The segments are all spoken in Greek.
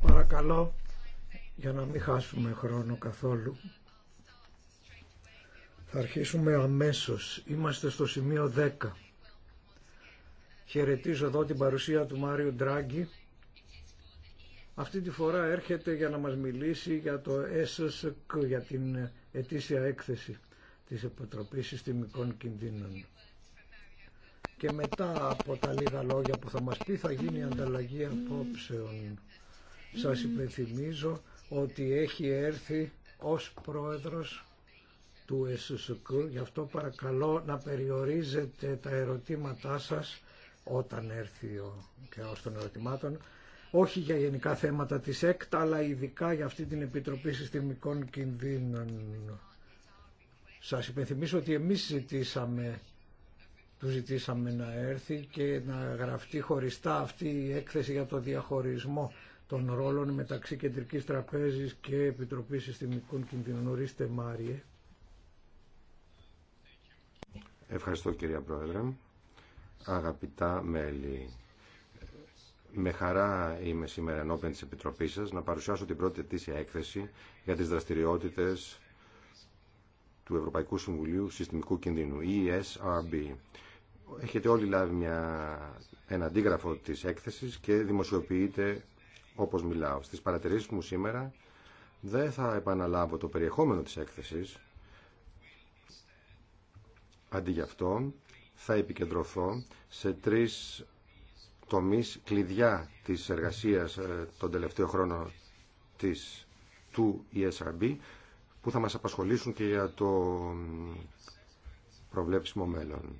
Παρακαλώ, για να μην χάσουμε χρόνο καθόλου, θα αρχίσουμε αμέσως. Είμαστε στο σημείο 10. Χαιρετίζω εδώ την παρουσία του Μάριου Ντράγκη. Αυτή τη φορά έρχεται για να μας μιλήσει για το και για την ετήσια έκθεση της Επιτροπής Συστημικών Κινδύνων και μετά από τα λίγα λόγια που θα μας πει θα γίνει η ανταλλαγή απόψεων. Σας υπενθυμίζω ότι έχει έρθει ως πρόεδρος του ΕΣΣΚ, γι' αυτό παρακαλώ να περιορίζετε τα ερωτήματά σας όταν έρθει ο καιρός των ερωτημάτων, όχι για γενικά θέματα της ΕΚΤ, αλλά ειδικά για αυτή την Επιτροπή Συστημικών Κινδύνων. Σας υπενθυμίσω ότι εμείς ζητήσαμε του ζητήσαμε να έρθει και να γραφτεί χωριστά αυτή η έκθεση για το διαχωρισμό των ρόλων μεταξύ Κεντρικής Τραπέζης και Επιτροπής Συστημικών Κινδύνων. Ορίστε Μάριε. Ευχαριστώ κυρία Πρόεδρε. Αγαπητά μέλη, με χαρά είμαι σήμερα ενώπιον της Επιτροπής σας να παρουσιάσω την πρώτη ετήσια έκθεση για τις δραστηριότητες του Ευρωπαϊκού Συμβουλίου Συστημικού Κινδύνου, ESRB έχετε όλοι λάβει μια, ένα αντίγραφο της έκθεσης και δημοσιοποιείται όπως μιλάω. Στις παρατηρήσεις μου σήμερα δεν θα επαναλάβω το περιεχόμενο της έκθεσης. Αντί γι' αυτό θα επικεντρωθώ σε τρεις τομείς κλειδιά της εργασίας ε, τον τελευταίο χρόνο της, του ESRB που θα μας απασχολήσουν και για το προβλέψιμο μέλλον.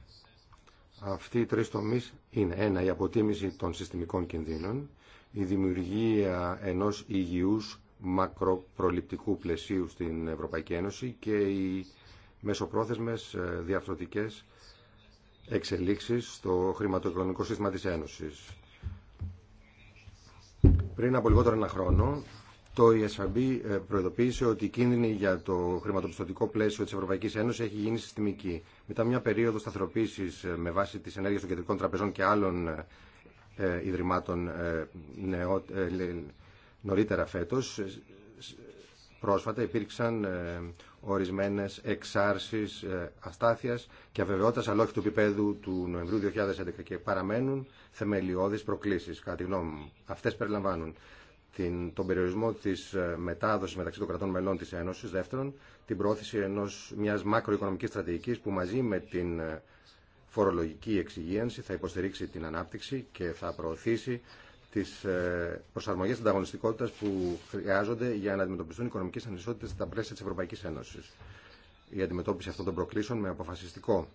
Αυτοί οι τρεις τομείς είναι ένα η αποτίμηση των συστημικών κινδύνων, η δημιουργία ενός υγιούς μακροπροληπτικού πλαισίου στην Ευρωπαϊκή Ένωση και οι μεσοπρόθεσμες ε, διαφορετικές εξελίξεις στο χρηματοοικονομικό σύστημα της Ένωσης. Πριν από λιγότερο ένα χρόνο το ESRB ε, προειδοποίησε ότι η κίνδυνη για το χρηματοπιστωτικό πλαίσιο τη Ευρωπαϊκή Ένωση έχει γίνει συστημική. Μετά μια περίοδο σταθεροποίηση ε, με βάση τι ενέργειε των κεντρικών τραπεζών και άλλων ε, ιδρυμάτων νωρίτερα φέτο, πρόσφατα υπήρξαν ορισμένε εξάρσει αστάθεια και αβεβαιότητα, αλόχη του επίπεδου του Νοεμβρίου 2011 και παραμένουν θεμελιώδει προκλήσει, κατά τη γνώμη μου. Αυτέ περιλαμβάνουν την, τον περιορισμό τη ε, μετάδοση μεταξύ των κρατών μελών τη Ένωση. Δεύτερον, την προώθηση ενός, μιας μακροοικονομικής στρατηγικής που μαζί με την ε, φορολογική εξυγίανση θα υποστηρίξει την ανάπτυξη και θα προωθήσει τις ε, προσαρμογές ανταγωνιστικότητα που χρειάζονται για να αντιμετωπιστούν οικονομικέ ανισότητε στα πλαίσια τη Ευρωπαϊκή Ένωση, Η αντιμετώπιση αυτών των προκλήσεων με αποφασιστικό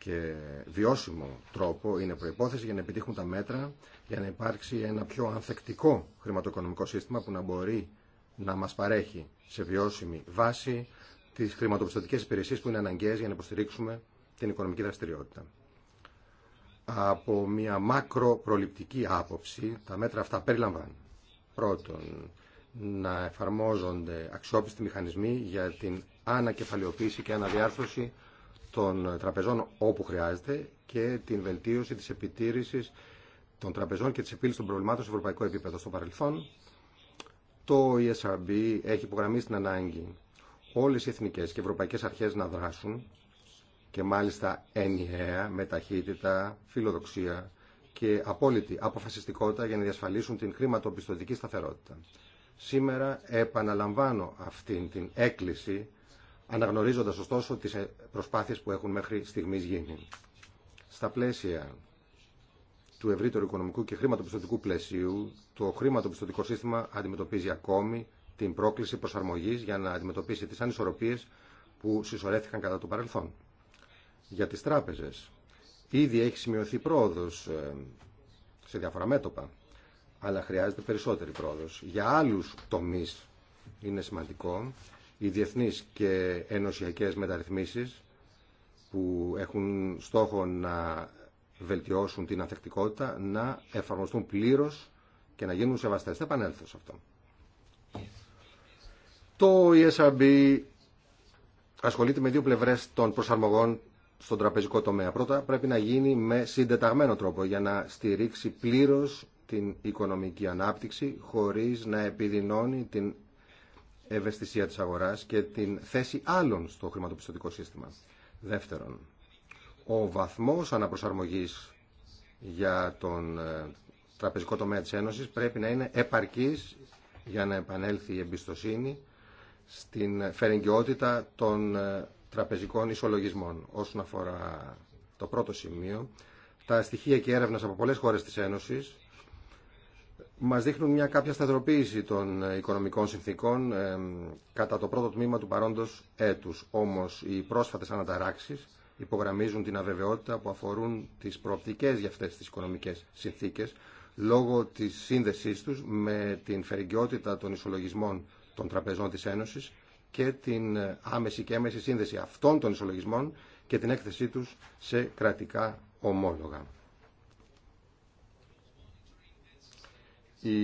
και βιώσιμο τρόπο είναι προϋπόθεση για να επιτύχουν τα μέτρα για να υπάρξει ένα πιο ανθεκτικό χρηματοοικονομικό σύστημα που να μπορεί να μας παρέχει σε βιώσιμη βάση τις χρηματοπιστωτικές υπηρεσίες που είναι αναγκαίες για να υποστηρίξουμε την οικονομική δραστηριότητα. Από μια μακροπροληπτική άποψη τα μέτρα αυτά περιλαμβάνουν πρώτον να εφαρμόζονται αξιόπιστοι μηχανισμοί για την ανακεφαλαιοποίηση και αναδιάρθρωση των τραπεζών όπου χρειάζεται και την βελτίωση της επιτήρησης των τραπεζών και της επίλυσης των προβλημάτων σε ευρωπαϊκό επίπεδο. Στο παρελθόν, το ESRB έχει υπογραμμίσει την ανάγκη όλες οι εθνικές και ευρωπαϊκές αρχές να δράσουν και μάλιστα ενιαία, με ταχύτητα, φιλοδοξία και απόλυτη αποφασιστικότητα για να διασφαλίσουν την χρηματοπιστωτική σταθερότητα. Σήμερα επαναλαμβάνω αυτήν την έκκληση αναγνωρίζοντας ωστόσο τις προσπάθειες που έχουν μέχρι στιγμής γίνει. Στα πλαίσια του ευρύτερου οικονομικού και χρηματοπιστωτικού πλαισίου, το χρηματοπιστωτικό σύστημα αντιμετωπίζει ακόμη την πρόκληση προσαρμογής για να αντιμετωπίσει τις ανισορροπίες που συσσωρέθηκαν κατά το παρελθόν. Για τις τράπεζες, ήδη έχει σημειωθεί πρόοδος ε, σε διάφορα μέτωπα, αλλά χρειάζεται περισσότερη πρόοδος. Για άλλους τομείς είναι σημαντικό οι διεθνείς και ενωσιακές μεταρρυθμίσεις που έχουν στόχο να βελτιώσουν την ανθεκτικότητα να εφαρμοστούν πλήρως και να γίνουν σεβαστές. Θα επανέλθω σε αυτό. Το ESRB ασχολείται με δύο πλευρές των προσαρμογών στον τραπεζικό τομέα. Πρώτα πρέπει να γίνει με συντεταγμένο τρόπο για να στηρίξει πλήρως την οικονομική ανάπτυξη χωρίς να επιδεινώνει την ευαισθησία της αγοράς και την θέση άλλων στο χρηματοπιστωτικό σύστημα. Δεύτερον, ο βαθμός αναπροσαρμογής για τον ε, τραπεζικό τομέα της Ένωσης πρέπει να είναι επαρκής για να επανέλθει η εμπιστοσύνη στην φερεγγιότητα των ε, τραπεζικών ισολογισμών. Όσον αφορά το πρώτο σημείο, τα στοιχεία και έρευνα από πολλές χώρες της Ένωσης μας δείχνουν μια κάποια σταθεροποίηση των οικονομικών συνθήκων ε, κατά το πρώτο τμήμα του παρόντος έτους. Όμως οι πρόσφατες αναταράξεις υπογραμμίζουν την αβεβαιότητα που αφορούν τις προοπτικές για αυτές τις οικονομικές συνθήκες λόγω της σύνδεσής τους με την φερικιότητα των ισολογισμών των τραπεζών της Ένωσης και την άμεση και έμεση σύνδεση αυτών των ισολογισμών και την έκθεσή τους σε κρατικά ομόλογα. η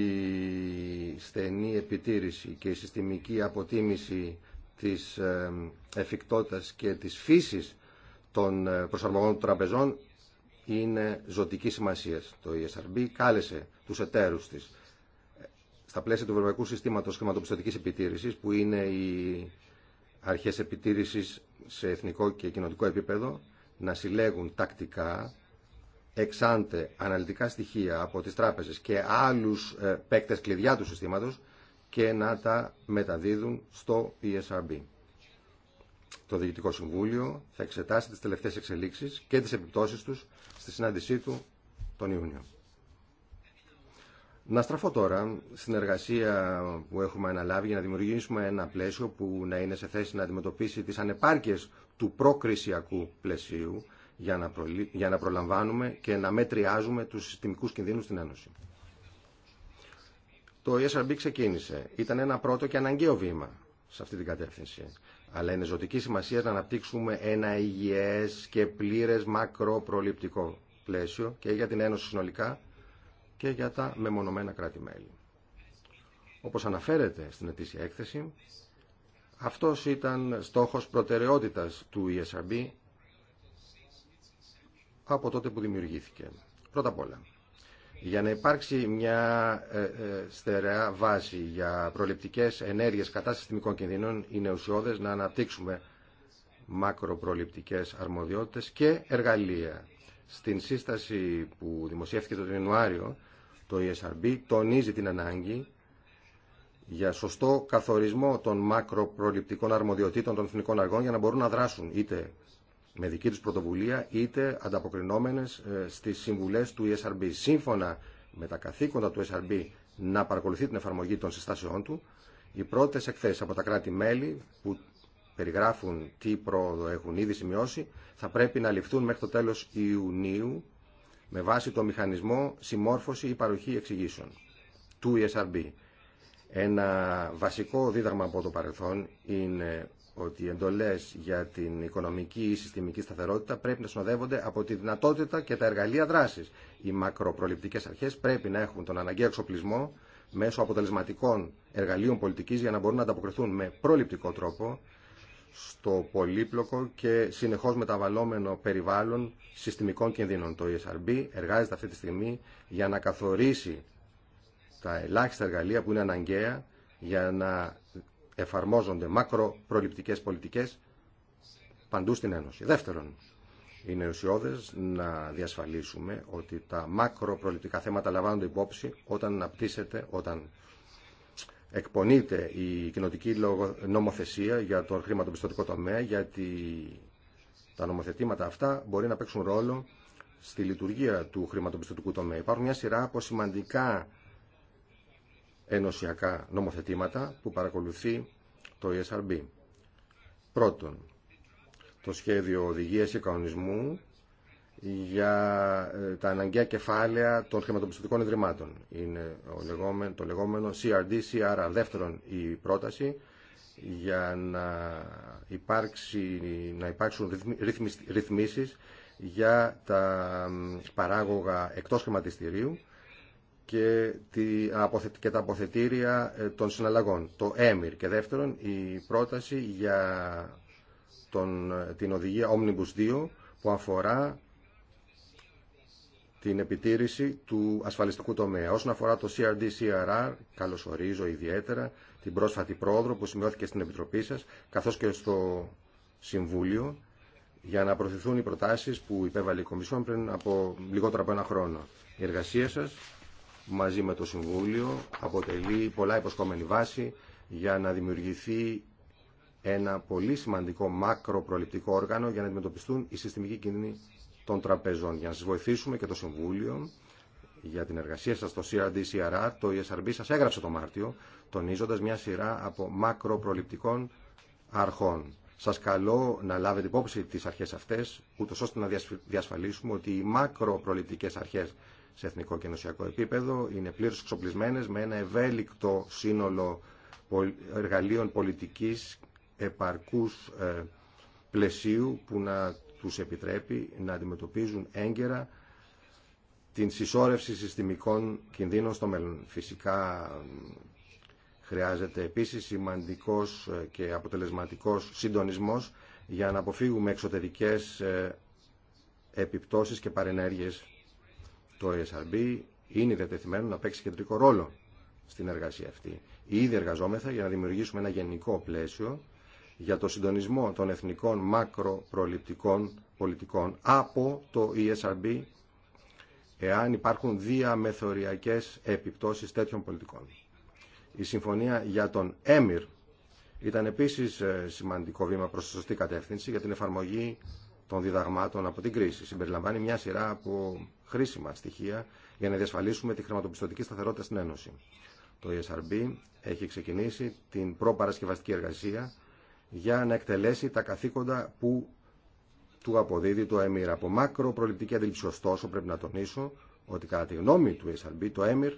στενή επιτήρηση και η συστημική αποτίμηση της ε, εφικτότητας και της φύσης των ε, προσαρμογών των τραπεζών είναι ζωτική σημασία. Το ESRB κάλεσε τους εταίρους της ε, στα πλαίσια του Ευρωπαϊκού Συστήματος Χρηματοπιστωτικής Επιτήρησης που είναι οι αρχές επιτήρησης σε εθνικό και κοινοτικό επίπεδο να συλλέγουν τακτικά εξάντε αναλυτικά στοιχεία από τις τράπεζες και άλλους ε, πέκτες κλειδιά του συστήματος και να τα μεταδίδουν στο ESRB. Το Διοικητικό Συμβούλιο θα εξετάσει τις τελευταίες εξελίξεις και τις επιπτώσεις τους στη συνάντησή του τον Ιούνιο. Να στραφώ τώρα στην εργασία που έχουμε αναλάβει για να δημιουργήσουμε ένα πλαίσιο που να είναι σε θέση να αντιμετωπίσει τις ανεπάρκειες του προκρισιακού πλαισίου για να, προλαμβάνουμε και να μετριάζουμε τους συστημικούς κινδύνους στην Ένωση. Το ESRB ξεκίνησε. Ήταν ένα πρώτο και αναγκαίο βήμα σε αυτή την κατεύθυνση. Αλλά είναι ζωτική σημασία να αναπτύξουμε ένα υγιές και πλήρες μακροπροληπτικό πλαίσιο και για την Ένωση συνολικά και για τα μεμονωμένα κράτη-μέλη. Όπως αναφέρεται στην ετήσια έκθεση, αυτός ήταν στόχος προτεραιότητας του ESRB από τότε που δημιουργήθηκε. Πρώτα απ' όλα, για να υπάρξει μια ε, ε, στερεά βάση για προληπτικές ενέργειες κατά συστημικών κινδύνων, είναι ουσιώδες να αναπτύξουμε μακροπροληπτικές αρμοδιότητες και εργαλεία. Στην σύσταση που δημοσιεύθηκε τον Ιανουάριο, το ESRB τονίζει την ανάγκη για σωστό καθορισμό των μακροπροληπτικών αρμοδιοτήτων των εθνικών αργών για να μπορούν να δράσουν είτε με δική τους πρωτοβουλία είτε ανταποκρινόμενες ε, στις συμβουλές του ESRB. Σύμφωνα με τα καθήκοντα του ESRB να παρακολουθεί την εφαρμογή των συστάσεών του, οι πρώτες εκθέσεις από τα κράτη-μέλη που περιγράφουν τι πρόοδο έχουν ήδη σημειώσει θα πρέπει να ληφθούν μέχρι το τέλος Ιουνίου με βάση το μηχανισμό συμμόρφωση ή παροχή εξηγήσεων του ESRB. Ένα βασικό δίδαγμα από το παρελθόν είναι ότι οι εντολέ για την οικονομική ή συστημική σταθερότητα πρέπει να συνοδεύονται από τη δυνατότητα και τα εργαλεία δράση. Οι μακροπροληπτικές αρχέ πρέπει να έχουν τον αναγκαίο εξοπλισμό μέσω αποτελεσματικών εργαλείων πολιτικής για να μπορούν να ανταποκριθούν με προληπτικό τρόπο στο πολύπλοκο και συνεχώ μεταβαλλόμενο περιβάλλον συστημικών κινδύνων. Το ESRB εργάζεται αυτή τη στιγμή για να καθορίσει τα ελάχιστα εργαλεία που είναι αναγκαία για να εφαρμόζονται μακροπροληπτικές πολιτικές παντού στην Ένωση. Δεύτερον, είναι ουσιώδες να διασφαλίσουμε ότι τα μακροπροληπτικά θέματα λαμβάνονται υπόψη όταν αναπτύσσεται, όταν εκπονείται η κοινοτική νομοθεσία για το χρηματοπιστωτικό τομέα, γιατί τα νομοθετήματα αυτά μπορεί να παίξουν ρόλο στη λειτουργία του χρηματοπιστωτικού τομέα. Υπάρχουν μια σειρά από σημαντικά ενωσιακά νομοθετήματα που παρακολουθεί το ESRB. Πρώτον, το σχέδιο οδηγίας και κανονισμού για ε, τα αναγκαία κεφάλαια των χρηματοπιστωτικών ιδρυμάτων. Είναι το λεγόμενο CRD-CRR. Δεύτερον, η πρόταση για να, υπάρξει, να υπάρξουν ρυθμίσεις για τα παράγωγα εκτός χρηματιστηρίου και, τα αποθετήρια ε, των συναλλαγών, το ΕΜΙΡ. Και δεύτερον, η πρόταση για την οδηγία Omnibus 2 που αφορά την επιτήρηση του ασφαλιστικού τομέα. Όσον αφορά το CRD-CRR, καλωσορίζω ιδιαίτερα την πρόσφατη πρόοδο που σημειώθηκε στην Επιτροπή σας, καθώς και στο Συμβούλιο, για να προωθηθούν οι προτάσεις που υπέβαλε η Κομισιόν πριν από λιγότερο από ένα χρόνο. Η εργασία σας μαζί με το Συμβούλιο αποτελεί πολλά υποσχόμενη βάση για να δημιουργηθεί ένα πολύ σημαντικό μακροπροληπτικό όργανο για να αντιμετωπιστούν οι συστημικοί κίνδυνοι των τραπεζών. Για να σας βοηθήσουμε και το Συμβούλιο για την εργασία σας στο crd το ESRB σας έγραψε το Μάρτιο, τονίζοντας μια σειρά από μακροπροληπτικών αρχών. Σας καλώ να λάβετε υπόψη τις αρχές αυτές, ούτω ώστε να διασφαλίσουμε ότι οι μακροπροληπτικές αρχές σε εθνικό και ενωσιακό επίπεδο. Είναι πλήρως εξοπλισμένες με ένα ευέλικτο σύνολο εργαλείων πολιτικής επαρκούς ε, πλαισίου που να τους επιτρέπει να αντιμετωπίζουν έγκαιρα την συσσόρευση συστημικών κινδύνων στο μέλλον. Φυσικά χρειάζεται επίσης σημαντικός ε, και αποτελεσματικός συντονισμός για να αποφύγουμε εξωτερικές ε, επιπτώσεις και παρενέργειες το ESRB είναι διατεθειμένο να παίξει κεντρικό ρόλο στην εργασία αυτή. Ήδη εργαζόμεθα για να δημιουργήσουμε ένα γενικό πλαίσιο για το συντονισμό των εθνικών μακροπροληπτικών πολιτικών από το ESRB εάν υπάρχουν διαμεθοριακές επιπτώσεις τέτοιων πολιτικών. Η συμφωνία για τον ΕΜΙΡ ήταν επίσης ε, σημαντικό βήμα προς τη σωστή κατεύθυνση για την εφαρμογή των διδαγμάτων από την κρίση. Συμπεριλαμβάνει μια σειρά από χρήσιμα στοιχεία για να διασφαλίσουμε τη χρηματοπιστωτική σταθερότητα στην Ένωση. Το ESRB έχει ξεκινήσει την προπαρασκευαστική εργασία για να εκτελέσει τα καθήκοντα που του αποδίδει το ΕΜΙΡ. Από μάκρο προληπτική αντίληψη, ωστόσο, πρέπει να τονίσω ότι κατά τη γνώμη του ESRB το ΕΜΙΡ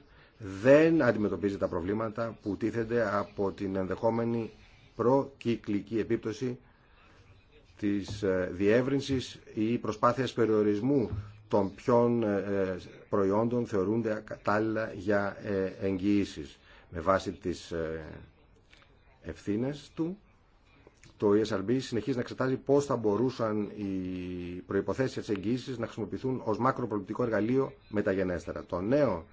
δεν αντιμετωπίζει τα προβλήματα που τίθενται από την ενδεχόμενη προκυκλική επίπτωση της ε, διεύρυνσης ή προσπάθειας περιορισμού των ποιων ε, ε, προϊόντων θεωρούνται κατάλληλα για ε, εγγυήσει με βάση τις ευθύνες του. Το ESRB συνεχίζει να εξετάζει πώς θα μπορούσαν οι προϋποθέσεις της εγγύησης να χρησιμοποιηθούν ως μακροπολιτικό εργαλείο μεταγενέστερα. Το νέο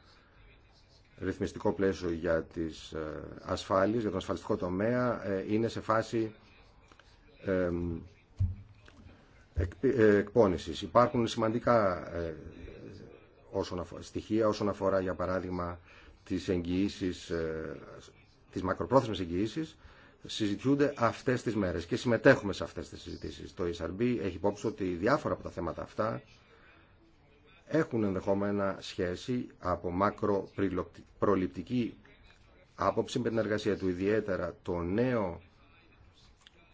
ρυθμιστικό πλαίσιο για τις ασφάλειες, για τον ασφαλιστικό τομέα, είναι σε φάση ε, εκπόνησης. Υπάρχουν σημαντικά ε, στοιχεία όσον αφορά για παράδειγμα τις εγγυήσεις, ε, τις μακροπρόθεσμες εγγυήσεις συζητιούνται αυτές τις μέρες και συμμετέχουμε σε αυτές τις συζητήσεις. Το ESRB έχει υπόψη ότι διάφορα από τα θέματα αυτά έχουν ενδεχόμενα σχέση από μακροπροληπτική άποψη με την εργασία του ιδιαίτερα το νέο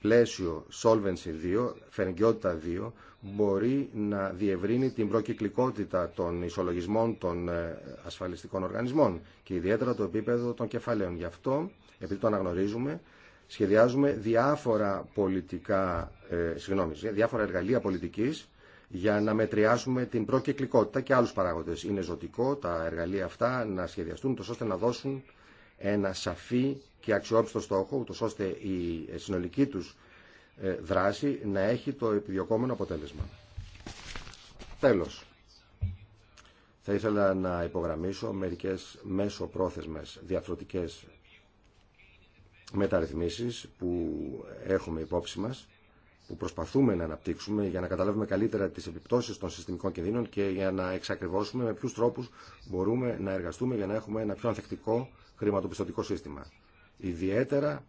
πλαίσιο Solvency 2, φερνικιότητα 2, μπορεί να διευρύνει την προκυκλικότητα των ισολογισμών των ε, ασφαλιστικών οργανισμών και ιδιαίτερα το επίπεδο των κεφαλαίων. Γι' αυτό, επειδή το αναγνωρίζουμε, σχεδιάζουμε διάφορα, πολιτικά, ε, διάφορα εργαλεία πολιτικής για να μετριάσουμε την προκυκλικότητα και άλλους παράγοντες. Είναι ζωτικό τα εργαλεία αυτά να σχεδιαστούν τόσο ώστε να δώσουν ένα σαφή και αξιόπιστο στόχο, ούτως ώστε η συνολική τους ε, δράση να έχει το επιδιωκόμενο αποτέλεσμα. Τέλος, θα ήθελα να υπογραμμίσω μερικές μέσο πρόθεσμες διαφορετικές μεταρρυθμίσεις που έχουμε υπόψη μας, που προσπαθούμε να αναπτύξουμε για να καταλάβουμε καλύτερα τις επιπτώσεις των συστημικών κινδύνων και για να εξακριβώσουμε με ποιους τρόπους μπορούμε να εργαστούμε για να έχουμε ένα πιο ανθεκτικό χρηματοπιστωτικό σύστημα. Ιδιαίτερα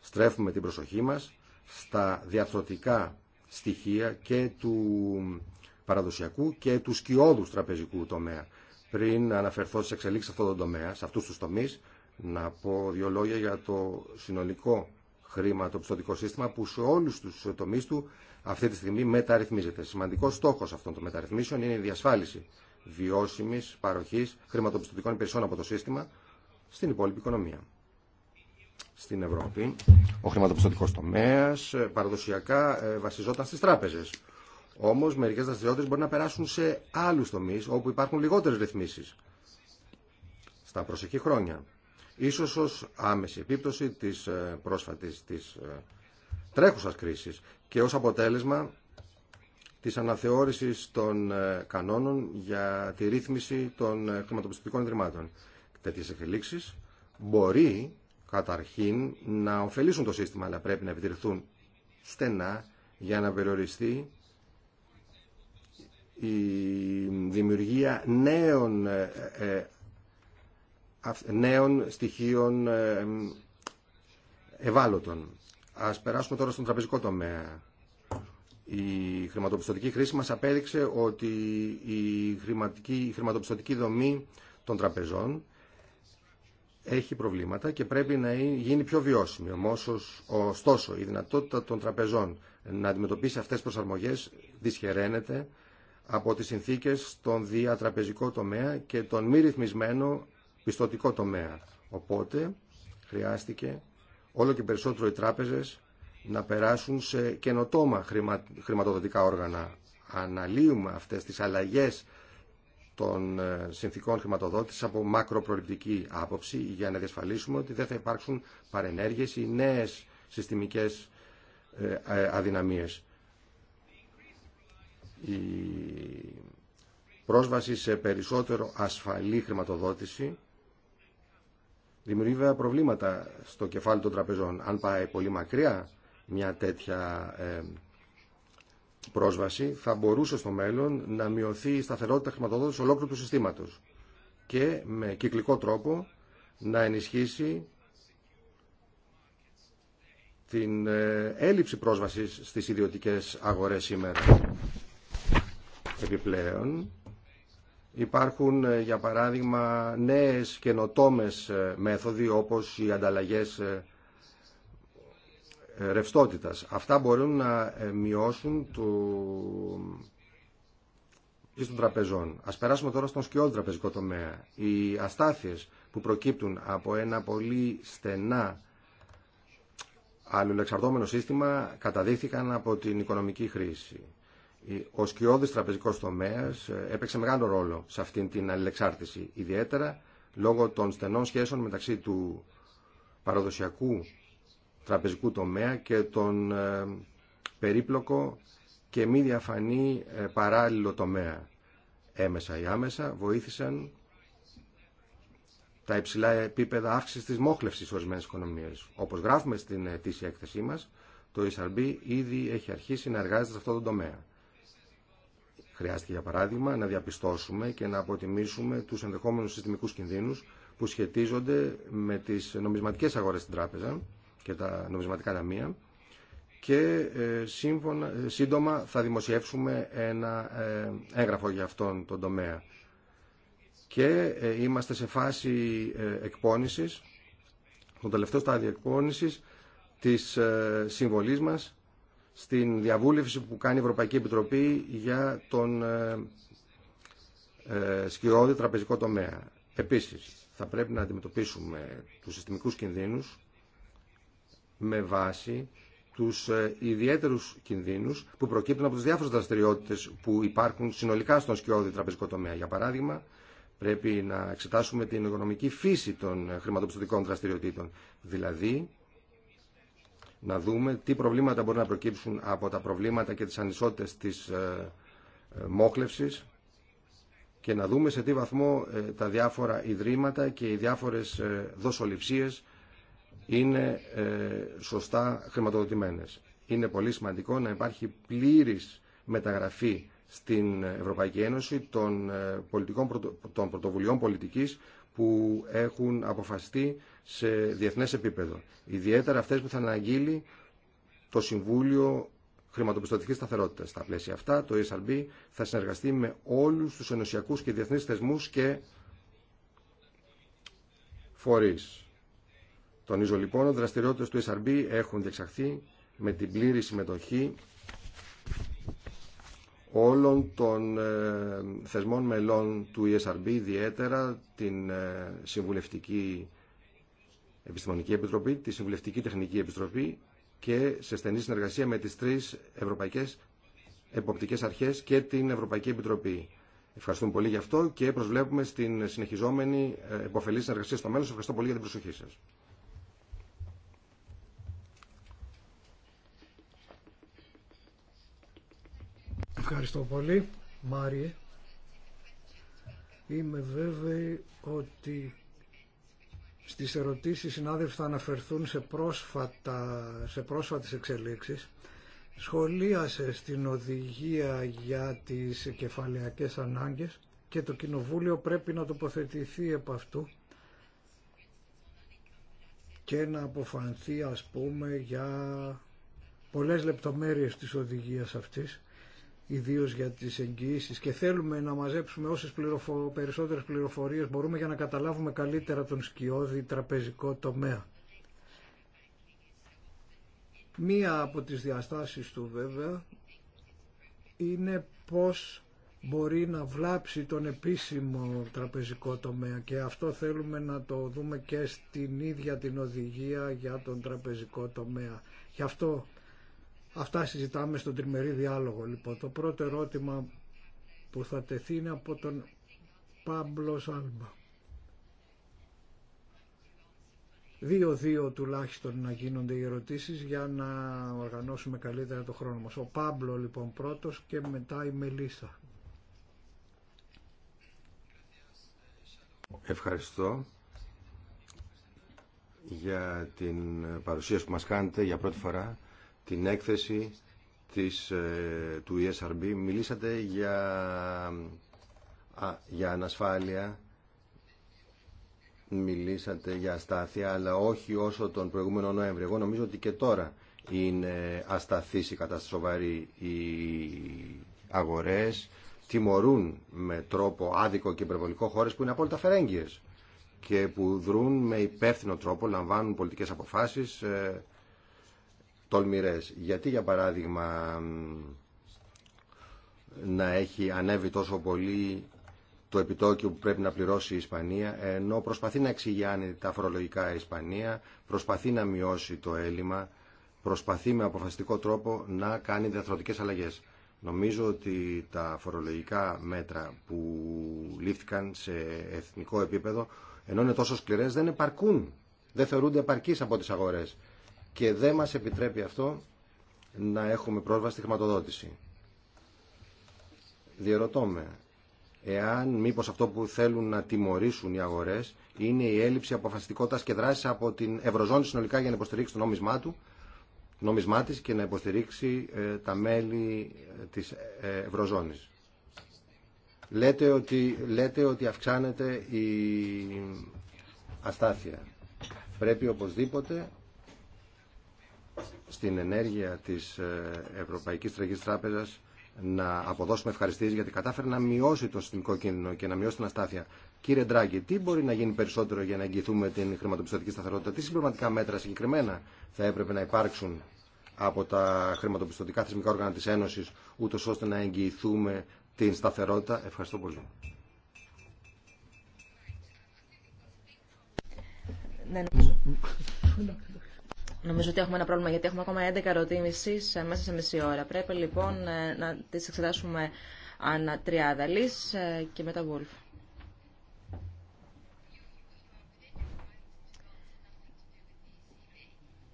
στρέφουμε την προσοχή μας στα διαρθρωτικά στοιχεία και του παραδοσιακού και του σκιώδου τραπεζικού τομέα. Πριν αναφερθώ στις εξελίξεις αυτών των τομέα, σε αυτούς του τομεί, να πω δύο λόγια για το συνολικό χρήμα, το πιστοτικό σύστημα που σε όλους τους τομείς του αυτή τη στιγμή μεταρρυθμίζεται. Σημαντικός στόχος αυτών των μεταρρυθμίσεων είναι η διασφάλιση βιώσιμης παροχής χρηματοπιστωτικών υπηρεσιών από το σύστημα στην υπόλοιπη οικονομία. Στην Ευρώπη, ο χρηματοπιστωτικός τομέας ε, παραδοσιακά ε, βασιζόταν στις τράπεζες. Όμω μερικέ δραστηριότητε μπορεί να περάσουν σε άλλου τομεί όπου υπάρχουν λιγότερε ρυθμίσει. Στα προσεχή χρόνια. Ίσως ως άμεση επίπτωση της ε, πρόσφατης της τρέχουσας κρίσης και ως αποτέλεσμα της αναθεώρησης των κανόνων για τη ρύθμιση των χρηματοπιστωτικών ιδρυμάτων τέτοιε εξελίξει μπορεί καταρχήν να ωφελήσουν το σύστημα αλλά πρέπει να επιτηρηθούν στενά για να περιοριστεί η δημιουργία νέων, ε, ε, νέων στοιχείων ε, ευάλωτων. Ας περάσουμε τώρα στον τραπεζικό τομέα. Η χρηματοπιστωτική χρήση μας απέδειξε ότι η, χρηματική, η χρηματοπιστωτική δομή των τραπεζών έχει προβλήματα και πρέπει να γίνει πιο βιώσιμη. ωστόσο, η δυνατότητα των τραπεζών να αντιμετωπίσει αυτές τις προσαρμογές δυσχεραίνεται από τις συνθήκες στον διατραπεζικό τομέα και τον μη ρυθμισμένο πιστοτικό τομέα. Οπότε χρειάστηκε όλο και περισσότερο οι τράπεζες να περάσουν σε καινοτόμα χρηματοδοτικά όργανα. Αναλύουμε αυτές τις αλλαγές των ε, συνθήκων χρηματοδότηση από μακροπροληπτική άποψη για να διασφαλίσουμε ότι δεν θα υπάρξουν παρενέργειες ή νέες συστημικές ε, ε, αδυναμίες. Η νεε συστημικες αδυναμιες η προσβαση σε περισσότερο ασφαλή χρηματοδότηση δημιουργεί βέβαια προβλήματα στο κεφάλι των τραπεζών. Αν πάει πολύ μακριά μια τέτοια πρόσβαση θα μπορούσε στο μέλλον να μειωθεί η σταθερότητα χρηματοδότηση ολόκληρου του συστήματος και με κυκλικό τρόπο να ενισχύσει την ε, έλλειψη πρόσβασης στις ιδιωτικές αγορές σήμερα. Επιπλέον, υπάρχουν ε, για παράδειγμα νέες καινοτόμες ε, μέθοδοι όπως οι ανταλλαγές ρευστότητας. Αυτά μπορούν να ε, μειώσουν το ή των τραπεζών. Ας περάσουμε τώρα στον σκιώδη τραπεζικό τομέα. Οι αστάθειες που προκύπτουν από ένα πολύ στενά αλληλεξαρτώμενο σύστημα καταδείχθηκαν από την οικονομική χρήση. Ο σκιώδης τραπεζικός τομέας ε, έπαιξε μεγάλο ρόλο σε αυτήν την αλληλεξάρτηση, ιδιαίτερα λόγω των στενών σχέσεων μεταξύ του παραδοσιακού τραπεζικού τομέα και τον ε, περίπλοκο και μη διαφανή ε, παράλληλο τομέα. Έμεσα ή άμεσα βοήθησαν τα υψηλά επίπεδα αύξηση της μόχλευσης ορισμένες οικονομίες. Όπως γράφουμε στην ετήσια έκθεσή μας, το ESRB ήδη έχει αρχίσει να εργάζεται σε αυτό το τομέα. Χρειάστηκε, για παράδειγμα, να διαπιστώσουμε και να αποτιμήσουμε τους ενδεχόμενους συστημικούς κινδύνους που σχετίζονται με τις νομισματικές αγορές στην τράπεζα και τα νομισματικά ταμεία και ε, σύμφωνα, ε, σύντομα θα δημοσιεύσουμε ένα ε, έγγραφο για αυτόν τον τομέα. Και είμαστε σε φάση εκπόνησης, το τελευταίο στάδιο εκπόνησης της συμβολής μας στην διαβούλευση που κάνει η Ευρωπαϊκή Επιτροπή για τον σκυρόδη τραπεζικό τομέα. Επίσης, θα πρέπει να αντιμετωπίσουμε τους συστημικούς κινδύνους με βάση τους ε, ιδιαίτερους κινδύνους που προκύπτουν από τις διάφορες δραστηριότητες που υπάρχουν συνολικά στον σκιώδη τραπεζικό τομέα. Για παράδειγμα, πρέπει να εξετάσουμε την οικονομική φύση των ε, χρηματοπιστωτικών δραστηριοτήτων. Δηλαδή, να δούμε τι προβλήματα μπορεί να προκύψουν από τα προβλήματα και τις ανισότητες της ε, μόχλευσης και να δούμε σε τι βαθμό τα διάφορα ιδρύματα και οι διάφορες δοσοληψίες είναι ε, σωστά χρηματοδοτημένες. Είναι πολύ σημαντικό να υπάρχει πλήρης μεταγραφή στην Ευρωπαϊκή Ένωση των, ε, πολιτικών, των πρωτοβουλειών πολιτικής που έχουν αποφαστεί σε διεθνές επίπεδο. Ιδιαίτερα αυτές που θα αναγγείλει το Συμβούλιο Χρηματοπιστωτικής Σταθερότητας. Στα πλαίσια αυτά το ESRB θα συνεργαστεί με όλους τους ενωσιακούς και διεθνείς θεσμούς και φορείς. Τονίζω λοιπόν ότι δραστηριότητε του SRB έχουν διεξαχθεί με την πλήρη συμμετοχή όλων των ε, θεσμών μελών του ESRB, ιδιαίτερα την ε, Συμβουλευτική Επιστημονική Επιτροπή, τη Συμβουλευτική Τεχνική Επιτροπή και σε στενή συνεργασία με τις τρεις ευρωπαϊκές εποπτικές αρχές και την Ευρωπαϊκή Επιτροπή. Ευχαριστούμε πολύ γι' αυτό και προσβλέπουμε στην συνεχιζόμενη ε, επωφελή συνεργασία στο μέλλον. Σας ευχαριστώ πολύ για την προσοχή σας. Ευχαριστώ πολύ, Μάριε. Είμαι βέβαιη ότι στις ερωτήσεις συνάδελφοι θα αναφερθούν σε, πρόσφατα, σε πρόσφατες εξελίξεις. Σχολίασε στην οδηγία για τις κεφαλαιακές ανάγκες και το Κοινοβούλιο πρέπει να τοποθετηθεί επ' αυτού και να αποφανθεί ας πούμε για πολλές λεπτομέρειες της οδηγίας αυτής Ιδίω για τις εγγυήσει και θέλουμε να μαζέψουμε όσε πληροφο... περισσότερες πληροφορίες μπορούμε για να καταλάβουμε καλύτερα τον σκιώδη τραπεζικό τομέα. Μία από τις διαστάσεις του βέβαια είναι πώς μπορεί να βλάψει τον επίσημο τραπεζικό τομέα και αυτό θέλουμε να το δούμε και στην ίδια την οδηγία για τον τραπεζικό τομέα. Γι' αυτό Αυτά συζητάμε στον τριμερή διάλογο. Λοιπόν, το πρώτο ερώτημα που θα τεθεί είναι από τον Πάμπλο Σάλμπα. Δύο-δύο τουλάχιστον να γίνονται οι ερωτήσεις για να οργανώσουμε καλύτερα το χρόνο μας. Ο Πάμπλο λοιπόν πρώτος και μετά η Μελίσσα. Ευχαριστώ για την παρουσίαση που μας κάνετε για πρώτη φορά την έκθεση της, ε, του ESRB μιλήσατε για, για ανασφάλεια μιλήσατε για αστάθεια αλλά όχι όσο τον προηγούμενο Νοέμβριο εγώ νομίζω ότι και τώρα είναι ασταθής η κατάσταση σοβαρή οι αγορές τιμωρούν με τρόπο άδικο και υπερβολικό χώρες που είναι απόλυτα φερέγγιες και που δρούν με υπεύθυνο τρόπο, λαμβάνουν πολιτικές αποφάσεις ε, τολμηρές. Γιατί για παράδειγμα να έχει ανέβει τόσο πολύ το επιτόκιο που πρέπει να πληρώσει η Ισπανία, ενώ προσπαθεί να εξηγιάνει τα φορολογικά η Ισπανία, προσπαθεί να μειώσει το έλλειμμα, προσπαθεί με αποφασιστικό τρόπο να κάνει διαθροτικές αλλαγές. Νομίζω ότι τα φορολογικά μέτρα που λήφθηκαν σε εθνικό επίπεδο, ενώ είναι τόσο σκληρές, δεν επαρκούν, δεν θεωρούνται επαρκείς από τις αγορές και δεν μας επιτρέπει αυτό να έχουμε πρόσβαση στη χρηματοδότηση. Διερωτώ με, εάν μήπως αυτό που θέλουν να τιμωρήσουν οι αγορές είναι η έλλειψη αποφασιστικότητας και δράσης από την Ευρωζώνη συνολικά για να υποστηρίξει το νόμισμά του της και να υποστηρίξει ε, τα μέλη ε, της ε, Ευρωζώνης. Λέτε ότι, λέτε ότι αυξάνεται η αστάθεια. Πρέπει οπωσδήποτε στην ενέργεια της ε, Ευρωπαϊκής Τραγικής Τράπεζας να αποδώσουμε ευχαριστήσει γιατί κατάφερε να μειώσει το συστημικό κίνδυνο και να μειώσει την αστάθεια. Κύριε Ντράγκη, τι μπορεί να γίνει περισσότερο για να εγγυηθούμε την χρηματοπιστωτική σταθερότητα, τι συμπληρωματικά μέτρα συγκεκριμένα θα έπρεπε να υπάρξουν από τα χρηματοπιστωτικά θεσμικά όργανα της Ένωσης, ούτως ώστε να εγγυηθούμε την σταθερότητα. Ευχαριστώ πολύ. Ναι, Νομίζω ότι έχουμε ένα πρόβλημα γιατί έχουμε ακόμα 11 ερωτήσει ε, μέσα σε μισή ώρα. Πρέπει λοιπόν ε, να τι εξετάσουμε ανά τριάδα. λύς ε, και μετά Wolf.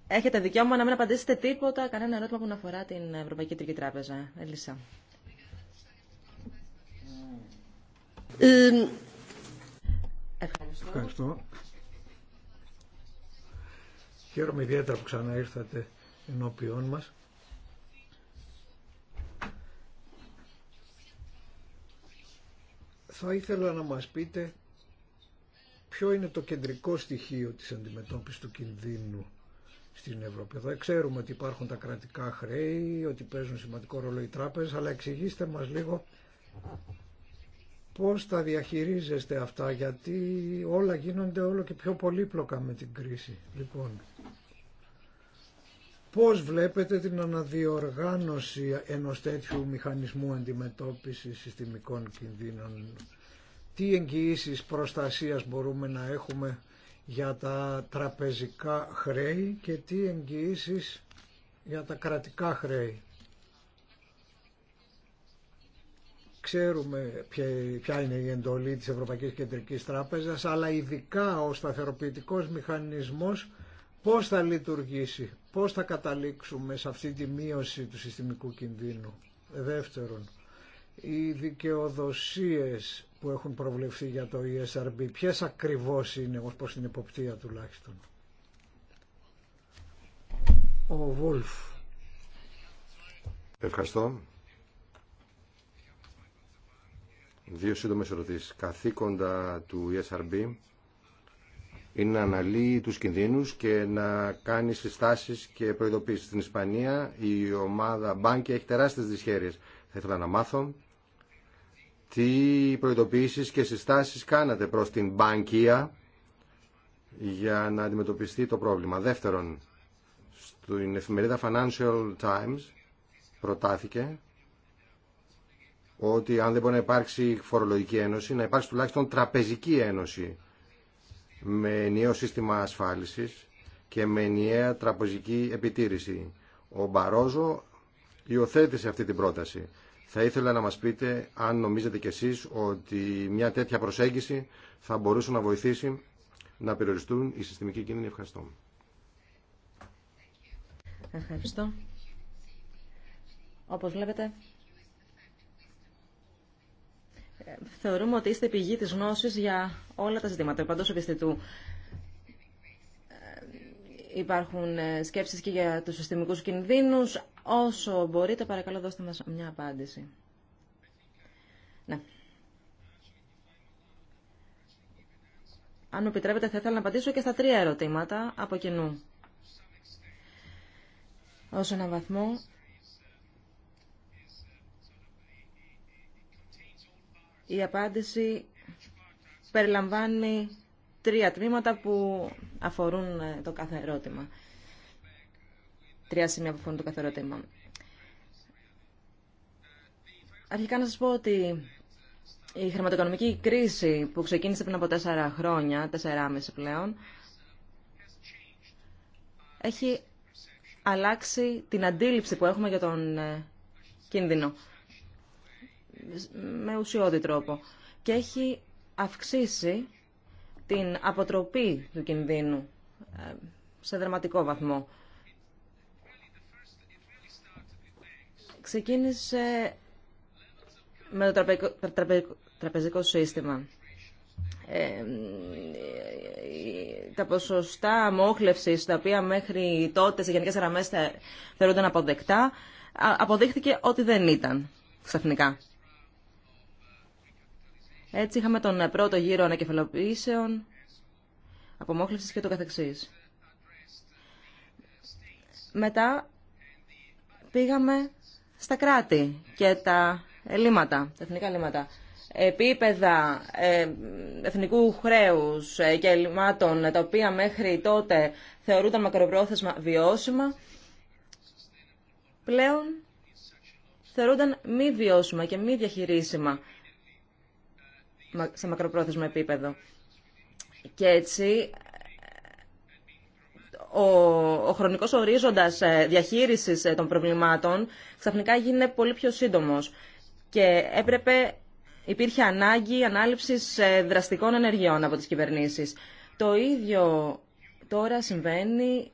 Έχετε δικαίωμα να μην απαντήσετε τίποτα, κανένα ερώτημα που να αφορά την Ευρωπαϊκή Τρική Τράπεζα. Ελίσσα. Ευχαριστώ. Ευχαριστώ. Χαίρομαι ιδιαίτερα που ξανά ήρθατε ενώπιόν μας. Θα ήθελα να μας πείτε ποιο είναι το κεντρικό στοιχείο της αντιμετώπισης του κινδύνου στην Ευρώπη. Εδώ ξέρουμε ότι υπάρχουν τα κρατικά χρέη, ότι παίζουν σημαντικό ρόλο οι τράπεζες, αλλά εξηγήστε μας λίγο Πώς τα διαχειρίζεστε αυτά, γιατί όλα γίνονται όλο και πιο πολύπλοκα με την κρίση. Λοιπόν, πώς βλέπετε την αναδιοργάνωση ενός τέτοιου μηχανισμού αντιμετώπισης συστημικών κινδύνων. Τι εγγυήσεις προστασίας μπορούμε να έχουμε για τα τραπεζικά χρέη και τι εγγυήσεις για τα κρατικά χρέη. Ξέρουμε ποια είναι η εντολή της Ευρωπαϊκής Κεντρικής Τράπεζας, αλλά ειδικά ο σταθεροποιητικός μηχανισμός πώς θα λειτουργήσει, πώς θα καταλήξουμε σε αυτή τη μείωση του συστημικού κινδύνου. Δεύτερον, οι δικαιοδοσίες που έχουν προβλεφθεί για το ESRB, ποιες ακριβώς είναι ως προς την εποπτεία τουλάχιστον. Ο Βούλφ. Ευχαριστώ. Δύο σύντομες ερωτήσεις. Καθήκοντα του ESRB είναι να αναλύει τους κινδύνους και να κάνει συστάσεις και προειδοποίησεις. Στην Ισπανία η ομάδα Μπάνκι έχει τεράστιες δυσχέρειες. Θα ήθελα να μάθω τι προειδοποίησεις και συστάσεις κάνατε προς την Μπάνκια για να αντιμετωπιστεί το πρόβλημα. Δεύτερον, στην εφημερίδα Financial Times προτάθηκε ότι αν δεν μπορεί να υπάρξει φορολογική ένωση, να υπάρξει τουλάχιστον τραπεζική ένωση με ενιαίο σύστημα ασφάλισης και με ενιαία τραπεζική επιτήρηση. Ο Μπαρόζο υιοθέτησε αυτή την πρόταση. Θα ήθελα να μας πείτε αν νομίζετε κι εσείς ότι μια τέτοια προσέγγιση θα μπορούσε να βοηθήσει να περιοριστούν οι συστημικοί κίνδυνοι. Ευχαριστώ. Ευχαριστώ. Όπως βλέπετε, θεωρούμε ότι είστε πηγή της γνώσης για όλα τα ζητήματα, παντός επιστητού. Ε, υπάρχουν ε, σκέψεις και για τους συστημικούς κινδύνους. Όσο μπορείτε, παρακαλώ δώστε μας μια απάντηση. Ναι. Αν μου επιτρέπετε, θα ήθελα να απαντήσω και στα τρία ερωτήματα από κοινού. Όσο έναν βαθμό, Η απάντηση περιλαμβάνει τρία τμήματα που αφορούν ε, το κάθε ερώτημα. Τρία σημεία που αφορούν το κάθε ερώτημα. Αρχικά να σας πω ότι η χρηματοοικονομική κρίση που ξεκίνησε πριν από τέσσερα χρόνια, τέσσερα πλέον, έχει αλλάξει την αντίληψη που έχουμε για τον ε, κίνδυνο με ουσιώδη τρόπο και έχει αυξήσει την αποτροπή του κινδύνου ε, σε δραματικό βαθμό. Ξεκίνησε με το τραπεζικό σύστημα. Ε, τα ποσοστά μόχλευσης, τα οποία μέχρι τότε σε γενικές γραμμές θεωρούνταν αποδεκτά, αποδείχθηκε ότι δεν ήταν ξαφνικά. Έτσι είχαμε τον πρώτο γύρο ανακεφαλοποιήσεων, απομόχλευσης και το καθεξής. Μετά πήγαμε στα κράτη και τα ελλείμματα, τα εθνικά ελλείμματα. Επίπεδα ε, εθνικού χρέους ε, και ελλημάτων, τα οποία μέχρι τότε θεωρούνταν μακροπρόθεσμα βιώσιμα, πλέον θεωρούνταν μη βιώσιμα και μη διαχειρίσιμα σε μακροπρόθεσμο επίπεδο. Και έτσι ο, ο χρονικός ορίζοντας ε, διαχείρισης ε, των προβλημάτων ξαφνικά γίνεται πολύ πιο σύντομος και έπρεπε, υπήρχε ανάγκη ανάληψης ε, δραστικών ενεργειών από τις κυβερνήσεις. Το ίδιο τώρα συμβαίνει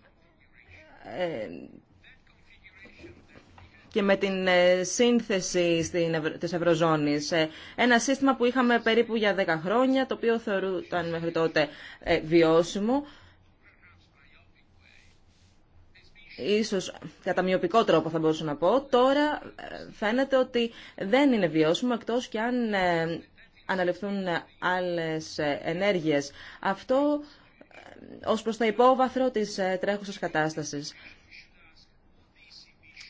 και με την ε, σύνθεση της Ευρωζώνης. Ε, ένα σύστημα που είχαμε περίπου για 10 χρόνια, το οποίο θεωρούταν μέχρι τότε ε, βιώσιμο. Ίσως κατά μειοπικό τρόπο θα μπορούσα να πω. Τώρα φαίνεται ότι δεν είναι βιώσιμο, εκτός και αν αναλυφθούν άλλες ενέργειες. Αυτό ως προς το υπόβαθρο της τρέχουσας κατάστασης.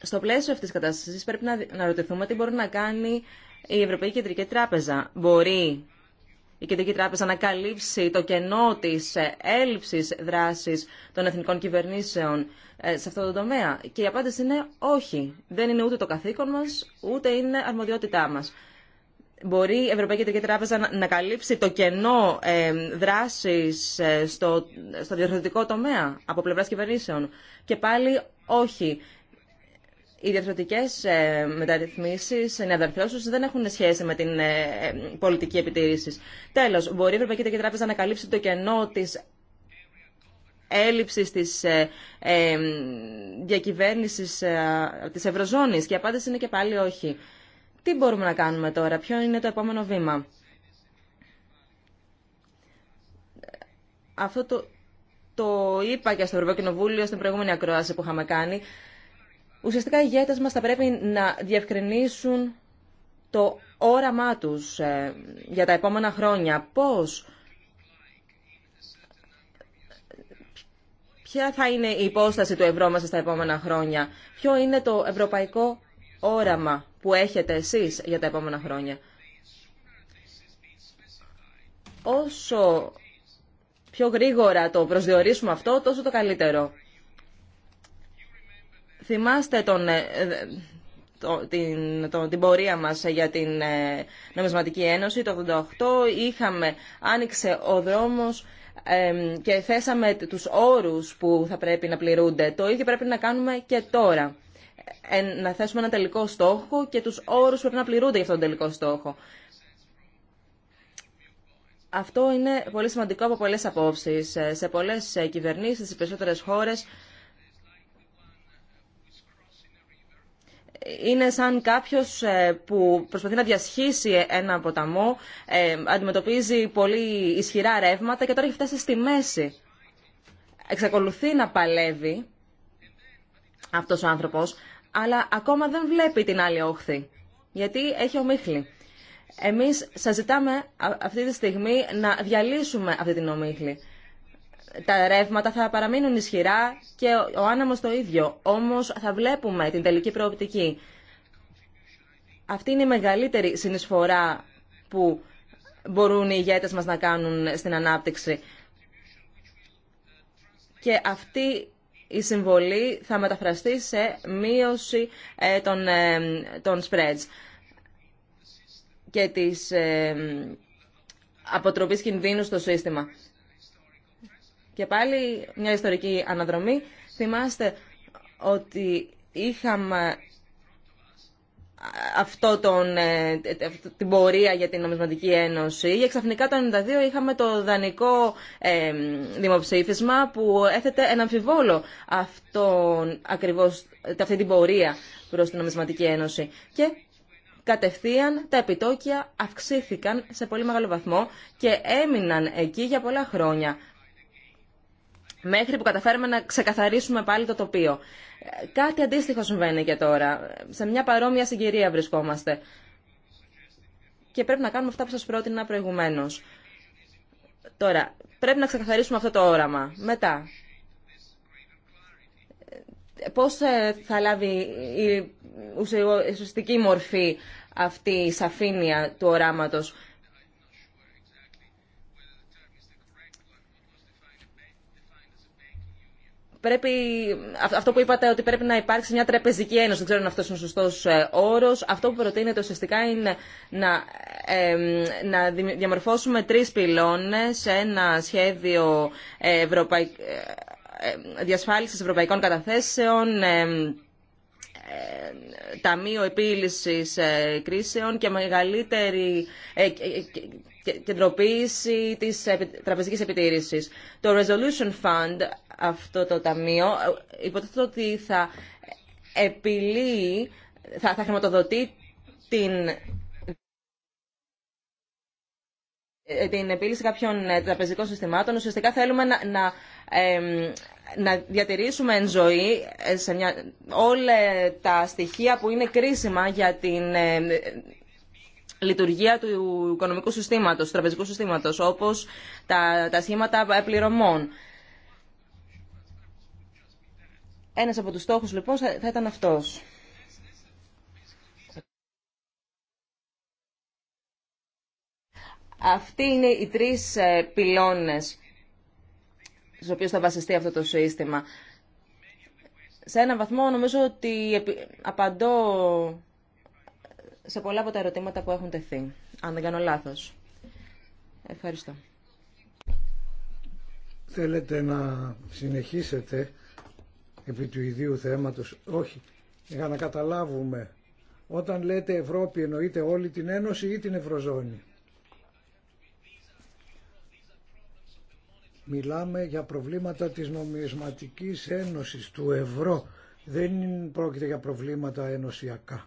Στο πλαίσιο αυτής της κατάστασης πρέπει να, να ρωτηθούμε τι μπορεί να κάνει η Ευρωπαϊκή Κεντρική Τράπεζα. Μπορεί η Κεντρική Τράπεζα να καλύψει το κενό της ε, έλλειψης δράσης των εθνικών κυβερνήσεων ε, σε αυτό το τομέα. Και η απάντηση είναι όχι. Δεν είναι ούτε το καθήκον μας, ούτε είναι αρμοδιότητά μας. Μπορεί η Ευρωπαϊκή Κεντρική Τράπεζα να καλύψει το κενό ε, δράσης στο, στο διορθωτικό τομέα από πλευράς κυβερνήσεων. Και πάλι όχι οι διαφορετικέ ε, μεταρρυθμίσεις, οι αναδιαρθρώσεις δεν έχουν σχέση με την ε, πολιτική επιτήρηση. Τέλος, μπορεί η Ευρωπαϊκή Τράπεζα να καλύψει το κενό της έλλειψης της ε, ε, διακυβέρνησης ε, της Ευρωζώνης και η απάντηση είναι και πάλι όχι. Τι μπορούμε να κάνουμε τώρα, ποιο είναι το επόμενο βήμα. Αυτό το, το είπα και στο Ευρωπαϊκό Κοινοβούλιο στην προηγούμενη ακρόαση που είχαμε κάνει. Ουσιαστικά οι ηγέτες μας θα πρέπει να διευκρινίσουν το όραμά τους ε, για τα επόμενα χρόνια. Πώς, ποια θα είναι η υπόσταση του ευρώ μας στα επόμενα χρόνια. Ποιο είναι το ευρωπαϊκό όραμα που έχετε εσείς για τα επόμενα χρόνια. Όσο πιο γρήγορα το προσδιορίσουμε αυτό, τόσο το καλύτερο. Θυμάστε τον, ε, την, την πορεία μας για την ε, Νομισματική Ένωση. Το 1988 είχαμε, άνοιξε ο δρόμος και θέσαμε τους όρους που θα πρέπει να πληρούνται. Το ίδιο πρέπει να κάνουμε και τώρα. να θέσουμε ένα τελικό στόχο και τους όρους που πρέπει να πληρούνται για αυτόν τον τελικό στόχο. Αυτό είναι πολύ σημαντικό από πολλές απόψεις. Ε, σε πολλές κυβερνήσεις, σε περισσότερες χώρες, είναι σαν κάποιος ε, που προσπαθεί να διασχίσει ένα ποταμό, ε, αντιμετωπίζει πολύ ισχυρά ρεύματα και τώρα έχει φτάσει στη μέση. Εξακολουθεί να παλεύει αυτός ο άνθρωπος, αλλά ακόμα δεν βλέπει την άλλη όχθη, γιατί έχει ομίχλη. Εμείς σας ζητάμε αυτή τη στιγμή να διαλύσουμε αυτή την ομίχλη τα ρεύματα θα παραμείνουν ισχυρά και ο άναμος το ίδιο. Όμως θα βλέπουμε την τελική προοπτική. Αυτή είναι η μεγαλύτερη συνεισφορά που μπορούν οι ηγέτες μας να κάνουν στην ανάπτυξη. Και αυτή η συμβολή θα μεταφραστεί σε μείωση ε, των, ε, των spreads και της ε, αποτροπής κινδύνου στο σύστημα. Και πάλι μια ιστορική αναδρομή. Θυμάστε ότι είχαμε αυτό τον, ε, την πορεία για την νομισματική ένωση και ξαφνικά το 1992 είχαμε το δανεικό ε, δημοψήφισμα που έθετε ένα αμφιβόλο αυτόν, ακριβώς, αυτή την πορεία προς την νομισματική ένωση και κατευθείαν τα επιτόκια αυξήθηκαν σε πολύ μεγάλο βαθμό και έμειναν εκεί για πολλά χρόνια μέχρι που καταφέρουμε να ξεκαθαρίσουμε πάλι το τοπίο. Κάτι αντίστοιχο συμβαίνει και τώρα. Σε μια παρόμοια συγκυρία βρισκόμαστε. Και πρέπει να κάνουμε αυτά που σας πρότεινα προηγουμένω. Τώρα, πρέπει να ξεκαθαρίσουμε αυτό το όραμα. Μετά, πώς ε, θα λάβει η ουσιαστική μορφή αυτή η σαφήνεια του οράματος πρέπει, αυτό που είπατε ότι πρέπει να υπάρξει μια τραπεζική ένωση, δεν ξέρω αν αυτό είναι ο σωστός ε, όρο. Αυτό που προτείνεται ουσιαστικά είναι να, ε, να διαμορφώσουμε τρεις πυλώνες, ένα σχέδιο ε, ευρωπαϊκής ε, διασφάλισης ευρωπαϊκών καταθέσεων, Ταμείο Επίλυσης Κρίσεων και μεγαλύτερη κεντροποίηση της τραπεζικής επιτήρησης. Το Resolution Fund, αυτό το ταμείο, υποτίθεται ότι θα επιλύει, θα, θα χρηματοδοτεί την ε, την επίλυση κάποιων ε, τραπεζικών συστημάτων. Ουσιαστικά θέλουμε να, να, να διατηρήσουμε εν ζωή ε, σε όλα τα στοιχεία που είναι κρίσιμα για την λειτουργία του οικονομικού συστήματος, του τραπεζικού συστήματος, όπως τα, τα σχήματα πληρωμών. Ένας από τους στόχους λοιπόν θα ήταν αυτός. Αυτοί είναι οι τρεις ε, πυλώνες στους οποίους θα βασιστεί αυτό το σύστημα. Σε έναν βαθμό νομίζω ότι απαντώ σε πολλά από τα ερωτήματα που έχουν τεθεί, αν δεν κάνω λάθος. Ευχαριστώ. Θέλετε να συνεχίσετε επί του ιδίου θέματος. Όχι, για να καταλάβουμε. Όταν λέτε Ευρώπη εννοείται όλη την Ένωση ή την Ευρωζώνη. Μιλάμε για προβλήματα της νομισματικής ένωσης, του ευρώ. Δεν πρόκειται για προβλήματα ενωσιακά.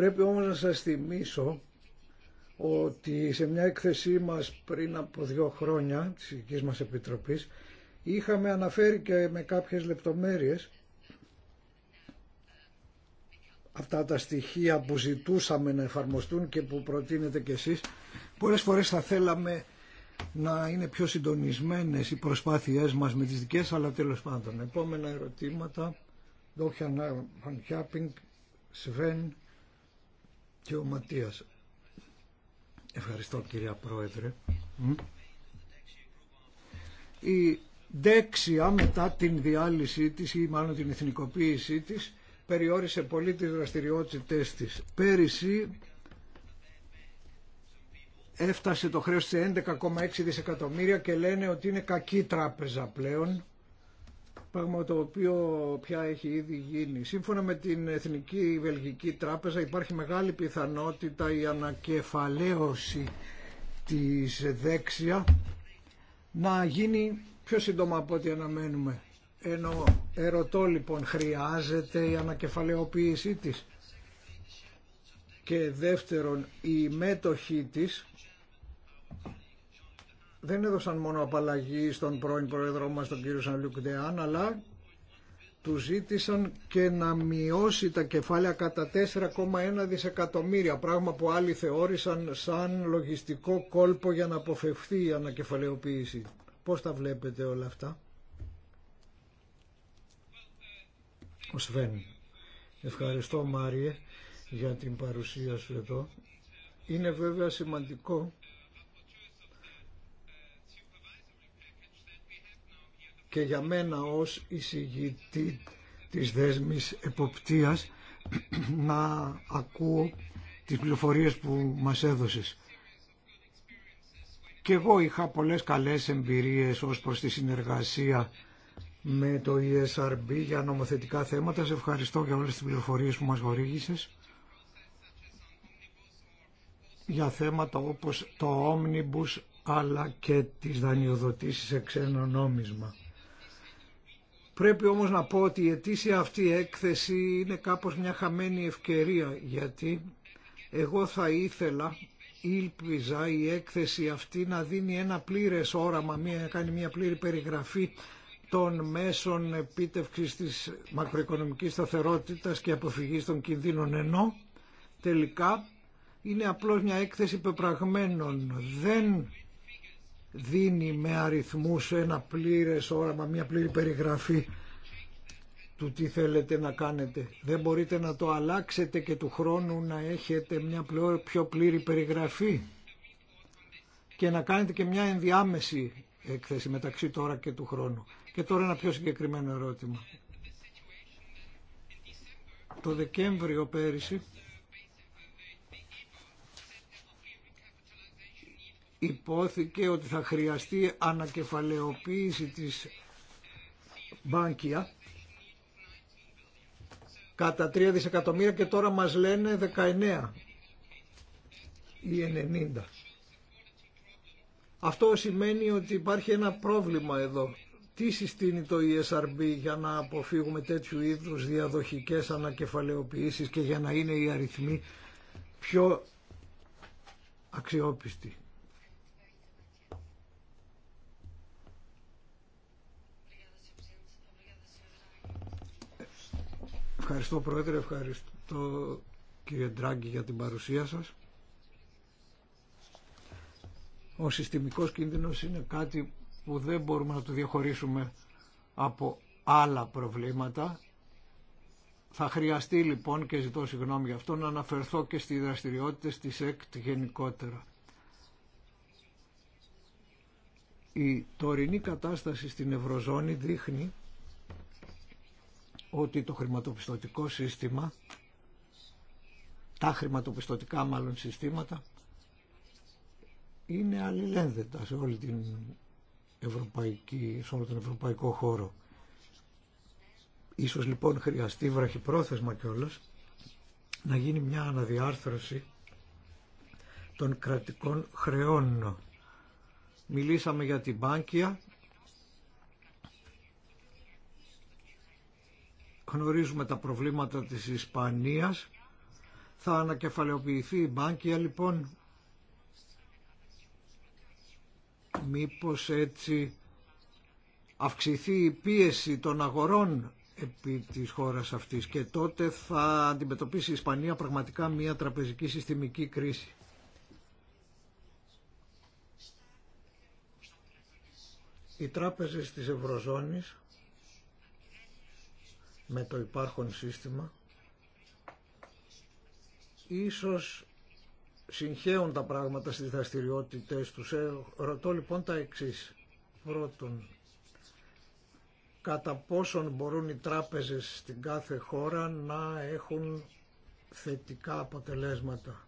Πρέπει όμως να σας θυμίσω ότι σε μια έκθεσή μας πριν από δύο χρόνια της Υγικής μας Επιτροπής είχαμε αναφέρει και με κάποιες λεπτομέρειες αυτά τα στοιχεία που ζητούσαμε να εφαρμοστούν και που προτείνετε κι εσείς πολλές φορές θα θέλαμε να είναι πιο συντονισμένες οι προσπάθειές μας με τις δικές αλλά τέλος πάντων επόμενα ερωτήματα Δόχια Σβέν και ο Ματίας. Ευχαριστώ κυρία Πρόεδρε. Η Δέξια μετά την διάλυσή της ή μάλλον την εθνικοποίησή της περιόρισε πολύ τις δραστηριότητες της. Πέρυσι έφτασε το χρέος σε 11,6 δισεκατομμύρια και λένε ότι είναι κακή τράπεζα πλέον Πράγμα το οποίο πια έχει ήδη γίνει. Σύμφωνα με την Εθνική Βελγική Τράπεζα υπάρχει μεγάλη πιθανότητα η ανακεφαλαίωση της δέξια να γίνει πιο σύντομα από ό,τι αναμένουμε. Ενώ ερωτώ λοιπόν χρειάζεται η ανακεφαλαιοποίησή της. Και δεύτερον, η μέτοχή της δεν έδωσαν μόνο απαλλαγή στον πρώην πρόεδρό μας τον κύριο Σανλούκ Ντεάν αλλά του ζήτησαν και να μειώσει τα κεφάλαια κατά 4,1 δισεκατομμύρια πράγμα που άλλοι θεώρησαν σαν λογιστικό κόλπο για να αποφευθεί η ανακεφαλαιοποίηση. Πώς τα βλέπετε όλα αυτά. Ο Σβέν. Ευχαριστώ Μάριε για την παρουσία σου εδώ. Είναι βέβαια σημαντικό και για μένα ως εισηγητή της δέσμης εποπτείας να ακούω τις πληροφορίες που μας έδωσες. Και εγώ είχα πολλές καλές εμπειρίες ως προς τη συνεργασία με το ESRB για νομοθετικά θέματα. Σε ευχαριστώ για όλες τις πληροφορίες που μας χορήγησες για θέματα όπως το Omnibus αλλά και τις δανειοδοτήσεις σε ξένο νόμισμα. Πρέπει όμως να πω ότι η αιτήσια αυτή έκθεση είναι κάπως μια χαμένη ευκαιρία γιατί εγώ θα ήθελα, ήλπιζα η έκθεση αυτή να δίνει ένα πλήρες όραμα, να κάνει μια πλήρη περιγραφή των μέσων επίτευξης της μακροοικονομικής σταθερότητας και αποφυγής των κινδύνων ενώ τελικά είναι απλώς μια έκθεση πεπραγμένων. Δεν δίνει με αριθμούς ένα πλήρες όραμα, μια πλήρη περιγραφή του τι θέλετε να κάνετε. Δεν μπορείτε να το αλλάξετε και του χρόνου να έχετε μια πιο πλήρη περιγραφή και να κάνετε και μια ενδιάμεση έκθεση μεταξύ τώρα και του χρόνου. Και τώρα ένα πιο συγκεκριμένο ερώτημα. Το Δεκέμβριο πέρυσι υπόθηκε ότι θα χρειαστεί ανακεφαλαιοποίηση της Μπάνκια κατά 3 δισεκατομμύρια και τώρα μας λένε 19 ή 90. Αυτό σημαίνει ότι υπάρχει ένα πρόβλημα εδώ. Τι συστήνει το ESRB για να αποφύγουμε τέτοιου είδους διαδοχικές ανακεφαλαιοποιήσεις και για να είναι οι αριθμοί πιο αξιόπιστοι. Ευχαριστώ Πρόεδρε, ευχαριστώ κύριε Ντράγκη για την παρουσία σας. Ο συστημικός κίνδυνος είναι κάτι που δεν μπορούμε να το διαχωρίσουμε από άλλα προβλήματα. Θα χρειαστεί λοιπόν και ζητώ συγγνώμη γι' αυτό να αναφερθώ και στις δραστηριότητες της ΕΚΤ γενικότερα. Η τωρινή κατάσταση στην Ευρωζώνη δείχνει ότι το χρηματοπιστωτικό σύστημα, τα χρηματοπιστωτικά μάλλον συστήματα, είναι αλληλένδετα σε, όλη την ευρωπαϊκή, σε όλο τον ευρωπαϊκό χώρο. Ίσως λοιπόν χρειαστεί βραχυπρόθεσμα κιόλας να γίνει μια αναδιάρθρωση των κρατικών χρεών. Μιλήσαμε για την Πάνκια γνωρίζουμε τα προβλήματα της Ισπανίας. Θα ανακεφαλαιοποιηθεί η μπάνκια λοιπόν. Μήπως έτσι αυξηθεί η πίεση των αγορών επί της χώρας αυτής και τότε θα αντιμετωπίσει η Ισπανία πραγματικά μια τραπεζική συστημική κρίση. Οι τράπεζες της Ευρωζώνης με το υπάρχον σύστημα ίσως συγχαίουν τα πράγματα στις δραστηριότητες τους. Ε, ρωτώ λοιπόν τα εξής. Πρώτον, κατά πόσον μπορούν οι τράπεζες στην κάθε χώρα να έχουν θετικά αποτελέσματα.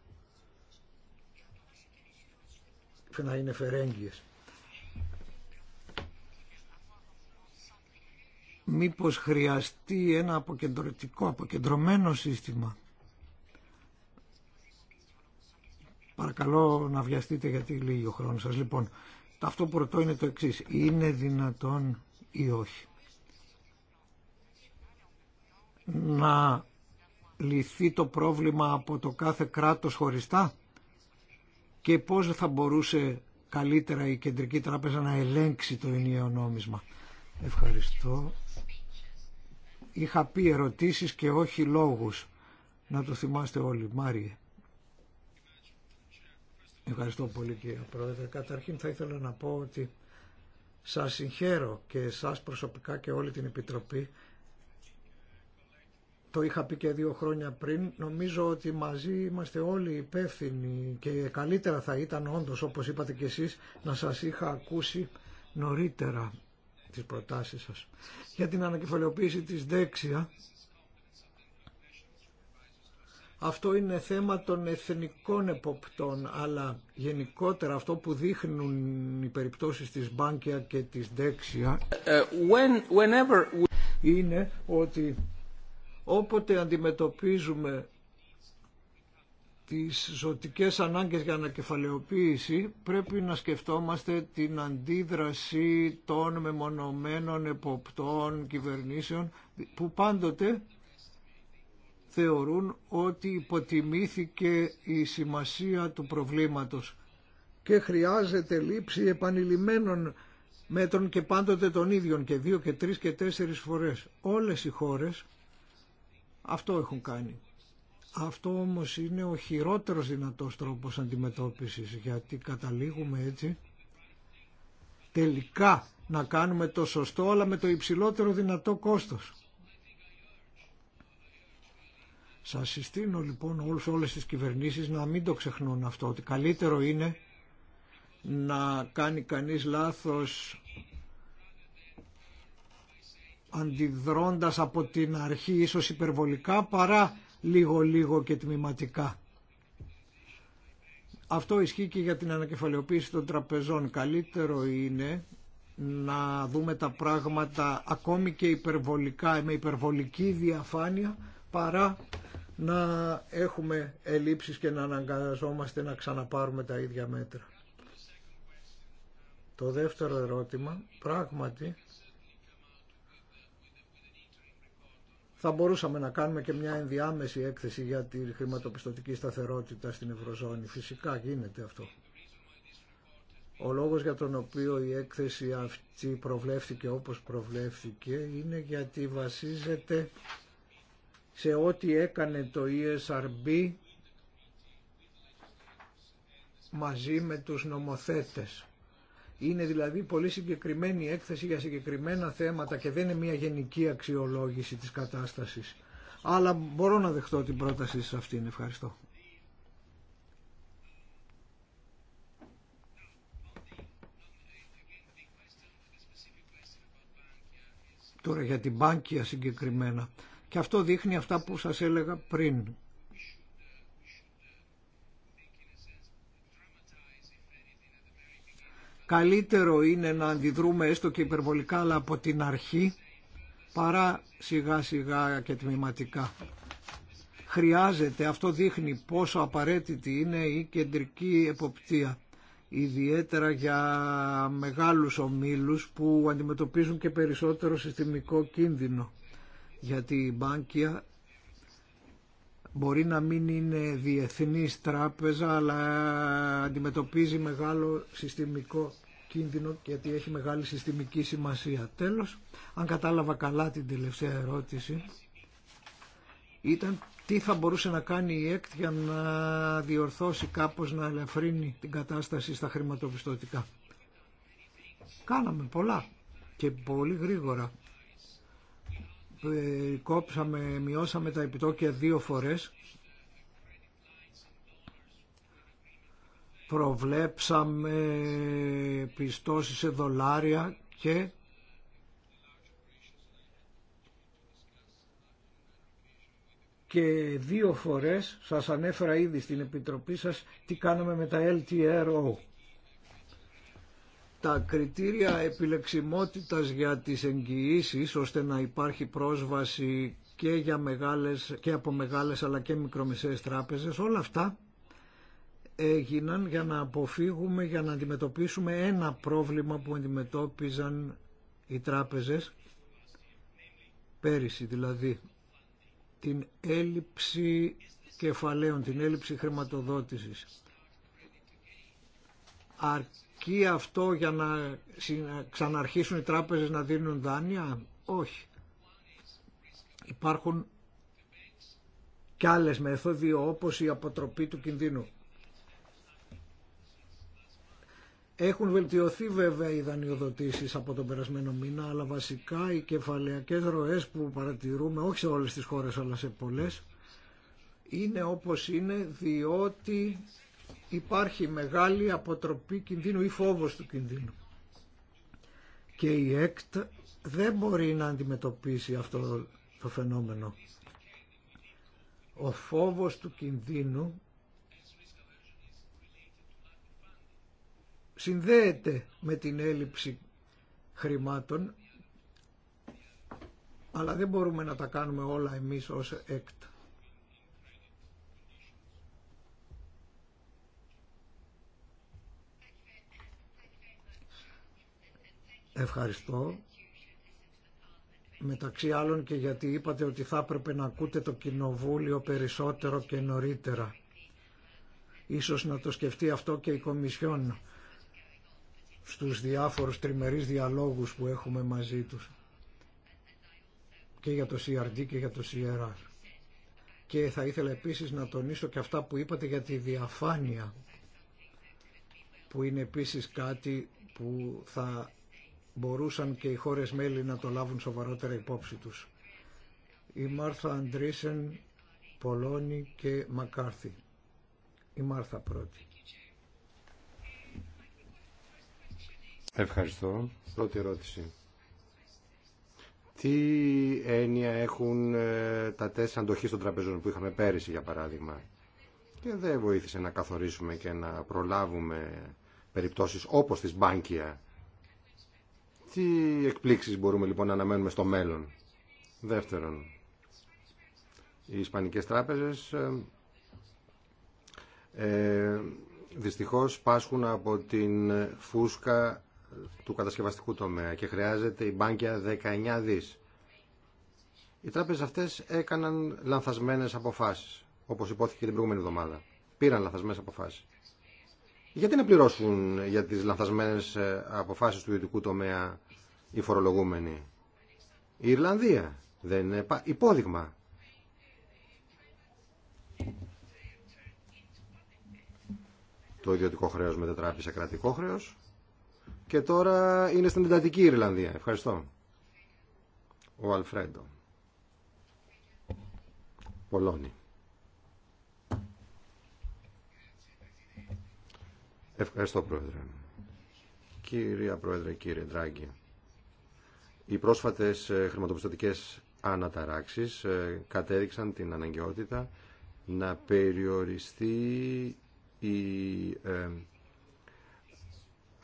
Να είναι φερέγγιες. μήπως χρειαστεί ένα αποκεντρωτικό, αποκεντρωμένο σύστημα. Παρακαλώ να βιαστείτε γιατί λύγει ο χρόνος σας. Λοιπόν, αυτό που ρωτώ είναι το εξής. Είναι δυνατόν ή όχι. Να λυθεί το πρόβλημα από το κάθε κράτος χωριστά και πώς θα μπορούσε καλύτερα η Κεντρική Τράπεζα να ελέγξει το ενιαίο νόμισμα. Ευχαριστώ. Είχα πει ερωτήσεις και όχι λόγους. Να το θυμάστε όλοι. Μάριε. Ευχαριστώ πολύ κύριε Πρόεδρε. Καταρχήν θα ήθελα να πω ότι σας συγχαίρω και εσάς προσωπικά και όλη την Επιτροπή. Το είχα πει και δύο χρόνια πριν. Νομίζω ότι μαζί είμαστε όλοι υπεύθυνοι και καλύτερα θα ήταν όντως όπως είπατε και εσείς να σας είχα ακούσει νωρίτερα τις προτάσεις σας. Για την ανακεφαλαιοποίηση της δέξια, αυτό είναι θέμα των εθνικών εποπτών, αλλά γενικότερα αυτό που δείχνουν οι περιπτώσεις της Μπάνκια και της Δέξια ε, ε, είναι ότι όποτε αντιμετωπίζουμε τις ζωτικές ανάγκες για ανακεφαλαιοποίηση πρέπει να σκεφτόμαστε την αντίδραση των μεμονωμένων εποπτών κυβερνήσεων που πάντοτε θεωρούν ότι υποτιμήθηκε η σημασία του προβλήματος και χρειάζεται λήψη επανειλημμένων μέτρων και πάντοτε των ίδιων και δύο και τρεις και τέσσερις φορές. Όλες οι χώρες αυτό έχουν κάνει. Αυτό όμως είναι ο χειρότερος δυνατός τρόπος αντιμετώπισης γιατί καταλήγουμε έτσι τελικά να κάνουμε το σωστό αλλά με το υψηλότερο δυνατό κόστος. Σας συστήνω λοιπόν όλους, όλες τις κυβερνήσεις να μην το ξεχνούν αυτό, ότι καλύτερο είναι να κάνει κανείς λάθος αντιδρώντας από την αρχή ίσως υπερβολικά παρά λίγο-λίγο και τμηματικά. Αυτό ισχύει και για την ανακεφαλαιοποίηση των τραπεζών. Καλύτερο είναι να δούμε τα πράγματα ακόμη και υπερβολικά, με υπερβολική διαφάνεια, παρά να έχουμε ελλείψεις και να αναγκαζόμαστε να ξαναπάρουμε τα ίδια μέτρα. Το δεύτερο ερώτημα, πράγματι, θα μπορούσαμε να κάνουμε και μια ενδιάμεση έκθεση για τη χρηματοπιστωτική σταθερότητα στην Ευρωζώνη. Φυσικά γίνεται αυτό. Ο λόγος για τον οποίο η έκθεση αυτή προβλέφθηκε όπως προβλέφθηκε είναι γιατί βασίζεται σε ό,τι έκανε το ESRB μαζί με τους νομοθέτες. Είναι δηλαδή πολύ συγκεκριμένη έκθεση για συγκεκριμένα θέματα και δεν είναι μια γενική αξιολόγηση της κατάστασης. Αλλά μπορώ να δεχτώ την πρόταση σας αυτήν. Ευχαριστώ. Τώρα για την Πάνκια συγκεκριμένα. Και αυτό δείχνει αυτά που σας έλεγα πριν. Καλύτερο είναι να αντιδρούμε έστω και υπερβολικά αλλά από την αρχή παρά σιγά σιγά και τμηματικά. Χρειάζεται, αυτό δείχνει πόσο απαραίτητη είναι η κεντρική εποπτεία ιδιαίτερα για μεγάλους ομίλους που αντιμετωπίζουν και περισσότερο συστημικό κίνδυνο γιατί η Μπάνκια μπορεί να μην είναι διεθνής τράπεζα αλλά αντιμετωπίζει μεγάλο συστημικό κίνδυνο γιατί έχει μεγάλη συστημική σημασία. Τέλος, αν κατάλαβα καλά την τελευταία ερώτηση, ήταν τι θα μπορούσε να κάνει η ΕΚΤ για να διορθώσει κάπως να ελαφρύνει την κατάσταση στα χρηματοπιστωτικά. Κάναμε πολλά και πολύ γρήγορα. Ε, κόψαμε, μειώσαμε τα επιτόκια δύο φορές προβλέψαμε πιστώσεις σε δολάρια και και δύο φορές σας ανέφερα ήδη στην Επιτροπή σας τι κάναμε με τα LTRO. Τα κριτήρια επιλεξιμότητας για τις εγγυήσει ώστε να υπάρχει πρόσβαση και, για μεγάλες, και από μεγάλες αλλά και μικρομεσαίες τράπεζες, όλα αυτά έγιναν για να αποφύγουμε, για να αντιμετωπίσουμε ένα πρόβλημα που αντιμετώπιζαν οι τράπεζες πέρυσι δηλαδή την έλλειψη κεφαλαίων, την έλλειψη χρηματοδότησης. Αρκεί αυτό για να ξαναρχίσουν οι τράπεζες να δίνουν δάνεια. Όχι. Υπάρχουν και άλλες μέθοδοι όπως η αποτροπή του κινδύνου. Έχουν βελτιωθεί βέβαια οι δανειοδοτήσεις από τον περασμένο μήνα, αλλά βασικά οι κεφαλαιακές ροές που παρατηρούμε, όχι σε όλες τις χώρες αλλά σε πολλές, είναι όπως είναι διότι υπάρχει μεγάλη αποτροπή κινδύνου ή φόβος του κινδύνου. Και η ΕΚΤ δεν μπορεί να αντιμετωπίσει αυτό το φαινόμενο. Ο φόβος του κινδύνου συνδέεται με την έλλειψη χρημάτων αλλά δεν μπορούμε να τα κάνουμε όλα εμείς ως ΕΚΤ. Ευχαριστώ. Μεταξύ άλλων και γιατί είπατε ότι θα έπρεπε να ακούτε το κοινοβούλιο περισσότερο και νωρίτερα. Ίσως να το σκεφτεί αυτό και η Κομισιόν στους διάφορους τριμερείς διαλόγους που έχουμε μαζί τους και για το CRD και για το CRR. Και θα ήθελα επίσης να τονίσω και αυτά που είπατε για τη διαφάνεια που είναι επίσης κάτι που θα μπορούσαν και οι χώρες μέλη να το λάβουν σοβαρότερα υπόψη τους. Η Μάρθα Αντρίσεν, Πολώνη και Μακάρθη. Η Μάρθα πρώτη. Ευχαριστώ. Πρώτη ερώτηση. Τι έννοια έχουν ε, τα τέσσερα αντοχής των τραπεζών που είχαμε πέρυσι για παράδειγμα και δεν βοήθησε να καθορίσουμε και να προλάβουμε περιπτώσεις όπως της Μπάνκια. Τι εκπλήξεις μπορούμε λοιπόν να αναμένουμε στο μέλλον. Δεύτερον, οι Ισπανικές τράπεζες ε, ε δυστυχώς πάσχουν από την φούσκα του κατασκευαστικού τομέα και χρειάζεται η Μπάνκια 19 δις. Οι τράπεζες αυτές έκαναν λανθασμένες αποφάσεις, όπως υπόθηκε την προηγούμενη εβδομάδα. Πήραν λανθασμένες αποφάσεις. Γιατί να πληρώσουν για τις λανθασμένες ε, αποφάσεις του ιδιωτικού τομέα οι φορολογούμενοι. Η Ιρλανδία δεν είναι υπόδειγμα. Το ιδιωτικό χρέος μετατράπησε κρατικό χρέος και τώρα είναι στην εντατική Ιρλανδία. Ευχαριστώ. Ο Αλφρέντο. Πολώνη. Ευχαριστώ Πρόεδρε. Κυρία Πρόεδρε, κύριε Ντράγκη. Οι πρόσφατες ε, χρηματοπιστωτικές αναταράξεις ε, κατέδειξαν την αναγκαιότητα να περιοριστεί η ε,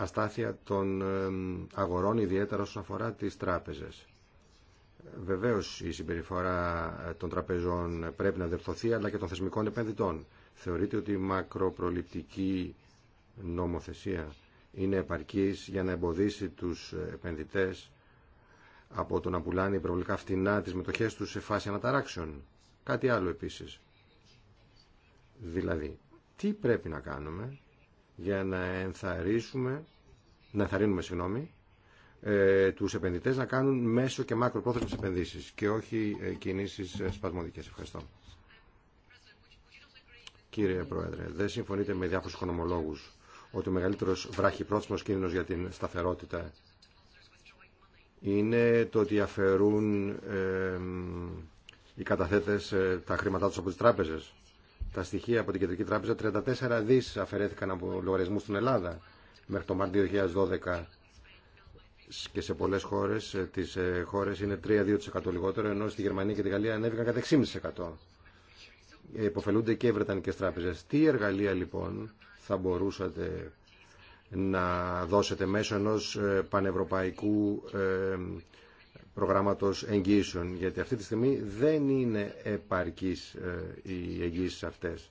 αστάθεια των αγορών, ιδιαίτερα όσον αφορά τις τράπεζες. Βεβαίως η συμπεριφορά ε, των τραπεζών πρέπει να δευθωθεί, αλλά και των θεσμικών επενδυτών. Θεωρείτε ότι η μακροπροληπτική νομοθεσία είναι επαρκής για να εμποδίσει τους επενδυτές από το να πουλάνε υπερβολικά φτηνά τις μετοχές τους σε φάση αναταράξεων. Κάτι άλλο επίσης. Δηλαδή, τι πρέπει να κάνουμε για να ενθαρρύνουμε, να ενθαρρύνουμε συγγνώμη, ε, τους επενδυτές να κάνουν μέσο και μακροπρόθεσμες επενδύσεις και όχι ε, κινήσεις ε, σπασμωδικές. Ευχαριστώ. Κύριε Πρόεδρε, δεν συμφωνείτε με διάφορους οικονομολόγους ότι ο μεγαλύτερος βράχυπρόθεσμος κίνδυνος για την σταθερότητα είναι το ότι αφαιρούν οι καταθέτες ε, τα χρήματά τους από τις τράπεζες τα στοιχεία από την Κεντρική Τράπεζα, 34 δις αφαιρέθηκαν από λογαριασμού στην Ελλάδα μέχρι το Μάρτιο 2012 και σε πολλές χώρες, ε, τις ε, χώρες είναι 3-2% λιγότερο, ενώ στη Γερμανία και τη Γαλλία ανέβηκαν κατά 6,5%. Ε, υποφελούνται και οι βρετανικέ τράπεζες. Τι εργαλεία λοιπόν θα μπορούσατε να δώσετε μέσω ενός πανευρωπαϊκού προγράμματος εγγύσεων, γιατί αυτή τη στιγμή δεν είναι επαρκής ε, οι εγγύσεις αυτές.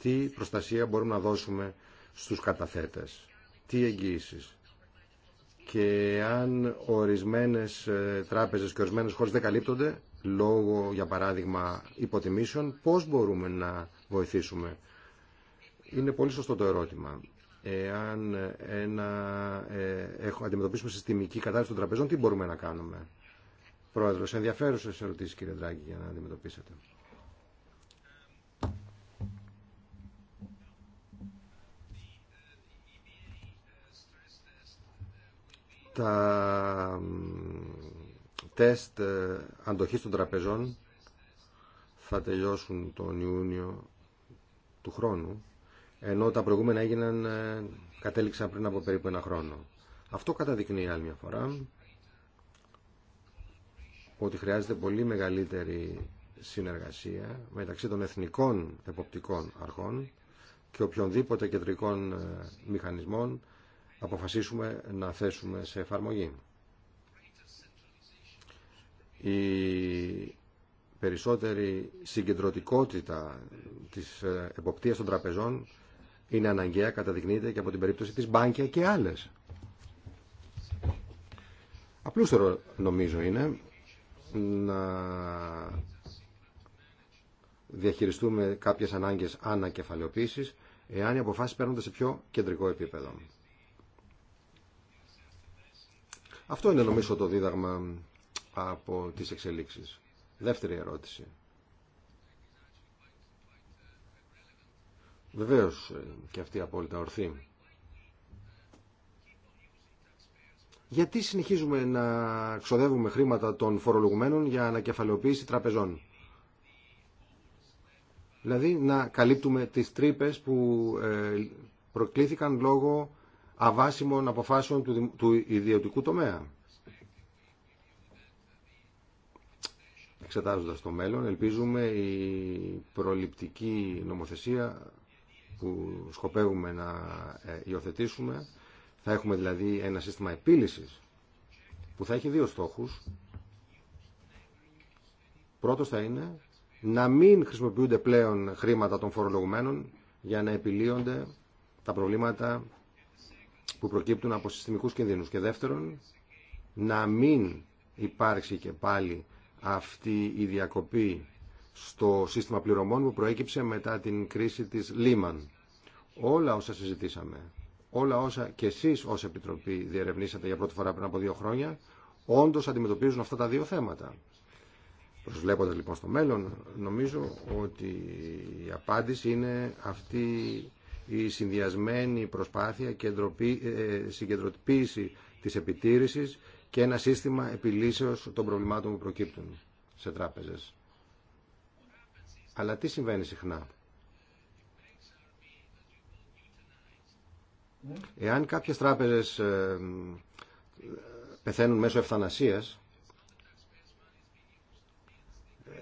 Τι προστασία μπορούμε να δώσουμε στους καταθέτες, τι εγγύσεις; Και αν ορισμένες ε, τράπεζες και ορισμένες χώρες δεν καλύπτονται, λόγω, για παράδειγμα, υποτιμήσεων, πώς μπορούμε να βοηθήσουμε. Είναι πολύ σωστό το ερώτημα. Εάν ένα, ε, έχουμε, αντιμετωπίσουμε συστημική κατάσταση των τραπεζών, τι μπορούμε να κάνουμε πρόεδρο. Ενδιαφέρουσε ερωτήσει κύριε δράγκη για να αντιμετωπίσετε. τα τεστ ε, αντοχής των τραπεζών θα τελειώσουν τον Ιούνιο του χρόνου ενώ τα προηγούμενα έγιναν ε, κατέληξαν πριν από περίπου ένα χρόνο. Αυτό καταδεικνύει άλλη μια φορά ότι χρειάζεται πολύ μεγαλύτερη συνεργασία μεταξύ των εθνικών εποπτικών αρχών και οποιονδήποτε κεντρικών ε, μηχανισμών αποφασίσουμε να θέσουμε σε εφαρμογή. Η περισσότερη συγκεντρωτικότητα της ε, εποπτείας των τραπεζών είναι αναγκαία, καταδεικνύεται και από την περίπτωση της Μπάνκια και άλλες. Απλούστερο νομίζω είναι να διαχειριστούμε κάποιες ανάγκες ανακεφαλαιοποίησης εάν οι αποφάσεις παίρνονται σε πιο κεντρικό επίπεδο. Αυτό είναι νομίζω το δίδαγμα από τις εξελίξεις. Δεύτερη ερώτηση. Βεβαίως ε, και αυτή απόλυτα ορθή. Γιατί συνεχίζουμε να ξοδεύουμε χρήματα των φορολογουμένων για ανακεφαλαιοποίηση τραπεζών. Δηλαδή να καλύπτουμε τις τρύπε που ε, προκλήθηκαν λόγω αβάσιμων αποφάσεων του, του ιδιωτικού τομέα. Εξετάζοντας το μέλλον, ελπίζουμε η προληπτική νομοθεσία που σκοπεύουμε να ε, υιοθετήσουμε θα έχουμε δηλαδή ένα σύστημα επίλυσης που θα έχει δύο στόχους. Πρώτος θα είναι να μην χρησιμοποιούνται πλέον χρήματα των φορολογουμένων για να επιλύονται τα προβλήματα που προκύπτουν από συστημικούς κινδύνους. Και δεύτερον, να μην υπάρξει και πάλι αυτή η διακοπή στο σύστημα πληρωμών που προέκυψε μετά την κρίση της Λίμαν. Όλα όσα συζητήσαμε όλα όσα και εσείς ως Επιτροπή διερευνήσατε για πρώτη φορά πριν από δύο χρόνια, όντως αντιμετωπίζουν αυτά τα δύο θέματα. Προσβλέποντας λοιπόν στο μέλλον, νομίζω ότι η απάντηση είναι αυτή η συνδυασμένη προσπάθεια και ε, συγκεντροποίηση της επιτήρησης και ένα σύστημα επιλύσεως των προβλημάτων που προκύπτουν σε τράπεζες. Αλλά τι συμβαίνει συχνά. Εάν κάποιες τράπεζες ε, πεθαίνουν μέσω ευθανασίας, ε,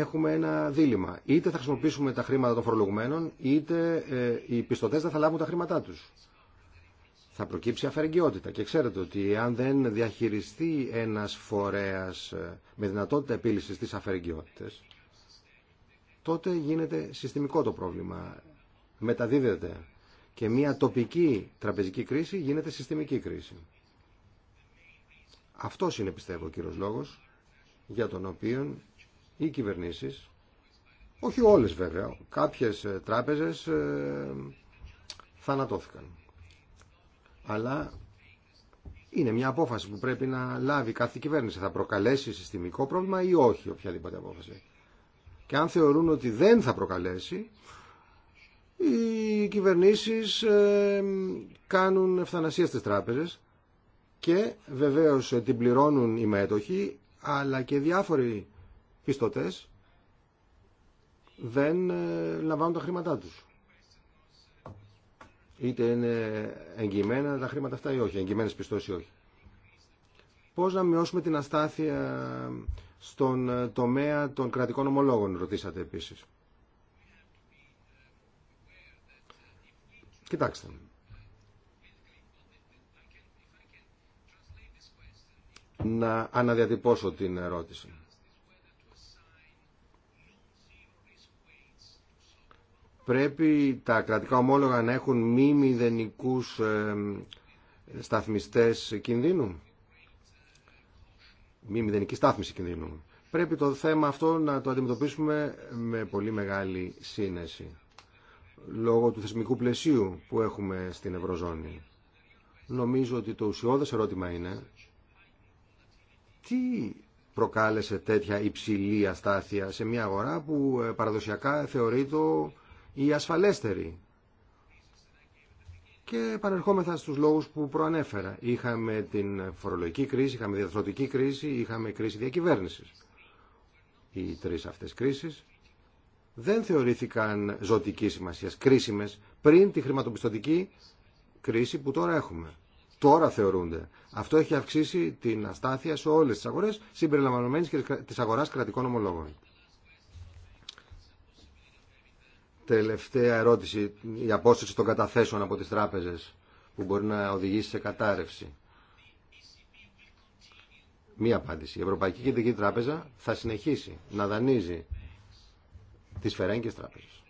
έχουμε ένα δίλημα. Είτε θα χρησιμοποιήσουμε τα χρήματα των φορολογουμένων, είτε ε, οι πιστωτές δεν θα λάβουν τα χρήματά τους. Θα προκύψει αφαιρεγκαιότητα. Και ξέρετε ότι αν δεν διαχειριστεί ένας φορέας με δυνατότητα επίλυσης της αφαιρεγγιότητας, τότε γίνεται συστημικό το πρόβλημα μεταδίδεται και μια τοπική τραπεζική κρίση γίνεται συστημική κρίση. Αυτό είναι πιστεύω ο κύριος λόγος για τον οποίο οι κυβερνήσεις, όχι όλες βέβαια, κάποιες ε, τράπεζες ε, θανατώθηκαν. Αλλά είναι μια απόφαση που πρέπει να λάβει κάθε κυβέρνηση. Θα προκαλέσει συστημικό πρόβλημα ή όχι οποιαδήποτε απόφαση. Και αν θεωρούν ότι δεν θα προκαλέσει, οι κυβερνήσεις ε, κάνουν ευθανασία στις τράπεζες και βεβαίως ε, την πληρώνουν οι μέτοχοι αλλά και διάφοροι πιστωτές δεν ε, λαμβάνουν τα χρήματά τους. Είτε είναι εγγυημένα τα χρήματα αυτά ή όχι, εγγυημένε πιστώσεις ή όχι. Πώς να μειώσουμε την αστάθεια στον τομέα των κρατικών ομολόγων, ρωτήσατε επίσης. Κοιτάξτε. Να αναδιατυπώσω την ερώτηση. Πρέπει τα κρατικά ομόλογα να έχουν μη μηδενικούς ε, σταθμιστές κινδύνου. Μη μηδενική στάθμιση κινδύνου. Πρέπει το θέμα αυτό να το αντιμετωπίσουμε με πολύ μεγάλη σύνεση λόγω του θεσμικού πλαισίου που έχουμε στην Ευρωζώνη. Νομίζω ότι το ουσιώδες ερώτημα είναι τι προκάλεσε τέτοια υψηλή αστάθεια σε μια αγορά που ε, παραδοσιακά θεωρείται η ασφαλέστερη. Και παρερχόμεθα στους λόγους που προανέφερα. Είχαμε την φορολογική κρίση, είχαμε διαδροτική κρίση, είχαμε κρίση διακυβέρνησης. Οι τρεις αυτές κρίσεις δεν θεωρήθηκαν ζωτικής σημασίας, κρίσιμες, πριν τη χρηματοπιστωτική κρίση που τώρα έχουμε. Τώρα θεωρούνται. Αυτό έχει αυξήσει την αστάθεια σε όλες τις αγορές, συμπεριλαμβανομένης και της αγοράς κρατικών ομολόγων. Τελευταία ερώτηση, η απόσταση των καταθέσεων από τις τράπεζες που μπορεί να οδηγήσει σε κατάρρευση. Μία απάντηση. Η Ευρωπαϊκή Κεντρική Τράπεζα θα συνεχίσει να δανείζει της Φερέγγιες Τράπεζας.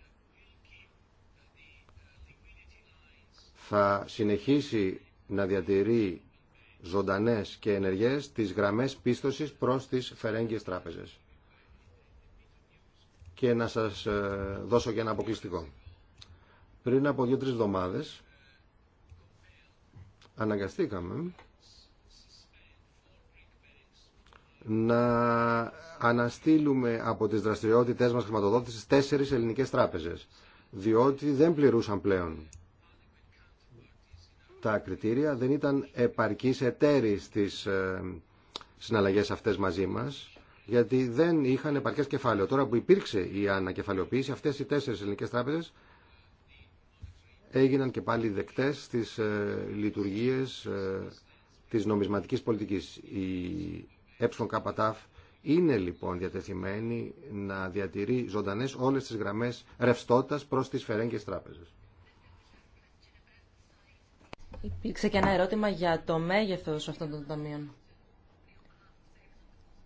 Θα συνεχίσει να διατηρεί ζωντανές και ενεργές τις γραμμές πίστοσης προς τις Φερέγγιες Τράπεζες. Και να σας ε, δώσω και ένα αποκλειστικό. Πριν από δύο-τρεις εβδομάδες αναγκαστήκαμε να αναστείλουμε από τις δραστηριότητές μας χρηματοδότησης τέσσερις ελληνικές τράπεζες, διότι δεν πληρούσαν πλέον. Τα κριτήρια δεν ήταν επαρκής εταίροι στις ε, συναλλαγές αυτές μαζί μας, γιατί δεν είχαν επαρκές κεφάλαιο. Τώρα που υπήρξε η ανακεφαλαιοποίηση, αυτές οι τέσσερις ελληνικές τράπεζες έγιναν και πάλι δεκτές στις ε, λειτουργίες ε, της νομισματικής πολιτικής. Η ΕΚΤΑΦ είναι λοιπόν διατεθειμένη να διατηρεί ζωντανές όλες τις γραμμές ρευστότητας προς τις φερέγγες τράπεζες. Υπήρξε και ένα ερώτημα για το μέγεθος αυτών των ταμείων.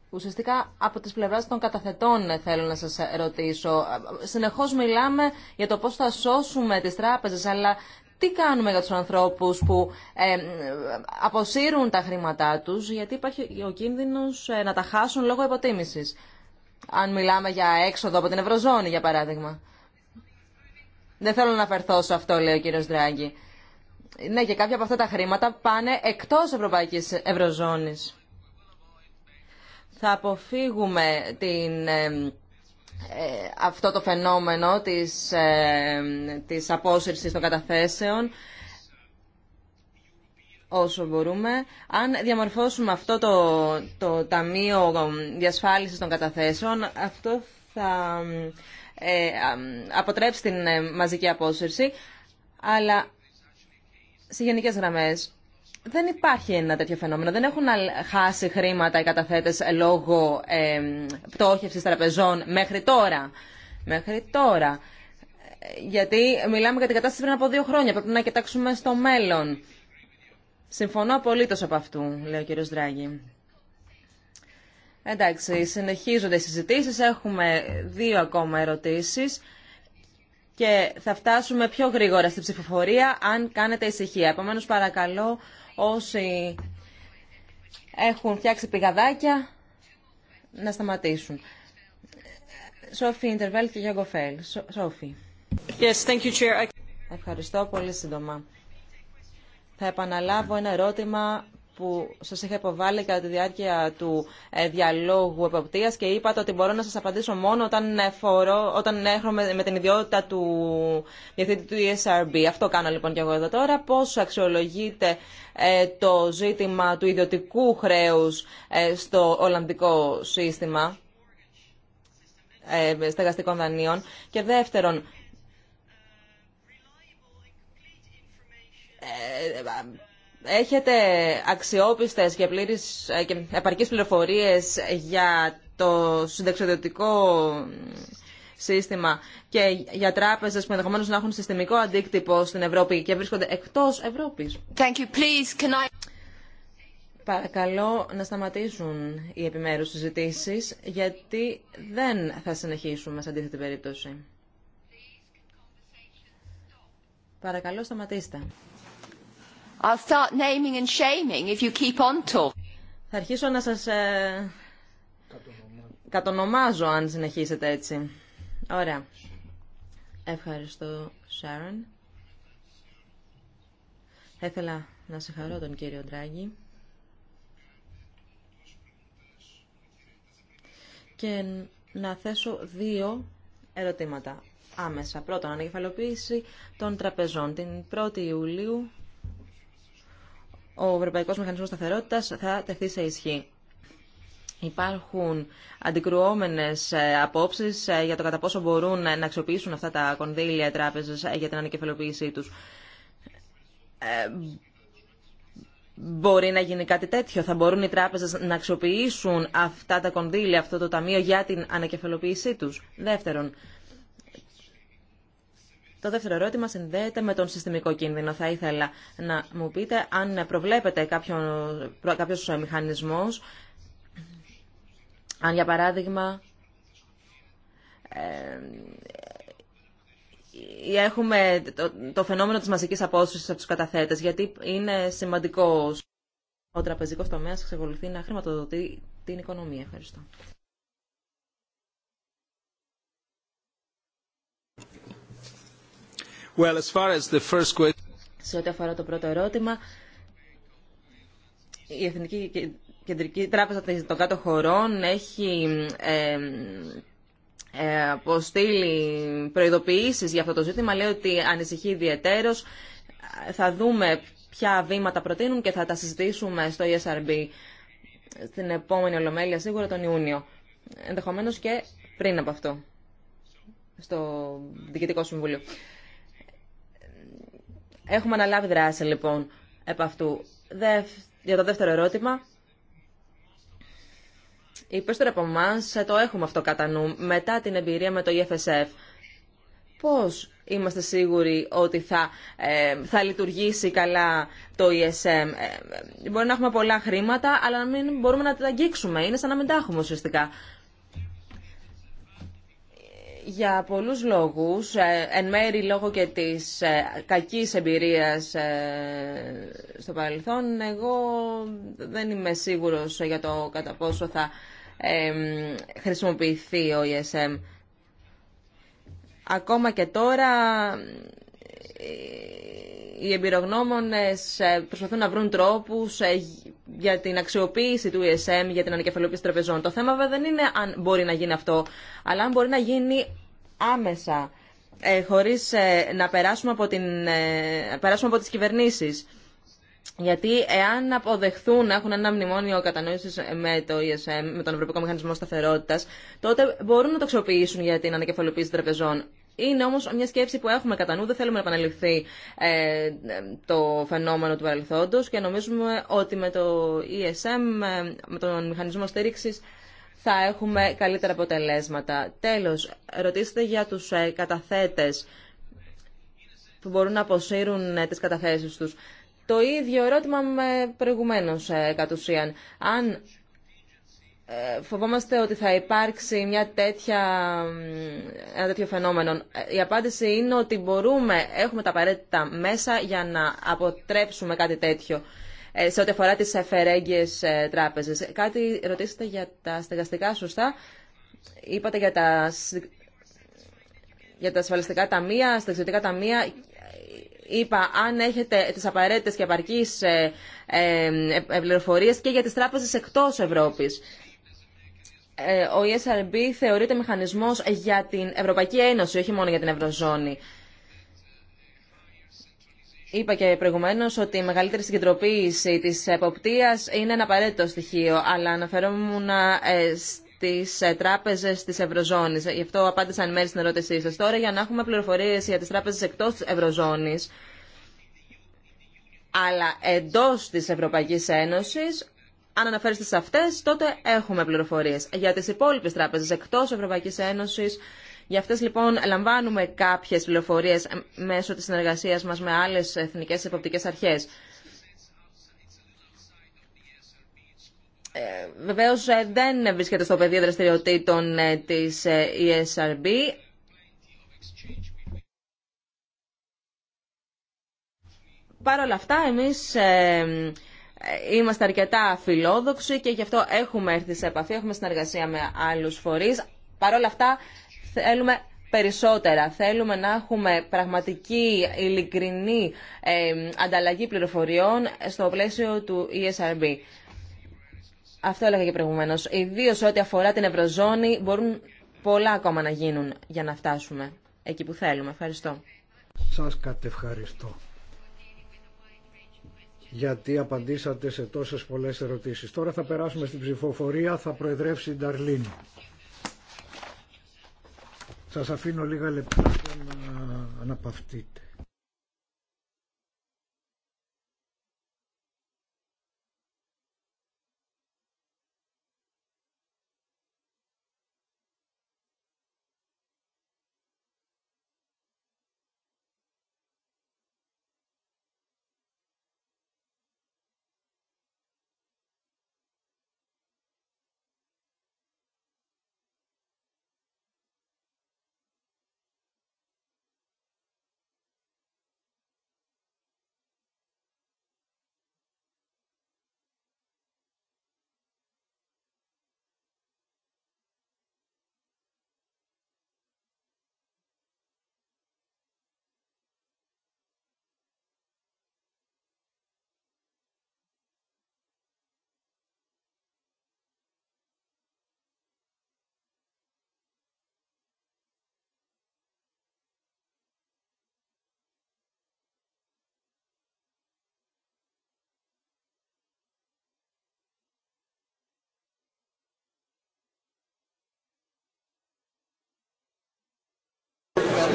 Ουσιαστικά από τις πλευράς των καταθετών ε, θέλω να σας ρωτήσω. Συνεχώς μιλάμε για το πώς θα σώσουμε τις τράπεζες, αλλά τι κάνουμε για τους ανθρώπους που ε, αποσύρουν τα χρήματά τους, γιατί υπάρχει ο κίνδυνος ε, να τα χάσουν λόγω υποτίμησης. Αν μιλάμε για έξοδο από την Ευρωζώνη, για παράδειγμα. Δεν θέλω να αφαιρθώ σε αυτό, λέει ο κύριος Δράγκη. Ναι, και κάποια από αυτά τα χρήματα πάνε εκτός Ευρωπαϊκής Ευρωζώνης. Θα αποφύγουμε την ε, ε, αυτό το φαινόμενο της, ε, της απόσυρσης των καταθέσεων όσο μπορούμε. Αν διαμορφώσουμε αυτό το, το Ταμείο Διασφάλισης των Καταθέσεων, αυτό θα ε, αποτρέψει την ε, μαζική απόσυρση, αλλά σε γενικές γραμμές δεν υπάρχει ένα τέτοιο φαινόμενο. Δεν έχουν χάσει χρήματα οι καταθέτες λόγω ε, πτώχευσης τραπεζών μέχρι τώρα. Μέχρι τώρα. Γιατί μιλάμε για την κατάσταση πριν από δύο χρόνια. Πρέπει να κοιτάξουμε στο μέλλον. Συμφωνώ απολύτω από αυτού, λέει ο κύριος Δράγη. Εντάξει, συνεχίζονται οι συζητήσεις. Έχουμε δύο ακόμα ερωτήσεις και θα φτάσουμε πιο γρήγορα στην ψηφοφορία αν κάνετε ησυχία. Επομένω παρακαλώ όσοι έχουν φτιάξει πηγαδάκια να σταματήσουν. Σόφι Ιντερβέλ και Γιάνγκο Φέλ. Σόφι. Ευχαριστώ πολύ σύντομα. Θα επαναλάβω ένα ερώτημα που σας είχα υποβάλει κατά τη διάρκεια του ε, διαλόγου εποπτεία και είπατε ότι μπορώ να σας απαντήσω μόνο όταν, ε, φορώ, όταν έχω με, την ιδιότητα του διευθυντή του ESRB. Αυτό κάνω λοιπόν και εγώ εδώ τώρα. Πώς αξιολογείτε ε, το ζήτημα του ιδιωτικού χρέους στο Ολλανδικό σύστημα στεγαστικών δανείων. Και δεύτερον, έχετε αξιόπιστες και, πλήρης, ε, και επαρκείς πληροφορίες για το συντεξιδιωτικό σύστημα και για τράπεζες που ενδεχομένως να έχουν συστημικό αντίκτυπο στην Ευρώπη και βρίσκονται εκτός Ευρώπης. Thank you. Please, can I... Παρακαλώ να σταματήσουν οι επιμέρους συζητήσεις γιατί δεν θα συνεχίσουμε σε αντίθετη περίπτωση. Παρακαλώ σταματήστε. I'll start naming and shaming if you keep on Θα αρχίσω να σας ε... κατονομάζω αν συνεχίσετε έτσι. Ωραία. Ευχαριστώ, Sharon. Θα ήθελα να συγχαρώ τον κύριο Ντράγκη. Και να θέσω δύο ερωτήματα άμεσα. Πρώτον, ανακεφαλοποίηση των τραπεζών. Την 1η Ιουλίου ο Ευρωπαϊκός Μηχανισμός Σταθερότητας θα τεθεί σε ισχύ. Υπάρχουν αντικρουόμενες ε, απόψεις ε, για το κατά πόσο μπορούν να αξιοποιήσουν αυτά τα κονδύλια τράπεζες ε, για την ανακεφαλοποίησή τους. Μπορεί να γίνει κάτι τέτοιο. Θα μπορούν οι τράπεζε να αξιοποιήσουν αυτά τα κονδύλια, αυτό το ταμείο για την ανακεφαλοποίησή του. Δεύτερον, το δεύτερο ερώτημα συνδέεται με τον συστημικό κίνδυνο. Θα ήθελα να μου πείτε αν προβλέπετε κάποιο μηχανισμό, αν για παράδειγμα ε, έχουμε το, το φαινόμενο της μαζικής απόσυρσης από τους καταθέτες, γιατί είναι σημαντικό ο τραπεζικός τομέας εξακολουθεί να χρηματοδοτεί την οικονομία. Ευχαριστώ. Σε ό,τι αφορά το πρώτο ερώτημα, η Εθνική Κεντρική Τράπεζα των Κάτω Χωρών έχει ε, ε, αποστείλει προειδοποιήσεις για αυτό το ζήτημα. Λέει ότι ανησυχεί ιδιαιτέρως. Θα δούμε ποια βήματα προτείνουν και θα τα συζητήσουμε στο ESRB στην επόμενη Ολομέλεια, σίγουρα τον Ιούνιο. Ενδεχομένως και πριν από αυτό, στο Διοικητικό Συμβούλιο. Έχουμε αναλάβει δράση λοιπόν επ' αυτού. για το δεύτερο ερώτημα. Οι περισσότεροι από εμά ε, το έχουμε αυτό κατά νου μετά την εμπειρία με το EFSF. Πώ είμαστε σίγουροι ότι θα, ε, θα λειτουργήσει καλά το ESM. Ε, μπορεί να έχουμε πολλά χρήματα, αλλά να μην μπορούμε να τα αγγίξουμε. Είναι σαν να μην τα έχουμε ουσιαστικά για πολλούς λόγους, ε, εν μέρη λόγω και της ε, κακής εμπειρίας ε, στο παρελθόν, εγώ δεν είμαι σίγουρος για το κατά πόσο θα χρησιμοποιηθεί ο ESM. Ακόμα και τώρα οι εμπειρογνώμονες ε, προσπαθούν να βρουν τρόπους ε, για την αξιοποίηση του ESM για την ανακεφαλοποίηση τραπεζών. Το θέμα βέβαια δεν είναι αν μπορεί να γίνει αυτό, αλλά αν μπορεί να γίνει άμεσα, ε, χωρίς να περάσουμε από, την, περάσουμε από τις κυβερνήσεις. Γιατί εάν αποδεχθούν να έχουν ένα μνημόνιο κατανόηση με το ESM, με τον Ευρωπαϊκό Μηχανισμό Σταθερότητα, τότε μπορούν να το αξιοποιήσουν για την ανακεφαλοποίηση τραπεζών. Είναι όμω μια σκέψη που έχουμε κατά νου, δεν θέλουμε να επαναληφθεί ε, το φαινόμενο του παρελθόντος και νομίζουμε ότι με το ESM, ε, με τον μηχανισμό στήριξη, θα έχουμε καλύτερα αποτελέσματα. Τέλος, ρωτήστε για τους ε, καταθέτες που μπορούν να αποσύρουν τις καταθέσεις τους. Το ίδιο ερώτημα με προηγουμένως κατ' ουσίαν. Ε, φοβόμαστε ότι θα υπάρξει μια τέτοια, ένα τέτοιο φαινόμενο. Ε, η απάντηση είναι ότι μπορούμε, έχουμε τα απαραίτητα μέσα για να αποτρέψουμε κάτι τέτοιο ε, σε ό,τι αφορά τις αφαιρέγγιες τράπεζες. Κάτι ρωτήσατε για τα στεγαστικά σωστά. Είπατε για τα, για τα ασφαλιστικά ταμεία, στεγαστικά ταμεία. Είπα, αν έχετε τις απαραίτητες και επαρκείς πληροφορίες και για τις τράπεζες εκτός Ευρώπης. Ε, ο ESRB θεωρείται μηχανισμός για την Ευρωπαϊκή Ένωση, όχι μόνο για την Ευρωζώνη. Είπα και προηγουμένω ότι η μεγαλύτερη συγκεντρωποίηση τη εποπτεία είναι ένα απαραίτητο στοιχείο, αλλά αναφερόμουν ε, στι ε, τράπεζε τη Ευρωζώνη. Γι' αυτό απάντησα εν μέρη στην ερώτησή σα. Τώρα, για να έχουμε πληροφορίε για τι τράπεζε εκτό τη Ευρωζώνη, αλλά εντό τη Ευρωπαϊκή Ένωση, αν αναφέρεστε σε αυτές, τότε έχουμε πληροφορίες. Για τις υπόλοιπε τράπεζε εκτός Ευρωπαϊκή Ένωση, για αυτές λοιπόν λαμβάνουμε κάποιες πληροφορίες μέσω της συνεργασία μας με άλλες εθνικές εποπτικές αρχές. Ε, ε δεν βρίσκεται στο πεδίο δραστηριοτήτων ε, της ε, ESRB. Παρ' όλα αυτά, εμείς ε, είμαστε αρκετά φιλόδοξοι και γι' αυτό έχουμε έρθει σε επαφή, έχουμε συνεργασία με άλλους φορείς. Παρ' όλα αυτά θέλουμε περισσότερα. Θέλουμε να έχουμε πραγματική, ειλικρινή ε, ανταλλαγή πληροφοριών στο πλαίσιο του ESRB. Αυτό έλεγα και προηγουμένω. Ιδίω ό,τι αφορά την Ευρωζώνη, μπορούν πολλά ακόμα να γίνουν για να φτάσουμε εκεί που θέλουμε. Ευχαριστώ. Σας κατευχαριστώ γιατί απαντήσατε σε τόσες πολλές ερωτήσεις. Τώρα θα περάσουμε στην ψηφοφορία, θα προεδρεύσει η Νταρλίν. Σας αφήνω λίγα λεπτά για να αναπαυτείτε.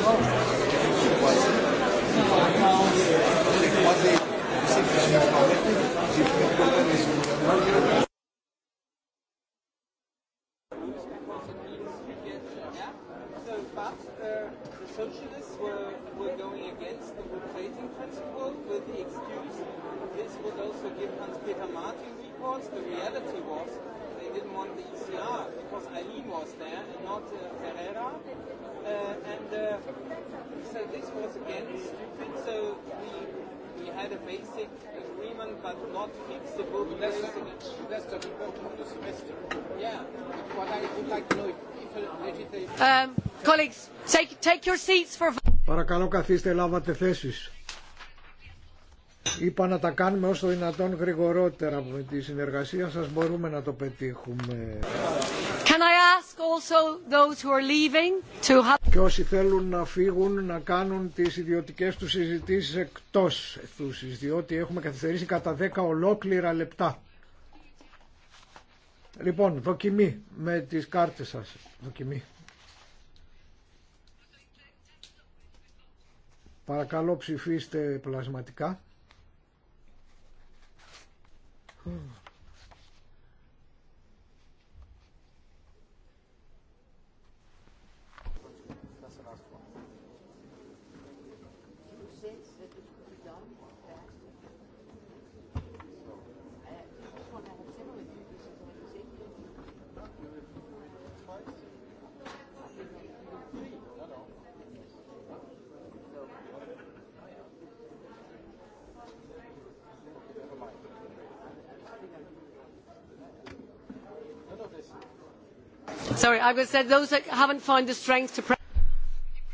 But the socialists were were going against the rotating principle with the excuse this would also give Hans Peter Martin reports. The reality was they didn't want the ECR because Alem was there and not Herrera and uh, so this was again stupid, so we, we had a basic agreement but not fixable. That's, the report of the semester. Yeah. What I would like to know if, um, colleagues, take, take your seats for... Παρακαλώ καθίστε, λάβατε θέσεις. Είπα να τα κάνουμε όσο δυνατόν γρηγορότερα με τη συνεργασία σας μπορούμε να το πετύχουμε. Can I και όσοι θέλουν να φύγουν να κάνουν τις ιδιωτικές τους συζητήσεις εκτός αιθούσης, διότι έχουμε καθυστερήσει κατά 10 ολόκληρα λεπτά. Λοιπόν, δοκιμή με τις κάρτες σας. Δοκιμή. Παρακαλώ ψηφίστε πλασματικά.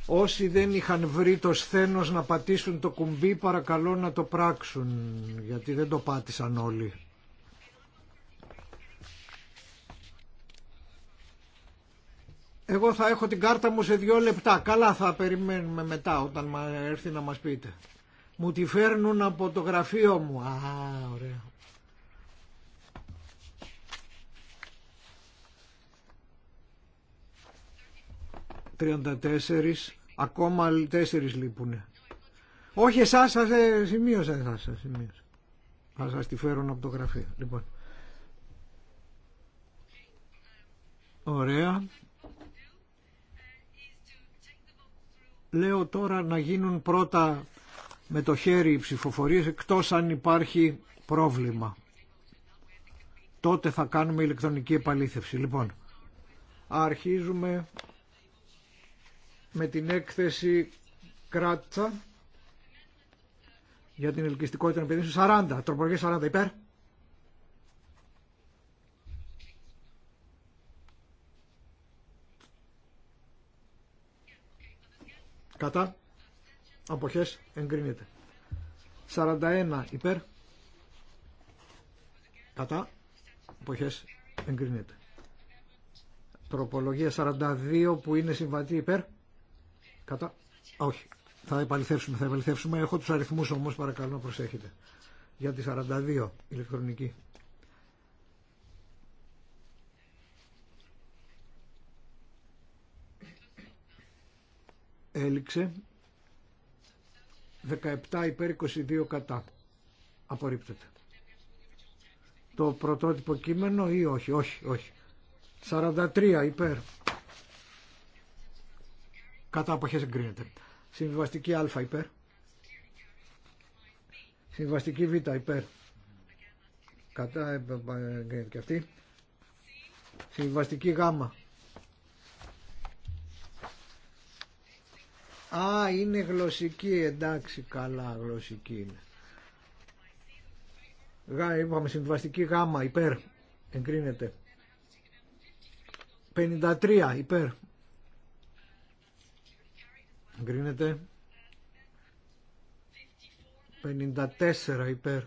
Όσοι δεν είχαν βρει το σθένος να πατήσουν το κουμπί παρακαλώ να το πράξουν γιατί δεν το πάτησαν όλοι. Εγώ θα έχω την κάρτα μου σε δύο λεπτά. Καλά θα περιμένουμε μετά όταν έρθει να μας πείτε. Μου τη φέρνουν από το γραφείο μου. Α, ωραία. 34, ακόμα 4 λείπουνε. Όχι εσάς, σας ε, σημείωσα εσάς, σας σημείωσα. Θα σας τη φέρω από το γραφείο. Λοιπόν. Ωραία. Λέω τώρα να γίνουν πρώτα με το χέρι οι ψηφοφορίες εκτός αν υπάρχει πρόβλημα. Τότε θα κάνουμε ηλεκτρονική επαλήθευση. Λοιπόν, αρχίζουμε με την έκθεση Κράτσα για την ελκυστικότητα των παιδιών 40, τροπολογία 40 υπέρ. Κατά αποχές εγκρίνεται. 41 υπέρ. Κατά αποχές εγκρίνεται. Τροπολογία 42 που είναι συμβατή υπέρ. Κατά. Όχι. Θα επαληθεύσουμε, θα επαληθεύσουμε. Έχω τους αριθμούς όμως, παρακαλώ να προσέχετε. Για τη 42 ηλεκτρονική. Έληξε. 17 υπέρ 22 κατά. Απορρίπτεται. Το πρωτότυπο κείμενο ή όχι, όχι, όχι. 43 υπέρ. Κατά αποχές εγκρίνεται. Συμβιβαστική α υπέρ. Συμβιβαστική β υπέρ. Κατά ε, ε, ε, εγκρίνεται και αυτή. Συμβιβαστική γ. Α, είναι γλωσσική, εντάξει, καλά, γλωσσική είναι. Γα, είπαμε συμβιβαστική Γ υπέρ, εγκρίνεται. 53, υπέρ. Εγκρίνεται 54 υπέρ.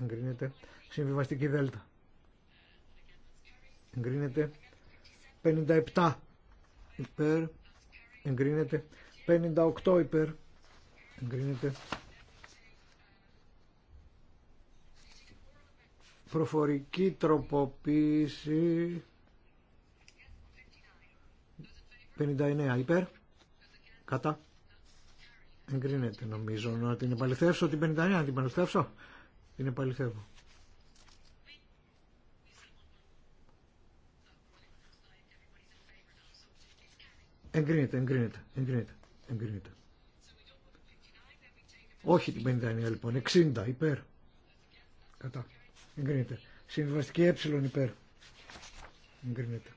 Εγκρίνεται συμβιβαστική δέλτα. Εγκρίνεται 57 υπέρ. Εγκρίνεται 58 υπέρ. Εγκρίνεται προφορική τροποποίηση 59 υπέρ Κατά. Εγκρίνεται νομίζω. Να την επαληθεύσω την 59. Να την επαληθεύσω. Την επαληθεύω. Εγκρίνεται, εγκρίνεται, εγκρίνεται, εγκρίνεται. Όχι την 59 λοιπόν, 60 υπέρ. Κατά. Εγκρίνεται. Συμβαστική ε υπέρ. Εγκρίνεται.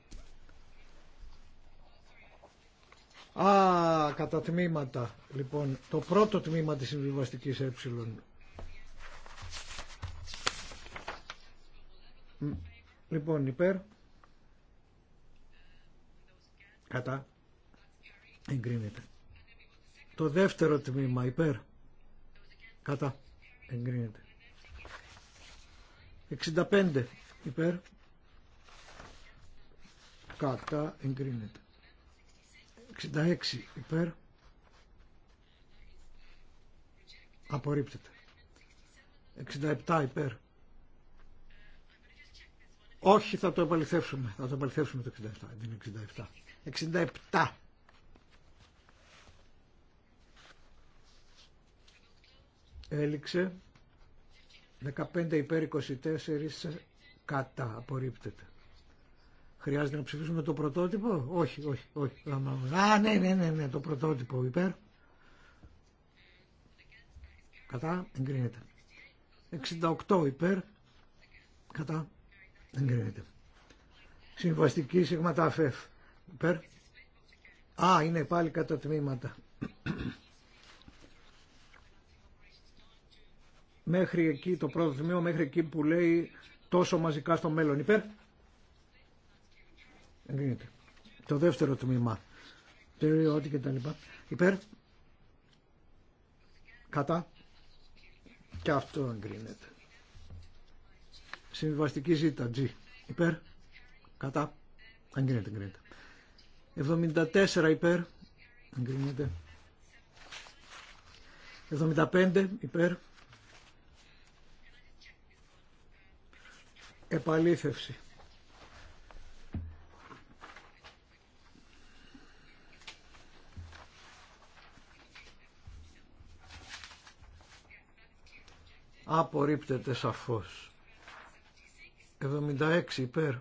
Α, κατά τμήματα. Λοιπόν, το πρώτο τμήμα της συμβιβαστικής ε. Λοιπόν, υπέρ. Κατά. Εγκρίνεται. Το δεύτερο τμήμα, υπέρ. Κατά. Εγκρίνεται. 65 υπέρ. Κατά. Εγκρίνεται. 66 υπέρ απορρίπτεται 67 υπέρ όχι θα το επαληθεύσουμε θα το επαληθεύσουμε το 67 δεν είναι 67 67 έληξε 15 υπέρ 24 κατά απορρίπτεται Χρειάζεται να ψηφίσουμε το πρωτότυπο. Όχι, όχι, όχι. Α, ναι, ναι, ναι, ναι, το πρωτότυπο υπέρ. Κατά, εγκρίνεται. 68 υπέρ. Κατά, εγκρίνεται. Συμβαστική Φεφ. υπέρ. Α, είναι πάλι κατά τμήματα. μέχρι εκεί το πρώτο τμήμα, μέχρι εκεί που λέει τόσο μαζικά στο μέλλον υπέρ Εγκρίνεται. Το δεύτερο τμήμα. Περιότι και τα λοιπά. Υπέρ. Κατά. Και αυτό εγκρίνεται. Συμβιβαστική ζήτα. G. Υπέρ. Κατά. Εγκρίνεται. Εγκρίνεται. 74 υπέρ. Εγκρίνεται. 75 υπέρ. Επαλήθευση. Απορρίπτεται σαφώς. 76 υπέρ.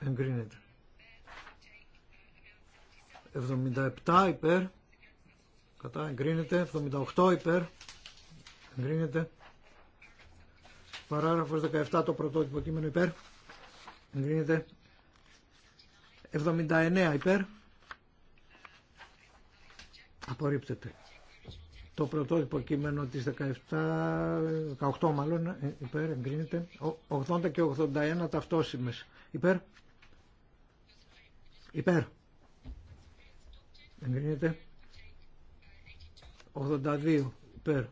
Εγκρίνεται. 77 υπέρ. Κατά εγκρίνεται. 78 υπέρ. Εγκρίνεται. Παράγραφος 17 το πρωτότυπο κείμενο υπέρ. Εγκρίνεται. 79 υπέρ. Απορρίπτεται το πρωτότυπο κείμενο τη 17, 18 μάλλον, ε, υπέρ, εγκρίνεται, 80 και 81 ταυτόσημες. Υπέρ, υπέρ, εγκρίνεται, 82 υπέρ,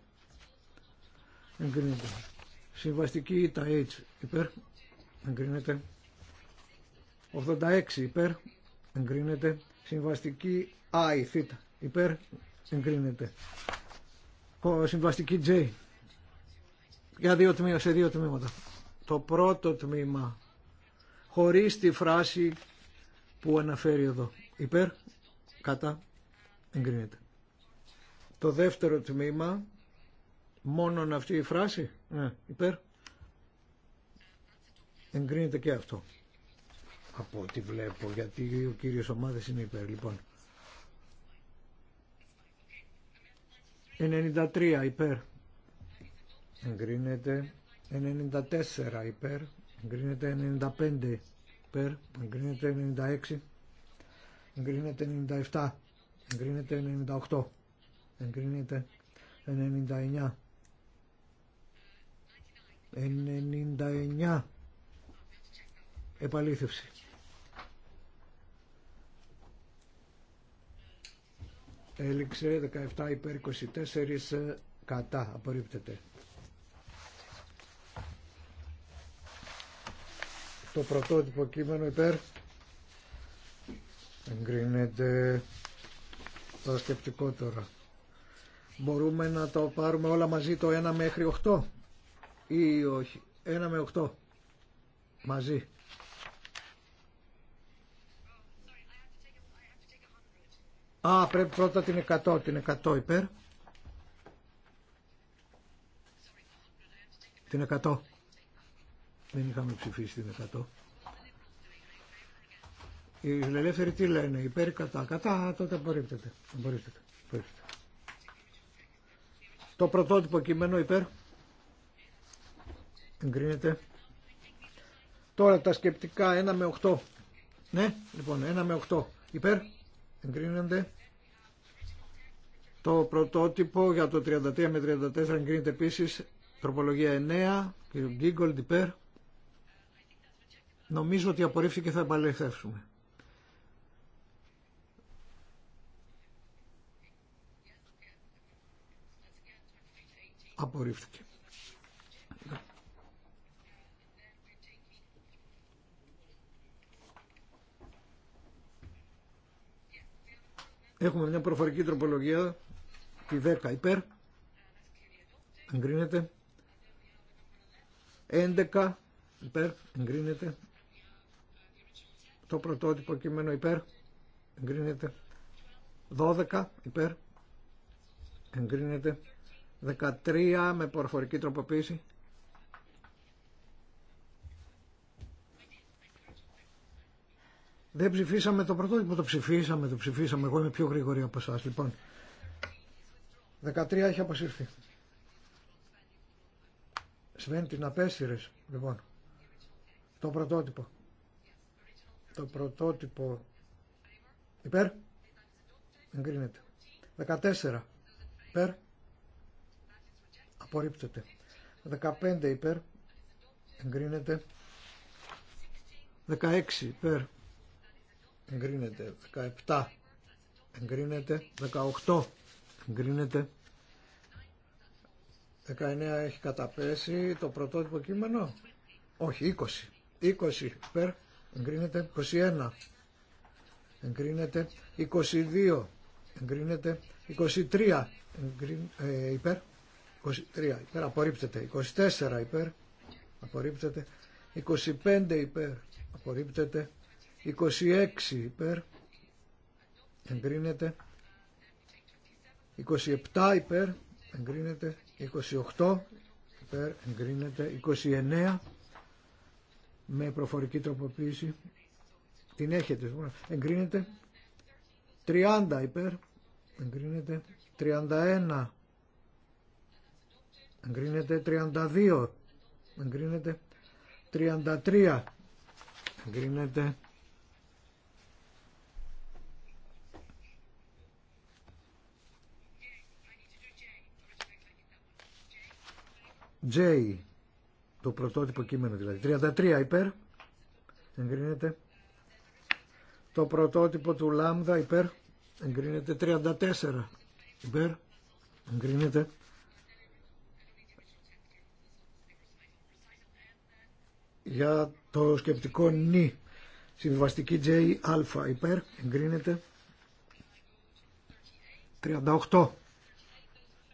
εγκρίνεται. Συμβαστική τα H υπέρ, εγκρίνεται. 86 υπέρ, εγκρίνεται. Συμβαστική I θ υπέρ, εγκρίνεται. Συμβαστική J. Για δύο τμήματα, σε δύο τμήματα. Το πρώτο τμήμα χωρίς τη φράση που αναφέρει εδώ. Υπέρ, κατά, εγκρίνεται. Το δεύτερο τμήμα, μόνον αυτή η φράση, ναι, υπέρ, εγκρίνεται και αυτό. Από ό,τι βλέπω, γιατί ο κύριος ομάδες είναι υπέρ, λοιπόν. 93 υπέρ. Εγκρίνεται 94 υπέρ. Εγκρίνεται 95 υπέρ. Εγκρίνεται 96. Εγκρίνεται 97. Εγκρίνεται 98. Εγκρίνεται 99. 99. Επαλήθευση. Έληξε 17 υπέρ 24 ε, κατά. Απορρίπτεται. Το πρωτότυπο κείμενο υπέρ. Εγκρίνεται το σκεπτικό τώρα. Μπορούμε να το πάρουμε όλα μαζί το 1 μέχρι 8 ή όχι. 1 με 8 μαζί. Α, πρέπει πρώτα την 100, την 100 υπέρ. Την 100. Δεν είχαμε ψηφίσει την 100. Οι ελεύθεροι τι λένε, υπέρ ή κατά. Κατά, τότε απορρίπτεται. απορρίπτεται. απορρίπτεται. Το πρωτότυπο κείμενο υπέρ. Εγκρίνεται. Τώρα τα σκεπτικά 1 με 8. Ναι, λοιπόν, 1 με 8. Υπέρ εγκρίνονται. Το πρωτότυπο για το 33 με 34 εγκρίνεται επίση. Τροπολογία 9, κ. Γκίγκολ, Ντιπέρ. Νομίζω ότι απορρίφθηκε θα επαληθεύσουμε. Απορρίφθηκε. Έχουμε μια προφορική τροπολογία, τη 10 υπέρ, εγκρίνεται. 11 υπέρ, εγκρίνεται. Το πρωτότυπο κείμενο υπέρ, εγκρίνεται. 12 υπέρ, εγκρίνεται. 13 με προφορική τροποποίηση Δεν ψηφίσαμε το πρωτότυπο, το ψηφίσαμε, το ψηφίσαμε. Εγώ είμαι πιο γρήγορη από εσά. Λοιπόν, 13 έχει αποσυρθεί. Σβέν την απέσυρε. λοιπόν. Το πρωτότυπο. Το πρωτότυπο. Υπέρ. Εγκρίνεται. 14. Υπέρ. Απορρίπτεται. 15 υπέρ. Εγκρίνεται. 16 υπέρ εγκρίνεται 17 εγκρίνεται 18 εγκρίνεται 19 έχει καταπέσει το πρωτότυπο κείμενο όχι 20 20 περ εγκρίνεται 21 εγκρίνεται 22 εγκρίνεται 23 εγκρίν, ε, υπέρ 23 υπέρ απορρίπτεται 24 υπέρ απορρίπτεται 25 υπέρ απορρίπτεται 26 υπέρ εγκρίνεται 27 υπέρ εγκρίνεται 28 υπέρ εγκρίνεται 29 με προφορική τροποποίηση την έχετε λοιπόν. εγκρίνεται 30 υπέρ εγκρίνεται 31 εγκρίνεται 32 εγκρίνεται 33 εγκρίνεται J, το πρωτότυπο κείμενο δηλαδή. 33 υπέρ, εγκρίνεται. Το πρωτότυπο του λάμδα υπέρ, εγκρίνεται. 34 υπέρ, εγκρίνεται. Για το σκεπτικό νη, συμβιβαστική J, α υπέρ, εγκρίνεται. 38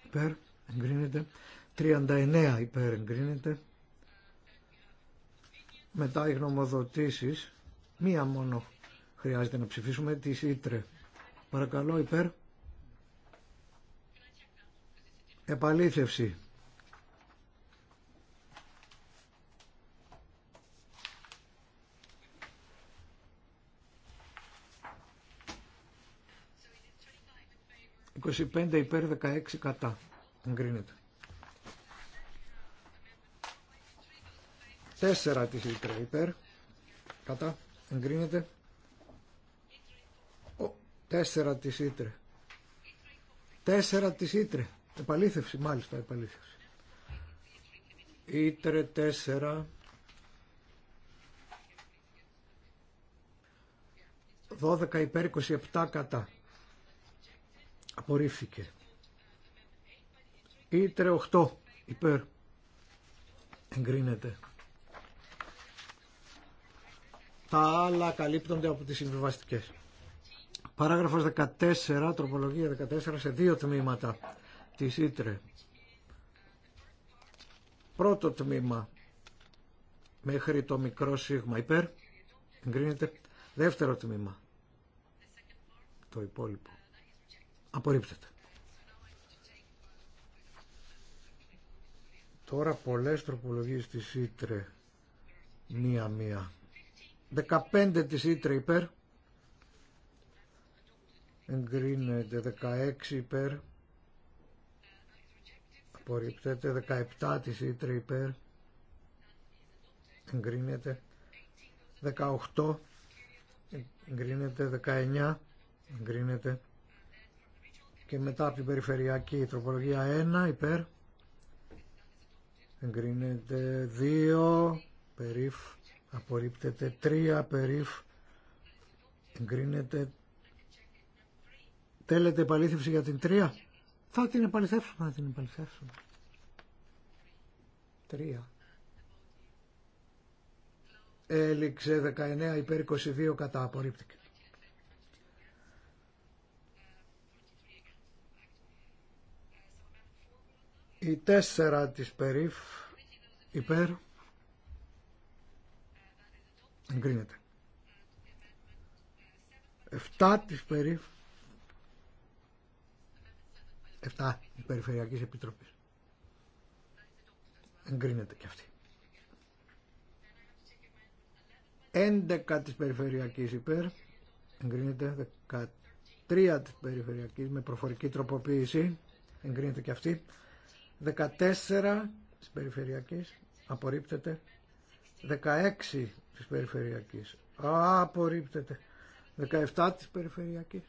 υπέρ, εγκρίνεται. 39 υπέρ εγκρίνεται. Μετά οι γνωμοδοτήσεις, μία μόνο χρειάζεται να ψηφίσουμε, τη Ήτρε. Παρακαλώ υπέρ. Επαλήθευση. «25 υπέρ 16 κατά» εγκρίνεται. 4 της Ήτρε υπέρ κατά εγκρίνεται 4 της Ήτρε 4 της Ήτρε επαλήθευση μάλιστα επαλήθευση Ήτρε 4 12 υπέρ 27 κατά απορρίφθηκε Ήτρε 8 υπέρ εγκρίνεται τα άλλα καλύπτονται από τις συμβιβαστικές. Παράγραφος 14, τροπολογία 14 σε δύο τμήματα της Ήτρε. Πρώτο τμήμα μέχρι το μικρό σίγμα υπέρ, εγκρίνεται. Δεύτερο τμήμα, το υπόλοιπο, απορρίπτεται. Τώρα πολλές τροπολογίες της Ήτρε, μία-μία. 15 της Ήτρε υπέρ. Εγκρίνεται 16 υπέρ. Απορριπτέται 17 της Ήτρε υπέρ. Εγκρίνεται 18. Εγκρίνεται 19. Εγκρίνεται. Και μετά από την περιφερειακή τροπολογία 1 υπέρ. Εγκρίνεται 2 περίφ απορρίπτεται Τρία περίφ εγκρίνεται θέλετε επαλήθευση για την τρία. θα την επαληθεύσουμε θα την επαληθεύσουμε Τρία. έληξε 19 υπέρ 22 κατά απορρίπτηκε τέσσερα της περίφ υπέρ Εγκρίνεται. 7 της περι... 7 της Περιφερειακής Επιτροπής. Εγκρίνεται και αυτή. 11 της Περιφερειακής υπέρ. Εγκρίνεται 13 της Περιφερειακής με προφορική τροποποίηση. Εγκρίνεται και αυτή. 14 της Περιφερειακής. Απορρίπτεται. 16 της περιφερειακής. Α, απορρίπτεται. 17 της περιφερειακής.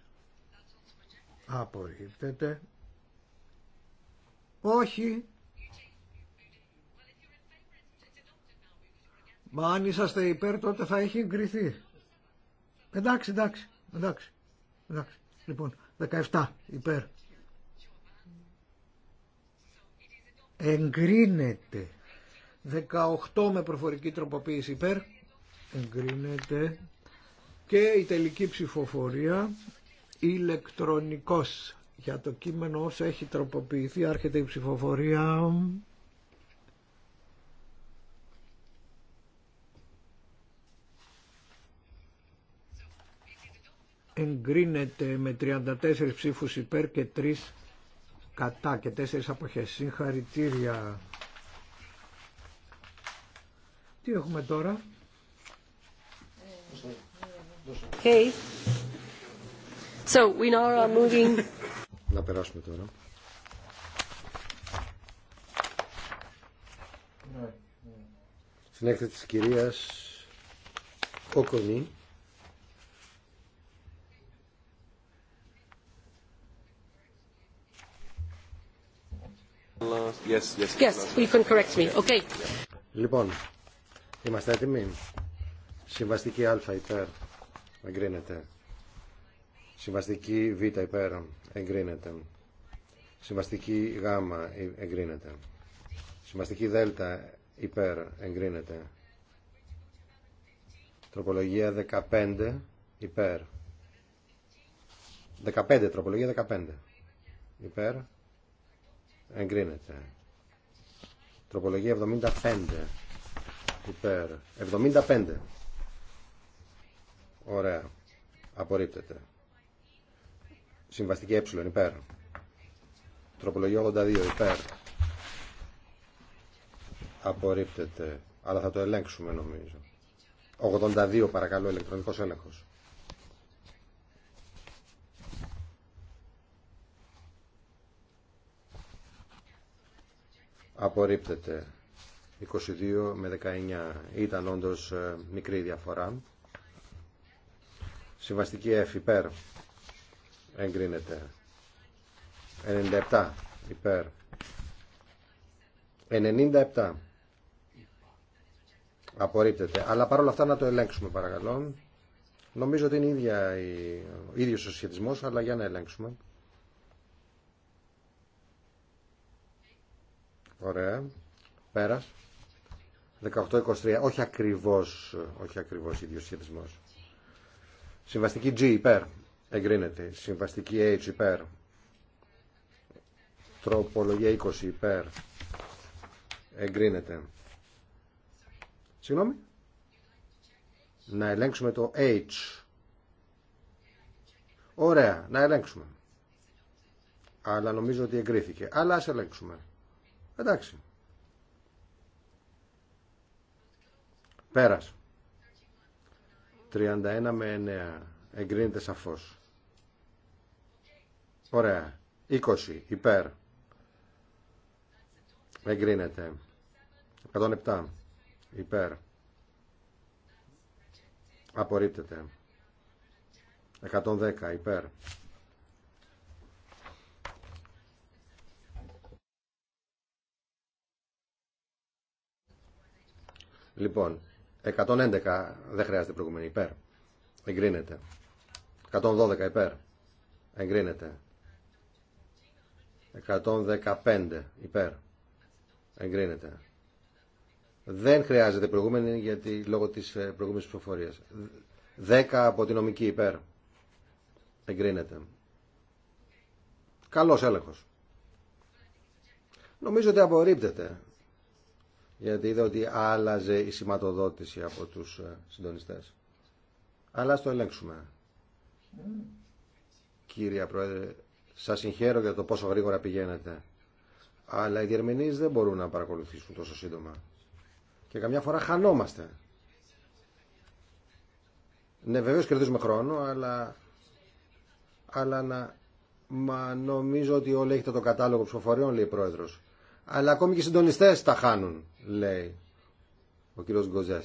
Απορρίπτεται. Όχι. Μα αν είσαστε υπέρ τότε θα έχει εγκριθεί. Εντάξει, εντάξει, εντάξει. εντάξει. Λοιπόν, 17 υπέρ. Εγκρίνεται. 18 με προφορική τροποποίηση υπέρ εγκρίνεται και η τελική ψηφοφορία ηλεκτρονικός για το κείμενο όσο έχει τροποποιηθεί άρχεται η ψηφοφορία εγκρίνεται με 34 ψήφους υπέρ και 3 κατά και 4 αποχές συγχαρητήρια τι έχουμε τώρα Okay. So we now are moving. Να περάσουμε τώρα. Στην έκθεση της κυρίας Κόκονη. Yes, yes, yes, you can correct me. Okay. Λοιπόν, είμαστε έτοιμοι. Συμβαστική α υπέρ εγκρίνεται. Συμβαστική β υπέρ εγκρίνεται. Συμβαστική γ εγκρίνεται. Συμβαστική δ υπέρ εγκρίνεται. Τροπολογία 15 υπέρ. 15 τροπολογία 15 υπέρ εγκρίνεται. Τροπολογία 75 υπέρ. 75 Ωραία. Απορρίπτεται. Συμβαστική ε υπέρ. Τροπολογία 82 υπέρ. Απορρίπτεται. Αλλά θα το ελέγξουμε νομίζω. 82 παρακαλώ ηλεκτρονικός έλεγχος. Απορρίπτεται. 22 με 19 ήταν όντως ε, μικρή διαφορά. Συμβαστική F υπέρ. Εγκρίνεται. 97 υπέρ. 97. Απορρίπτεται. Αλλά παρόλα αυτά να το ελέγξουμε παρακαλώ. Νομίζω ότι είναι ίδια η... ο ίδιος ο σχετισμός, αλλά για να ελέγξουμε. Ωραία. Πέρας. 18-23. Όχι ακριβώς, όχι ακριβώς ίδιος σχετισμός. Συμβαστική G υπέρ. Εγκρίνεται. Συμβαστική H υπέρ. Τροπολογία 20 υπέρ. Εγκρίνεται. Συγγνώμη. Να ελέγξουμε το H. Ωραία. Να ελέγξουμε. Αλλά νομίζω ότι εγκρίθηκε. Αλλά ας ελέγξουμε. Εντάξει. Πέρασε. 31 με 9. Εγκρίνεται σαφώς. Ωραία. 20 υπέρ. Εγκρίνεται. 107 υπέρ. Απορρίπτεται. 110 υπέρ. Λοιπόν, 111 δεν χρειάζεται προηγούμενη υπέρ. Εγκρίνεται. 112 υπέρ. Εγκρίνεται. 115 υπέρ. Εγκρίνεται. Δεν χρειάζεται προηγούμενη γιατί λόγω της ε, προηγούμενης ψηφοφορίας. 10 από τη νομική υπέρ. Εγκρίνεται. Καλός έλεγχος. Νομίζω ότι απορρίπτεται γιατί είδα ότι άλλαζε η σηματοδότηση από τους ε, συντονιστές. Αλλά ας το ελέγξουμε. Κύριε Πρόεδρε, σας συγχαίρω για το πόσο γρήγορα πηγαίνετε. Αλλά οι διερμηνείς δεν μπορούν να παρακολουθήσουν τόσο σύντομα. Και καμιά φορά χανόμαστε. Ναι, βεβαίως κερδίζουμε χρόνο, αλλά, αλλά να... Μα νομίζω ότι όλοι έχετε το κατάλογο ψηφοφοριών, λέει η Πρόεδρος αλλά ακόμη και οι συντονιστέ τα χάνουν, λέει ο κύριο Γκοζέ.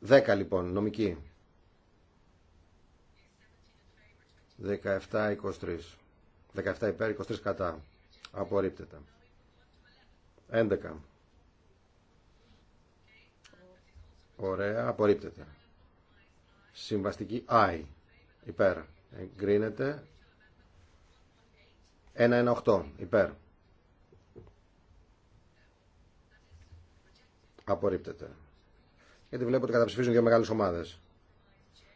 Δέκα λοιπόν, νομική. 17-23. 17 υπέρ, 23 κατά. Απορρίπτεται. 11. Ωραία, απορρίπτεται. Συμβαστική I. Υπέρ. Εγκρίνεται. 1-1-8. Υπέρ. Απορρίπτεται. Γιατί βλέπω ότι καταψηφίζουν δύο μεγάλες ομάδες.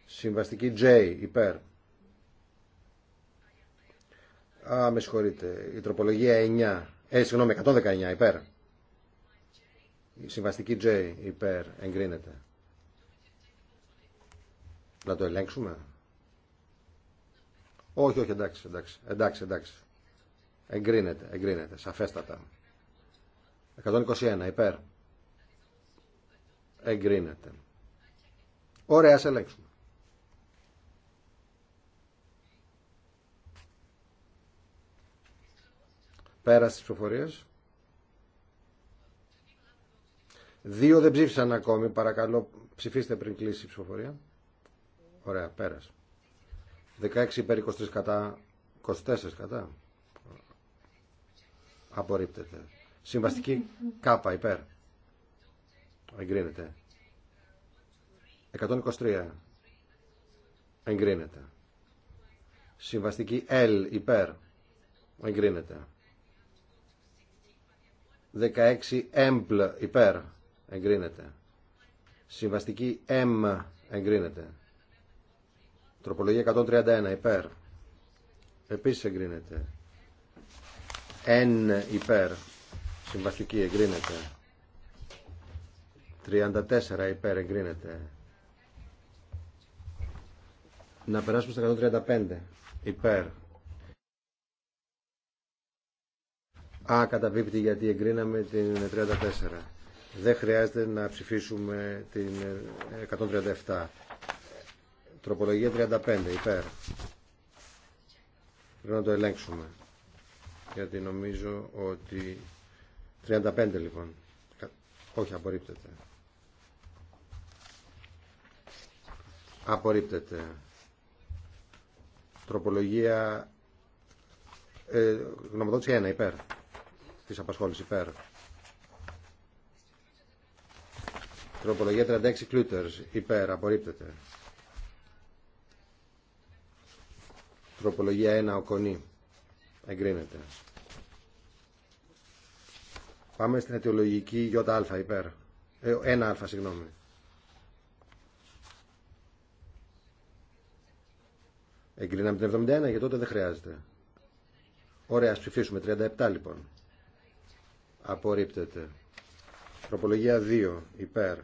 Συμβαστική J υπέρ. Α, με συγχωρείτε. Η τροπολογία 9. Ε, συγγνώμη, 119 υπέρ. Η συμβαστική J υπέρ εγκρίνεται. Να το ελέγξουμε. Όχι, όχι, εντάξει, εντάξει, εντάξει, εντάξει. Εγκρίνεται, εγκρίνεται, σαφέστατα. 121 υπέρ. Εγκρίνεται. Ωραία, σε ελέγξουμε. Πέρα στις ψηφοφορίες. Δύο δεν ψήφισαν ακόμη, παρακαλώ ψηφίστε πριν κλείσει η ψηφοφορία. Ωραία, πέρας. 16 υπέρ 23 κατά, 24 κατά. Απορρίπτεται. Συμβαστική κάπα υπέρ εγκρίνεται. 123 εγκρίνεται. Συμβαστική L υπέρ εγκρίνεται. 16 έμπλ υπέρ εγκρίνεται. Συμβαστική M εγκρίνεται. Τροπολογία 131 υπέρ. Επίσης εγκρίνεται. N υπέρ. Συμβαστική εγκρίνεται. 34 υπέρ εγκρίνεται. Να περάσουμε στα 135 υπέρ. Α, καταπίπτει γιατί εγκρίναμε την 34. Δεν χρειάζεται να ψηφίσουμε την 137. Τροπολογία 35 υπέρ. Πρέπει να το ελέγξουμε. Γιατί νομίζω ότι 35 λοιπόν. Όχι απορρίπτεται. Απορρίπτεται. Τροπολογία ε, γνωμοδότηση 1 υπέρ της απασχόλησης υπέρ. Τροπολογία 36 κλούτερς υπέρ απορρίπτεται. Τροπολογία 1 οκονή εγκρίνεται. Πάμε στην αιτιολογική ΙΑ υπέρ. Ε, 1α συγγνώμη. Εγκρίναμε την 71 γιατί τότε δεν χρειάζεται. Ωραία, ας ψηφίσουμε. 37 λοιπόν. Απορρίπτεται. Τροπολογία 2. Υπέρ.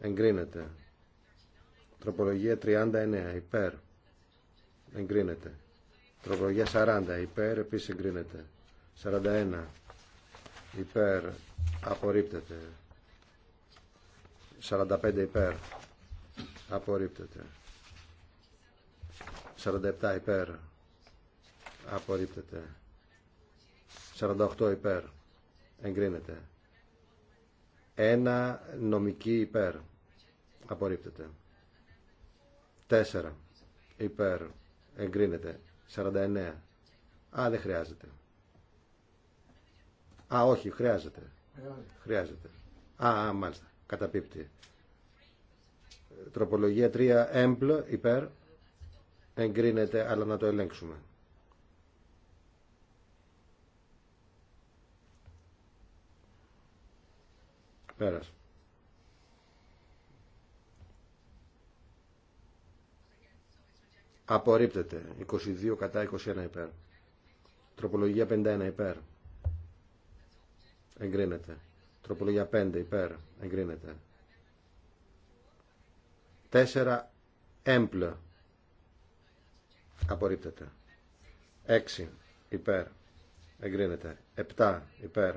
Εγκρίνεται. Τροπολογία 39. Υπέρ. Εγκρίνεται. Τροπολογία 40. Υπέρ. Επίσης εγκρίνεται. 41. Υπέρ. Απορρίπτεται. 45 υπέρ. Απορρίπτεται. 47 υπέρ απορρίπτεται 48 υπέρ εγκρίνεται 1 νομική υπέρ απορρίπτεται 4 υπέρ εγκρίνεται 49 α δεν χρειάζεται α όχι χρειάζεται χρειάζεται α, α μάλιστα καταπίπτει τροπολογία 3 έμπλ υπέρ εγκρίνεται αλλά να το ελέγξουμε. Πέρας. Απορρίπτεται. 22 κατά 21 υπέρ. Τροπολογία 51 υπέρ. Εγκρίνεται. Τροπολογία 5 υπέρ. Εγκρίνεται. 4 έμπλε Απορρίπτεται. 6 υπέρ. Εγκρίνεται. 7 υπέρ.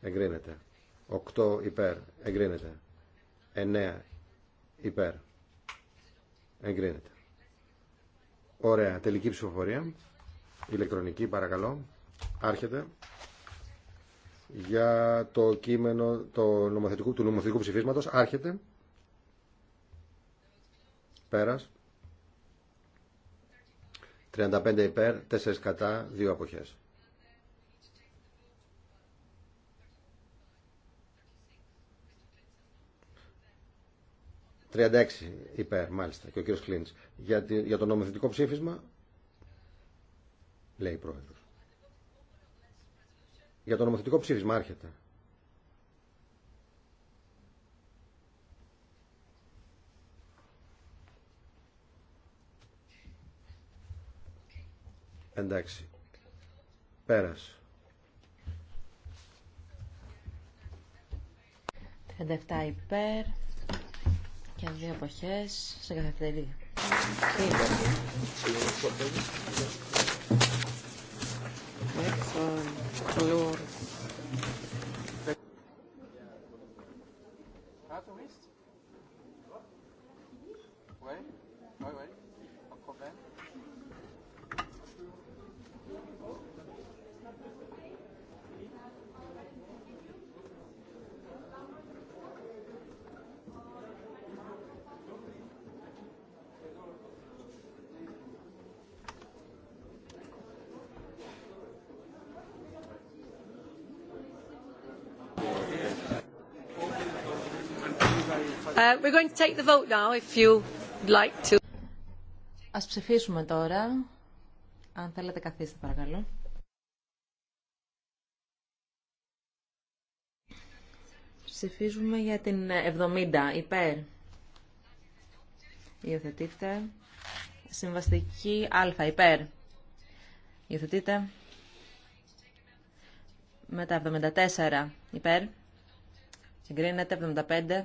Εγκρίνεται. 8 υπέρ. Εγκρίνεται. 9 υπέρ. Εγκρίνεται. Ωραία. Τελική ψηφοφορία. Ηλεκτρονική παρακαλώ. Άρχεται για το κείμενο το νομοθετικού, του νομοθετικού ψηφίσματος. Άρχεται. Πέρας. 35 υπέρ, 4 κατά, 2 αποχές. ...36 υπέρ, μάλιστα, και ο κύριος Κλίντς. Για, για το νομοθετικό ψήφισμα, λέει η πρόεδρος. Για το νομοθετικό ψήφισμα άρχεται. Εντάξει. Πέρας. 37 υπέρ και δύο εποχές σε καθευτηρία. We're Ας ψηφίσουμε τώρα. Αν θέλετε καθίστε παρακαλώ. Ψηφίζουμε για την 70 υπέρ. Υιοθετείτε. Συμβαστική α υπέρ. Υιοθετείτε. Μετά 74 υπέρ. Συγκρίνεται 75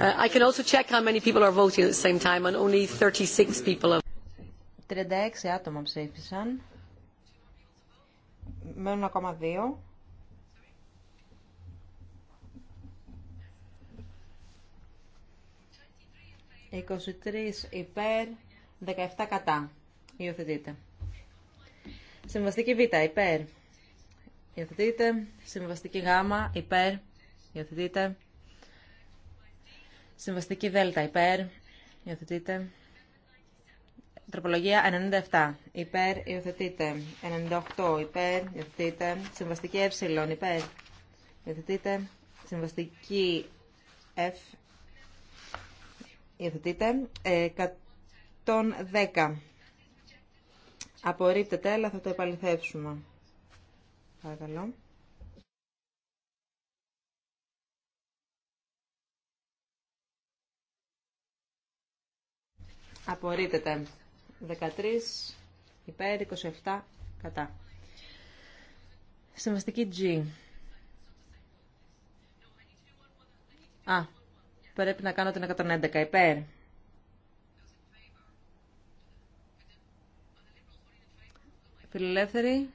Uh, I can also check how many people are voting at the same time, and only 36 people are. 36 άτομα ψήφισαν. Μένουν ακόμα δύο. Είκοσι υπέρ, 17 κατά. Υιοθετείτε. Συμβαστική Β, υπέρ. Υιοθετείτε. Συμβαστική Γ, υπέρ. Υιοθετείτε. Συμβαστική Δέλτα υπέρ. Υιοθετείτε. Τροπολογία 97. Υπέρ. Υιοθετείτε. 98. Υπέρ. Υιοθετείτε. Συμβαστική Ε. Υπέρ. Υιοθετείτε. Συμβαστική F. Υιοθετείτε. 110. Ε, Απορρίπτεται, αλλά θα το επαληθεύσουμε. Παρακαλώ. Απορρίπτεται. 13 υπέρ, 27 κατά. Συμβαστική G. Α, πρέπει να κάνω την 111 υπέρ. Φιλελεύθερη.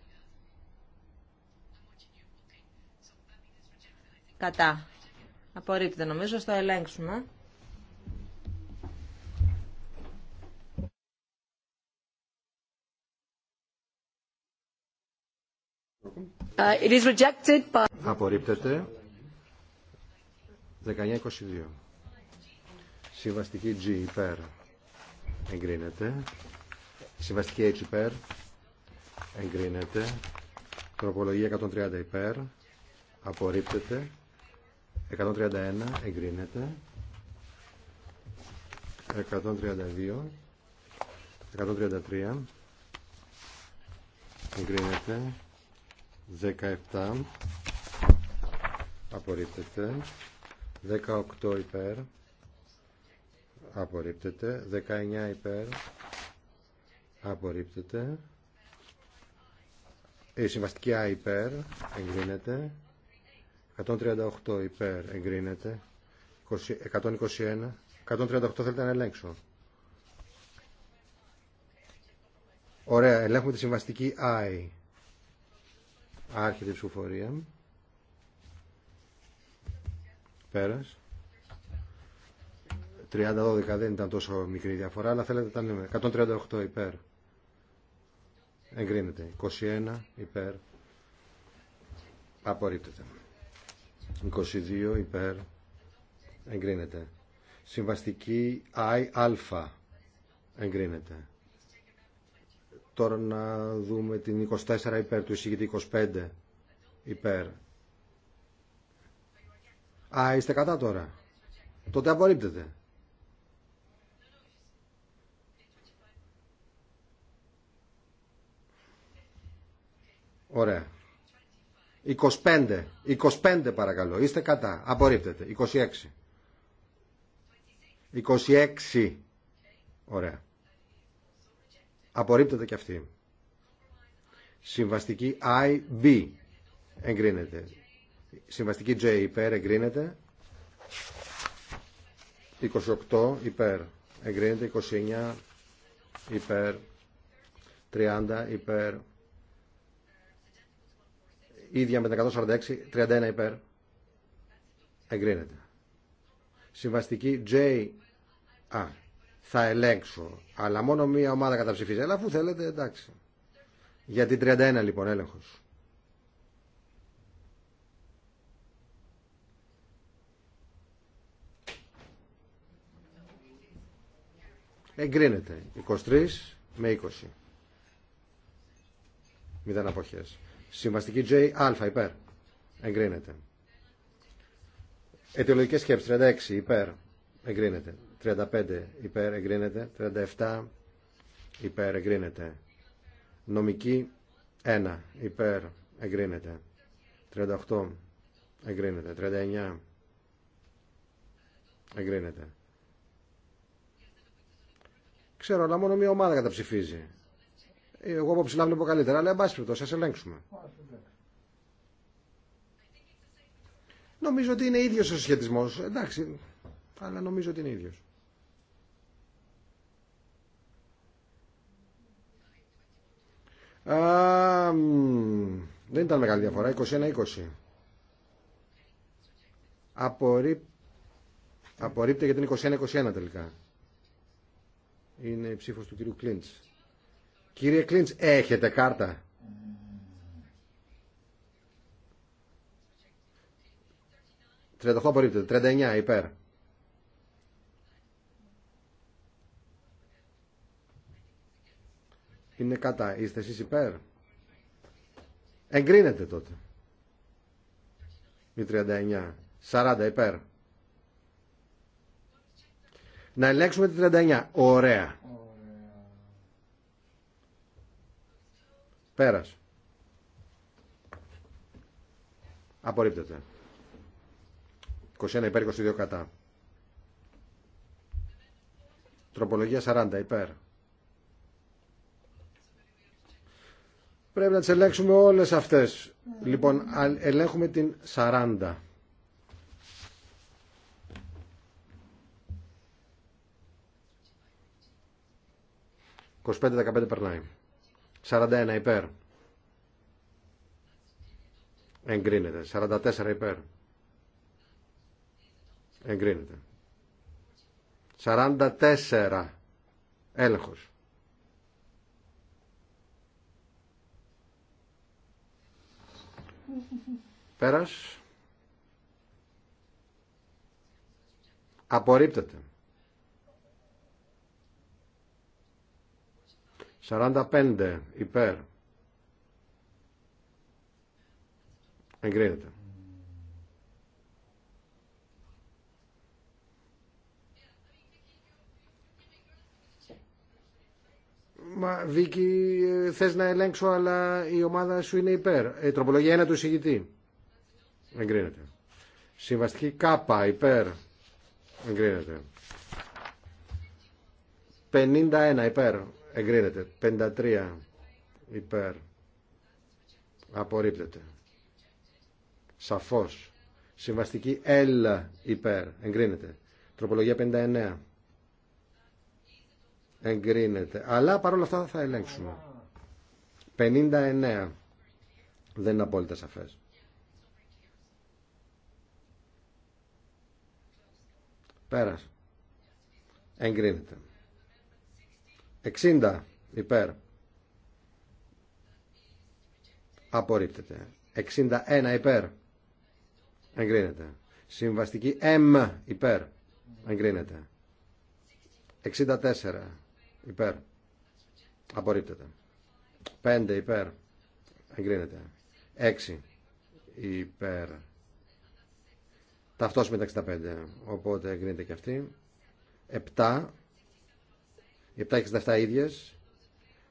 Κατά. Απορρίπτεται νομίζω, στο ελέγξουμε. Uh, Απορρίπτεται. Συμβαστική G υπέρ. Εγκρίνεται. Συμβαστική H υπέρ. Εγκρίνεται. Τροπολογία 130 υπέρ. Απορρίπτεται. 131 εγκρίνεται. 132. 133 εγκρίνεται. 17 απορρίπτεται 18 υπέρ απορρίπτεται 19 υπέρ απορρίπτεται η συμβαστική Α υπέρ εγκρίνεται 138 υπέρ εγκρίνεται 121 138 θέλετε να ελέγξω Ωραία, ελέγχουμε τη συμβαστική I. Άρχεται η ψηφοφορία. Πέρας. 30-12 δεν ήταν τόσο μικρή διαφορά, αλλά θέλετε τα λέμε. 138 υπέρ. Εγκρίνεται. 21 υπέρ. Απορρίπτεται. 22 υπέρ. Εγκρίνεται. Συμβαστική ΑΙ Εγκρίνεται. Τώρα να δούμε την 24 υπέρ του εισηγητή 25 υπέρ. Α, είστε κατά τώρα. Τότε απορρίπτεται. Ωραία. 25. 25 παρακαλώ. Είστε κατά. Απορρίπτεται. 26. 26. Ωραία. Απορρίπτεται και αυτή. Συμβαστική IB εγκρίνεται. Συμβαστική J υπέρ εγκρίνεται. 28 υπέρ εγκρίνεται. 29 υπέρ. 30 υπέρ. Ίδια με 146. 31 υπέρ. Εγκρίνεται. Συμβαστική J. A θα ελέγξω. Αλλά μόνο μία ομάδα καταψηφίζει. Αλλά αφού θέλετε, εντάξει. Για την 31 λοιπόν έλεγχος. Εγκρίνεται. 23 με 20. Μηδέν αποχέ. Συμβαστική J, α, υπέρ. Εγκρίνεται. Αιτιολογικές σκέψεις, 36, υπέρ. Εγκρίνεται. 35 υπέρ εγκρίνεται. 37 υπέρ εγκρίνεται. Νομική 1 υπέρ εγκρίνεται. 38 εγκρίνεται. 39 εγκρίνεται. Ξέρω, αλλά μόνο μία ομάδα καταψηφίζει. Εγώ από ψηλά βλέπω καλύτερα, αλλά εν πάση περιπτώσει, ελέγξουμε. Νομίζω ότι είναι ίδιος ο συσχετισμός. Εντάξει, αλλά νομίζω ότι είναι ίδιος. Α, δεν ήταν μεγάλη διαφορά, 21-20. Απορρίπτε για την 21-21 τελικά. Είναι η ψήφος του κυρίου Κλίντς. Κύριε Κλίντς, έχετε κάρτα. 38 απορρίπτεται, 39 υπέρ. είναι κατά. Είστε εσείς υπέρ. Εγκρίνεται τότε. Η 39. 40 υπέρ. Να ελέγξουμε τη 39. Ωραία. Πέρας. Απορρίπτεται. 21 υπέρ, 22 κατά. Τροπολογία 40 υπέρ. Πρέπει να τις ελέγξουμε όλες αυτές. Λοιπόν, ελέγχουμε την 40. «25-15 περνάει. 41 υπέρ. Εγκρίνεται. 44 υπέρ. Εγκρίνεται. 44. Έλεγχος. Πέρας. Απορρίπτεται. 45 υπέρ. Εγκρίνεται. Μα Βίκυ θες να ελέγξω αλλά η ομάδα σου είναι υπέρ. Ε, τροπολογία 1 του εισηγητή εγκρίνεται. Συμβαστική κάπα υπέρ εγκρίνεται. 51 υπέρ εγκρίνεται. 53 υπέρ απορρίπτεται. Σαφώς. Συμβαστική L υπέρ εγκρίνεται. Τροπολογία 59 εγκρίνεται. Αλλά παρόλα αυτά θα ελέγξουμε. 59 δεν είναι απόλυτα σαφές. Πέρας. Εγκρίνεται. 60 υπέρ. Απορρίπτεται. 61 υπέρ. Εγκρίνεται. Συμβαστική M υπέρ. Εγκρίνεται. 64 υπέρ. Απορρίπτεται. 5 υπέρ. Εγκρίνεται. 6 υπέρ με τα 65 οπότε γίνεται και αυτή 7 οι 7 και 67 ίδιες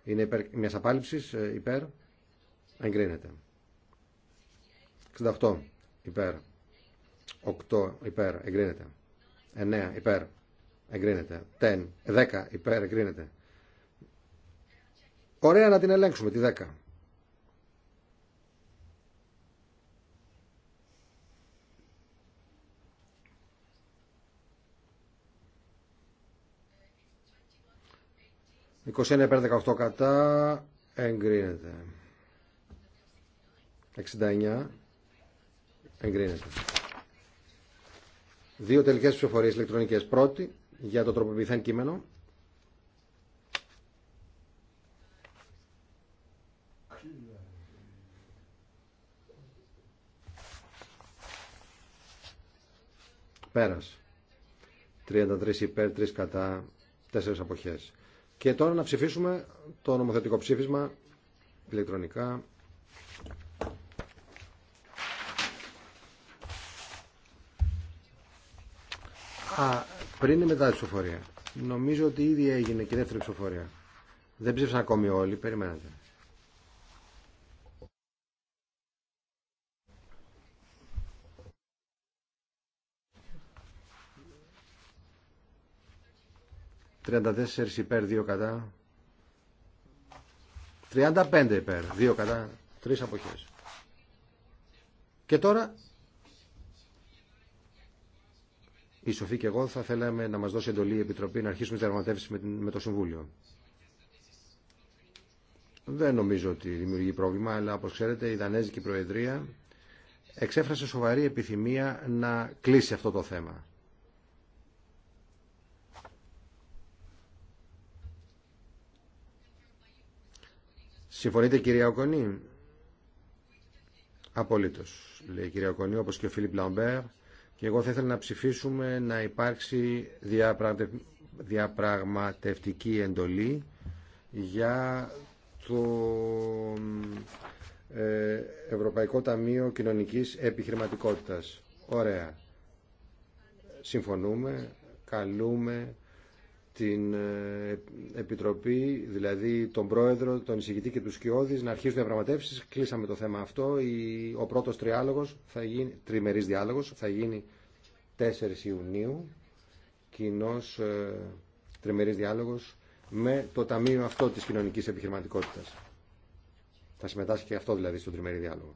είναι μια μιας απάλληψης ε, υπέρ εγκρίνεται 68 υπέρ 8 υπέρ εγκρίνεται 9 υπέρ εγκρίνεται 10, 10 υπέρ εγκρίνεται Ωραία να την ελέγξουμε τη 10. 21 υπέρ 18 κατά εγκρίνεται. 69 εγκρίνεται. Δύο τελικές ψηφοφορίε ηλεκτρονικές. Πρώτη για το τροποποιηθέν κείμενο. Πέρας. 33 υπέρ, 3 κατά, 4 αποχές. Και τώρα να ψηφίσουμε το νομοθετικό ψήφισμα ηλεκτρονικά. Α, πριν ή μετά τη ψηφοφορία. Νομίζω ότι ήδη έγινε και η δεύτερη ψηφοφορία. Δεν ψήφισαν ακόμη όλοι, περιμένατε. 34 υπέρ, 2 κατά. 35 υπέρ, 2 κατά, 3 αποχές. Και τώρα η Σοφή και εγώ θα θέλαμε να μας δώσει εντολή η Επιτροπή να αρχίσουμε τη διαγραμματεύση με το Συμβούλιο. Δεν νομίζω ότι δημιουργεί πρόβλημα, αλλά όπως ξέρετε η Δανέζικη Προεδρία εξέφρασε σοβαρή επιθυμία να κλείσει αυτό το θέμα. Συμφωνείτε κυρία Οκονή. Απολύτως, λέει η κυρία Οκονή, όπως και ο Φίλιπ Λαμπέρ. Και εγώ θα ήθελα να ψηφίσουμε να υπάρξει διαπραγματευτική εντολή για το ε, Ευρωπαϊκό Ταμείο Κοινωνικής Επιχειρηματικότητας. Ωραία. Συμφωνούμε, καλούμε την ε, Επιτροπή, δηλαδή τον Πρόεδρο, τον εισηγητή και του Σκιώδης, να αρχίσουν διαπραγματεύσει. Κλείσαμε το θέμα αυτό. Ο πρώτος τριάλογος θα γίνει, τριμερής διάλογος, θα γίνει 4 Ιουνίου, κοινό ε, τριμερής διάλογος με το Ταμείο αυτό της κοινωνική επιχειρηματικότητα. Θα συμμετάσχει και αυτό δηλαδή στον τριμερή διάλογο.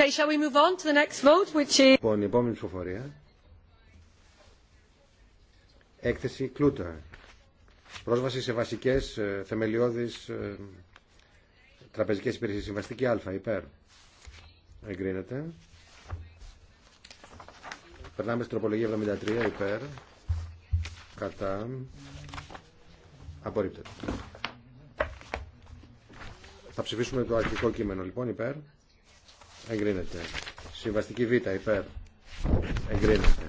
Okay, Λοιπόν, η επόμενη ψηφοφορία. Έκθεση Κλούτα. Πρόσβαση σε βασικές ε, θεμελιώδεις ε, τραπεζικές υπηρεσίες. Συμβαστική Α, υπέρ. Εγκρίνεται. Περνάμε στην τροπολογία 73, υπέρ. Κατά. Απορρίπτεται. Θα ψηφίσουμε το αρχικό κείμενο, λοιπόν, υπέρ εγκρίνεται. Συμβαστική Β υπέρ εγκρίνεται.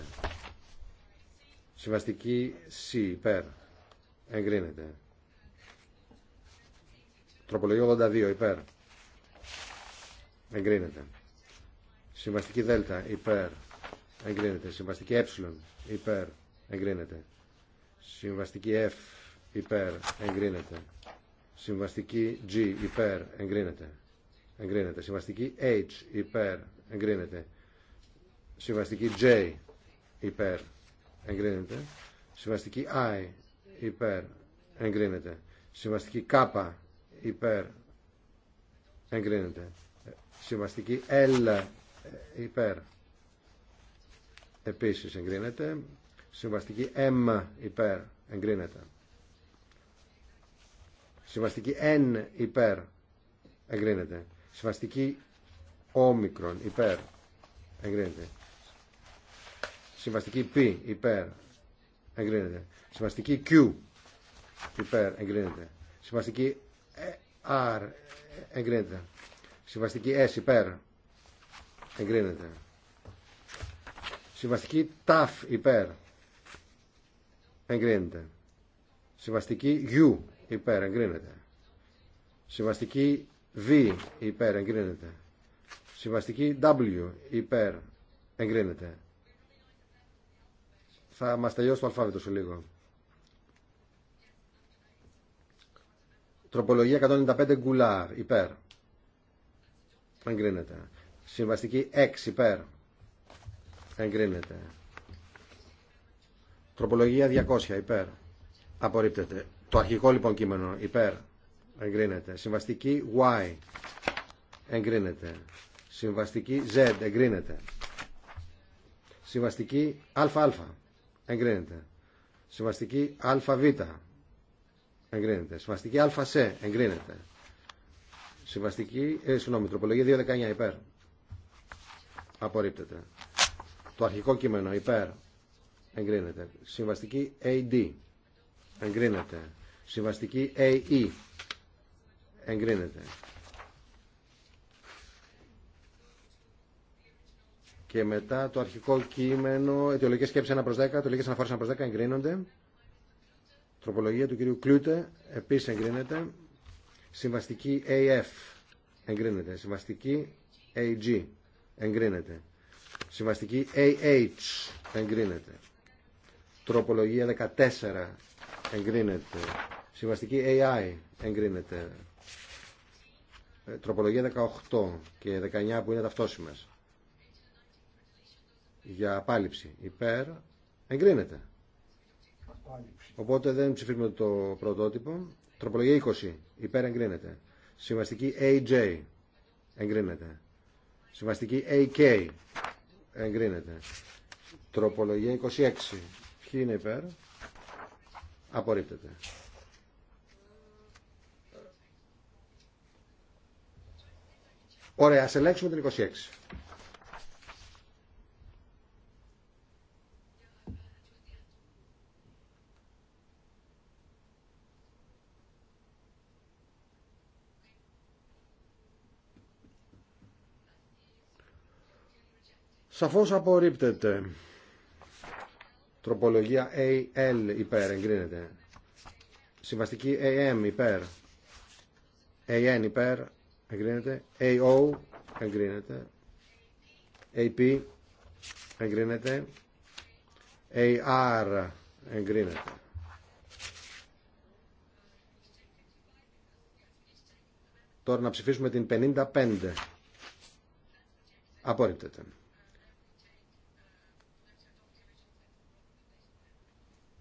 Συμβαστική Σ υπέρ εγκρίνεται. Τροπολογία 82 υπέρ εγκρίνεται. Συμβαστική Δ υπέρ εγκρίνεται. Συμβαστική Ε υπέρ εγκρίνεται. Συμβαστική F υπέρ εγκρίνεται. Συμβαστική G υπέρ εγκρίνεται εγκρίνεται. Συμβαστική H υπέρ εγκρίνεται. Συμβαστική J υπέρ εγκρίνεται. Συμβαστική I υπέρ εγκρίνεται. Συμβαστική K υπέρ εγκρίνεται. Συμβαστική L υπέρ επίσης εγκρίνεται. Συμβαστική M υπέρ εγκρίνεται. Συμβαστική N υπέρ εγκρίνεται. Συμβαστική όμικρον υπέρ εγκρίνεται. Συμβαστική π υπέρ εγκρίνεται. Συμβαστική Q υπέρ εγκρίνεται. Συμβαστική R ε, εγκρίνεται. Συμβαστική S υπέρ εγκρίνεται. Συμβαστική ταφ υπέρ εγκρίνεται. Συμβαστική U υπέρ εγκρίνεται. Συμβαστική V υπέρ εγκρίνεται. Συμβαστική W υπέρ εγκρίνεται. Θα μας τελειώσει το αλφάβητο σε λίγο. Τροπολογία 195 γκουλάρ υπέρ. Εγκρίνεται. Συμβαστική X υπέρ. Εγκρίνεται. Τροπολογία 200 υπέρ. Απορρίπτεται. Το αρχικό λοιπόν κείμενο υπέρ εγκρίνεται. Συμβαστική Y εγκρίνεται. Συμβαστική Z εγκρίνεται. Συμβαστική ΑΑ εγκρίνεται. Συμβαστική ΑΒ εγκρίνεται. Συμβαστική ΑΣ εγκρίνεται. Συμβαστική, ε, συγγνώμη, τροπολογία 219 υπέρ. Απορρίπτεται. Το αρχικό κείμενο υπέρ εγκρίνεται. Συμβαστική AD εγκρίνεται. Συμβαστική AE εγκρίνεται. Και μετά το αρχικό κείμενο, αιτιολογικέ σκέψει 1 προ 10, αιτιολογικέ αναφορέ 1 προ 10 εγκρίνονται. Τροπολογία του κυρίου Κλούτε επίση εγκρίνεται. Συμβαστική AF εγκρίνεται. Συμβαστική AG εγκρίνεται. Συμβαστική AH εγκρίνεται. Τροπολογία 14 εγκρίνεται. Συμβαστική AI εγκρίνεται. Ε, τροπολογία 18 και 19 που είναι ταυτόσιμες για απάλληψη υπέρ εγκρίνεται οπότε δεν ψηφίζουμε το πρωτότυπο τροπολογία 20 υπέρ εγκρίνεται συμβαστική AJ εγκρίνεται συμβαστική AK εγκρίνεται τροπολογία 26 ποιοι είναι υπέρ απορρίπτεται Ωραία, ας ελέγξουμε την 26. Σαφώς απορρίπτεται. Τροπολογία AL υπέρ εγκρίνεται. Συμβαστική AM υπέρ. AN υπέρ εγκρίνεται. AO εγκρίνεται. AP εγκρίνεται. AR εγκρίνεται. Τώρα να ψηφίσουμε την 55. Απόρριπτεται.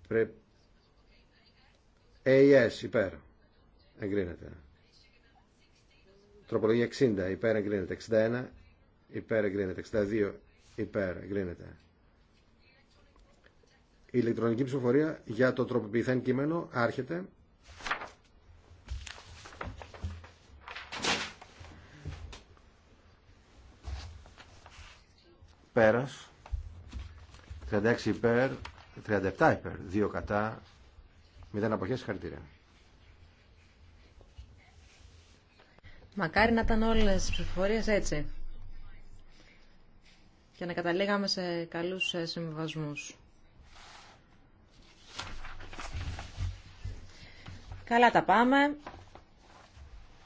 Πρέπει... AS υπέρ. Εγκρίνεται. Τροπολογία 60 υπέρ εγκρίνεται. 61 υπέρ εγκρίνεται. 62 υπέρ εγκρίνεται. Η ηλεκτρονική ψηφοφορία για το τροποποιηθέν κείμενο άρχεται. Πέρας. 36 υπέρ, 37 υπέρ, 2 κατά, 0 αποχές, χαρακτήρα. Μακάρι να ήταν όλες τι ψηφοφορίε έτσι. Και να καταλήγαμε σε καλούς ε, συμβιβασμού. Καλά τα πάμε.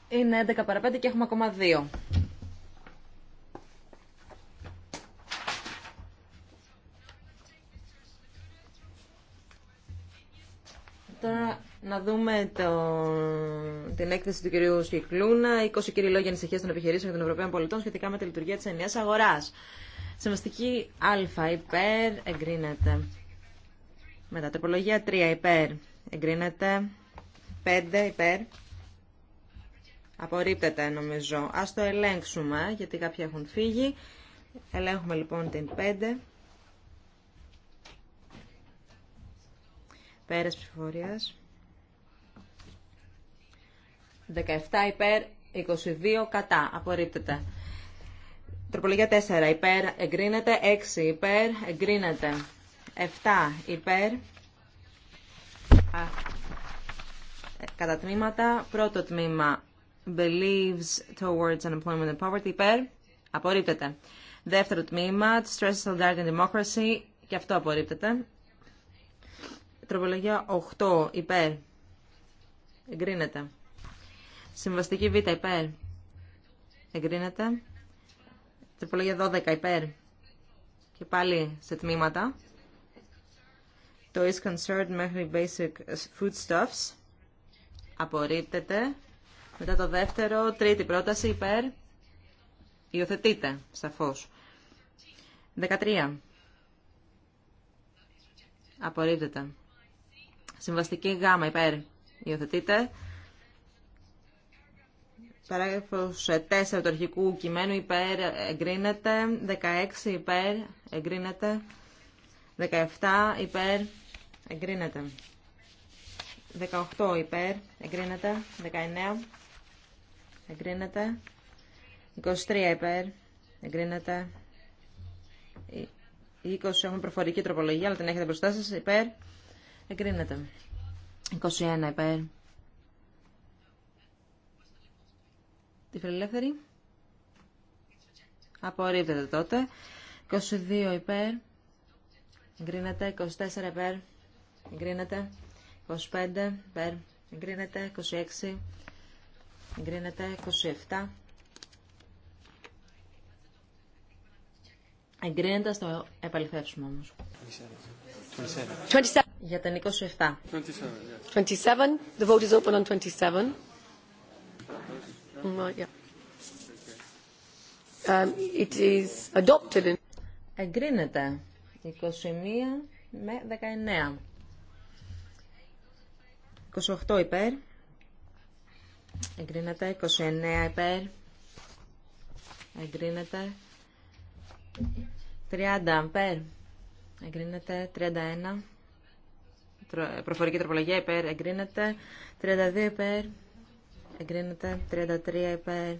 Είναι 11 παρα 5 και έχουμε ακόμα 2. Τώρα να δούμε το την έκθεση του κυρίου Σκυκλούνα, 20 κύριοι λόγια ανησυχία των επιχειρήσεων και των Ευρωπαίων πολιτών σχετικά με τη λειτουργία τη ενιαία αγορά. Συμβαστική Α υπέρ εγκρίνεται. Μετά 3 υπέρ εγκρίνεται. 5 υπέρ. Απορρίπτεται νομίζω. Α το ελέγξουμε γιατί κάποιοι έχουν φύγει. Ελέγχουμε λοιπόν την 5. Πέρας ψηφορίας. 17 υπέρ, 22 κατά. Απορρίπτεται. Τροπολογία 4 υπέρ, εγκρίνεται. 6 υπέρ, εγκρίνεται. 7 υπέρ. Ε, κατά τμήματα. Πρώτο τμήμα. Believes towards unemployment and poverty. Υπέρ. Απορρίπτεται. Δεύτερο τμήμα. Stress, solidarity and democracy. Και αυτό απορρίπτεται. Τροπολογία 8 υπέρ. Εγκρίνεται. Συμβαστική Β υπέρ. Εγκρίνεται. Τροπολογία 12 υπέρ. Και πάλι σε τμήματα. Το is concerned μέχρι basic foodstuffs. Απορρίπτεται. Μετά το δεύτερο, τρίτη πρόταση υπέρ. Υιοθετείται, σαφώς. 13. Απορρίπτεται. Συμβαστική γάμα υπέρ. Υιοθετείται. Παράγραφος 4 του αρχικού κειμένου υπέρ εγκρίνεται, 16 υπέρ εγκρίνεται, 17 υπέρ εγκρίνεται, 18 υπέρ εγκρίνεται, 19 εγκρίνεται, 23 υπέρ εγκρίνεται, 20 έχουμε προφορική τροπολογία αλλά την έχετε μπροστά σας υπέρ εγκρίνεται, 21 υπέρ Τη φιλελεύθερη. Απορρίπτεται τότε. 22 υπέρ. Εγκρίνεται. 24 υπέρ. Εγκρίνεται. 25 υπέρ. Εγκρίνεται. 26. Εγκρίνεται. 27. Εγκρίνεται, στο επαληθεύσουμε όμως. 27. Για την 27. 27, 27. The vote is open on 27. Um, it Εγκρίνεται 21 με 19. 28 υπέρ. Εγκρίνεται 29 υπέρ. Εγκρίνεται 30 υπέρ. Εγκρίνεται 31. Προφορική τροπολογία υπέρ. Εγκρίνεται 32 υπέρ εγκρίνεται. 33 υπέρ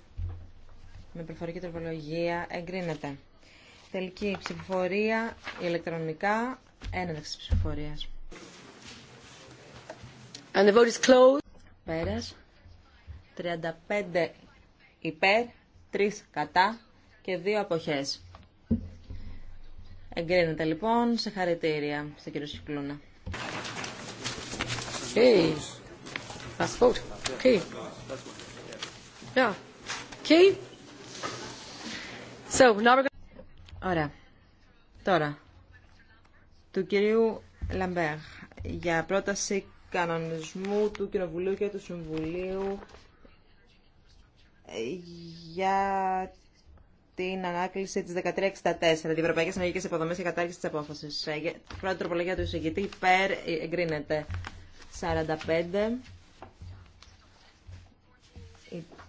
με προφορική τροπολογία εγκρίνεται. Τελική ψηφοφορία ηλεκτρονικά έναρξη ψηφοφορία. And the vote is closed. Πέρας. 35 υπέρ, 3 κατά και 2 αποχές. Εγκρίνεται λοιπόν. Σε χαρητήρια στον κύριο Σικλούνα. Hey. Okay. Okay. So, now we're Ωραία. Τώρα, του κυρίου Λαμπέρ για πρόταση κανονισμού του Κοινοβουλίου και του Συμβουλίου ε, για την ανάκληση τη 1364, δηλαδή Ευρωπαϊκέ Ενεργειακέ Υποδομέ για κατάργηση τη απόφαση. Πρώτη τροπολογία του εισηγητή, υπέρ ε, εγκρίνεται 45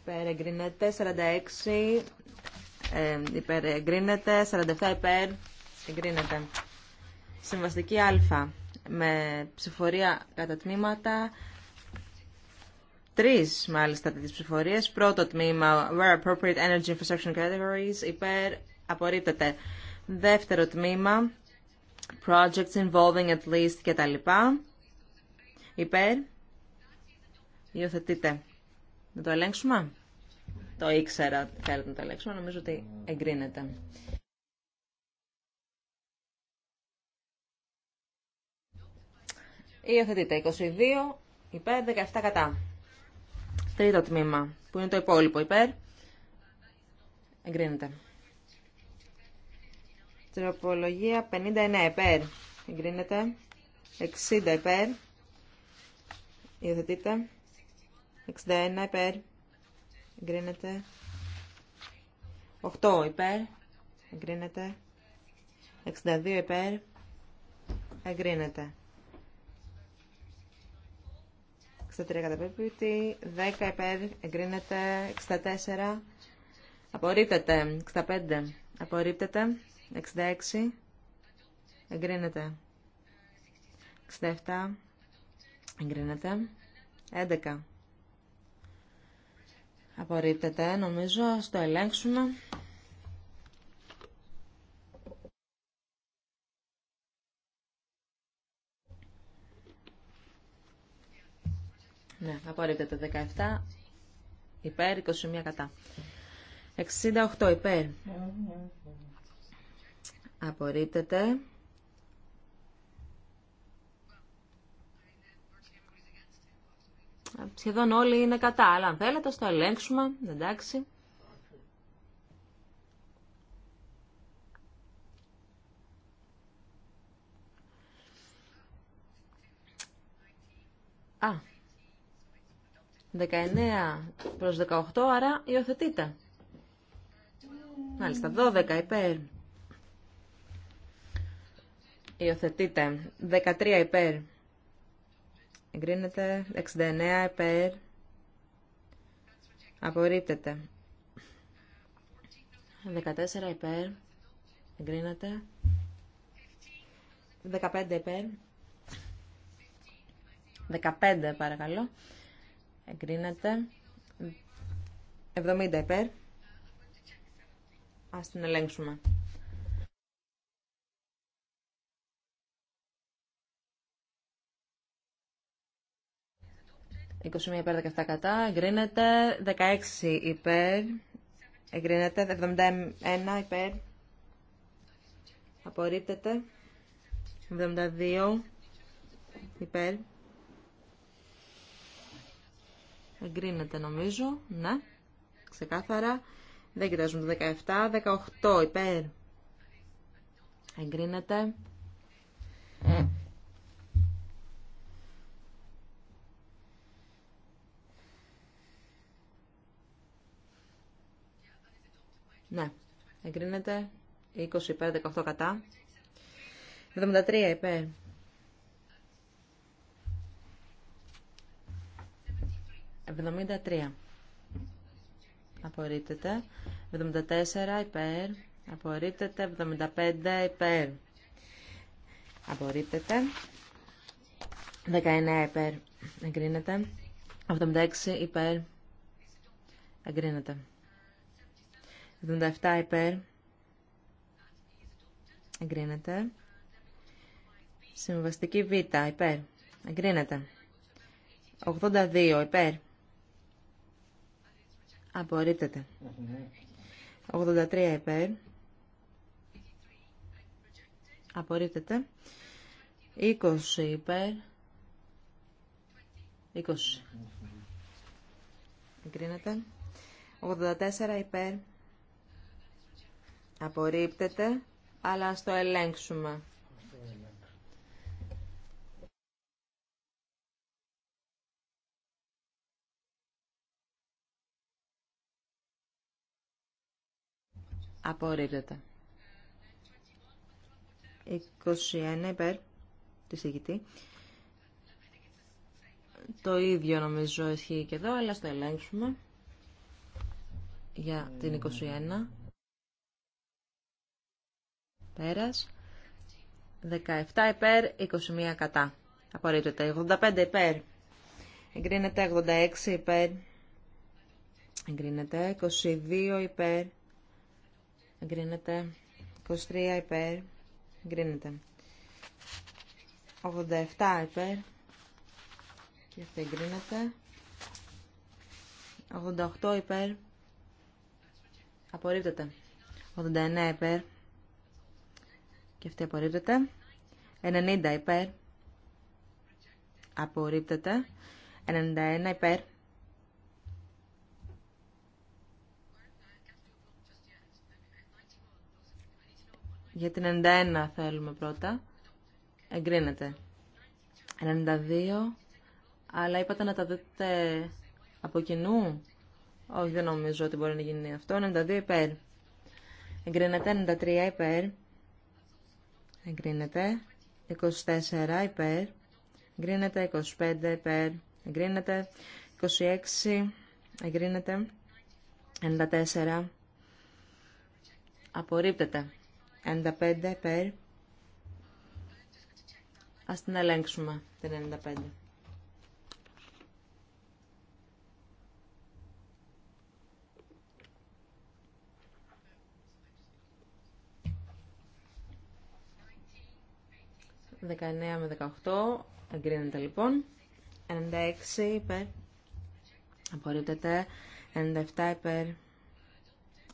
υπέρ εγκρίνεται, 46 ε, υπέρ εγκρίνεται, 47 υπέρ εγκρίνεται. Συμβαστική Α με ψηφορία κατά τμήματα. Τρει μάλιστα τέτοιε ψηφορίε. Πρώτο τμήμα, where appropriate energy infrastructure categories, υπέρ απορρίπτεται. Δεύτερο τμήμα, projects involving at least κτλ. Υπέρ. Υιοθετείται. Να το ελέγξουμε. Το ήξερα θέλετε να το ελέγξουμε. Νομίζω ότι εγκρίνεται. Υιοθετείτε 22 υπέρ, 17 κατά. Τρίτο τμήμα, που είναι το υπόλοιπο υπέρ. Εγκρίνεται. Τροπολογία 59 υπέρ. Εγκρίνεται. 60 υπέρ. Υιοθετείτε. 61 υπέρ. Εγκρίνεται. 8 υπέρ. Εγκρίνεται. 62 υπέρ. Εγκρίνεται. 63 καταπίπτει. 10 υπέρ. Εγκρίνεται. 64. Απορρίπτεται. 65. Απορρίπτεται. 66. Εγκρίνεται. 67. Εγκρίνεται. 11. Απορρίπτεται, νομίζω. Ας το ελέγξουμε. Ναι, απορρίπτεται 17 υπέρ, 21 κατά. 68 υπέρ. Ναι, ναι, ναι. Απορρίπτεται. σχεδόν όλοι είναι κατά, αλλά αν θέλετε στο ελέγξουμε, εντάξει. Α, 19 προς 18, άρα υιοθετείτε. Μάλιστα, 12 υπέρ. Υιοθετείτε. 13 υπέρ. Εγκρίνεται 69 υπέρ. Απορρίπτεται. 14 υπέρ. Εγκρίνεται. 15 υπέρ. 15 παρακαλώ. Εγκρίνεται. 70 υπέρ. Ας την ελέγξουμε. 21 υπέρ 17 κατά, εγκρίνεται 16 υπέρ, εγκρίνεται 71 υπέρ, απορρίπτεται 72 υπέρ, εγκρίνεται νομίζω, ναι, ξεκάθαρα, δεν κοιτάζουμε το 17, 18 υπέρ, εγκρίνεται, Ναι. Εγκρίνεται. 20 υπέρ, 18 κατά. 73 υπέρ. 73. Απορρίπτεται. 74 υπέρ. Απορρίπτεται. 75 υπέρ. Απορρίπτεται. 19 υπέρ. Εγκρίνεται. 76 υπέρ. Εγκρίνεται. 77 υπέρ. Εγκρίνεται. Συμβαστική Β υπέρ. Εγκρίνεται. 82 υπέρ. Απορρίπτεται. 83 υπέρ. Απορρίπτεται. 20 υπέρ. 20. Εγκρίνεται. 84 υπέρ. Απορρίπτεται, αλλά ας το ελέγξουμε. Απορρίπτεται. 21 υπέρ τη ηγητή. Το ίδιο νομίζω ισχύει και εδώ, αλλά στο ελέγξουμε για την 21. Πέρας. 17 υπέρ, 21 κατά. Απορρίπτεται. 85 υπέρ. Εγκρίνεται 86 υπέρ. Εγκρίνεται 22 υπέρ. Εγκρίνεται 23 υπέρ. Εγκρίνεται. 87 υπέρ. Και αυτή εγκρίνεται. 88 υπέρ. Απορρίπτεται. 89 υπέρ. Και αυτή απορρίπτεται. 90 υπέρ. Απορρίπτεται. 91 υπέρ. Για την 91 θέλουμε πρώτα. Εγκρίνεται. 92. Αλλά είπατε να τα δείτε από κοινού. Όχι, δεν νομίζω ότι μπορεί να γίνει αυτό. 92 υπέρ. Εγκρίνεται. 93 υπέρ εγκρίνεται. 24 υπέρ, εγκρίνεται. 25 υπέρ, εγκρίνεται. 26 εγκρίνεται. 94 απορρίπτεται. 95 υπέρ. Ας την ελέγξουμε την 95. 19 με 18 εγκρίνεται λοιπόν. 96 υπέρ. Απορρίπτεται. 97 υπέρ.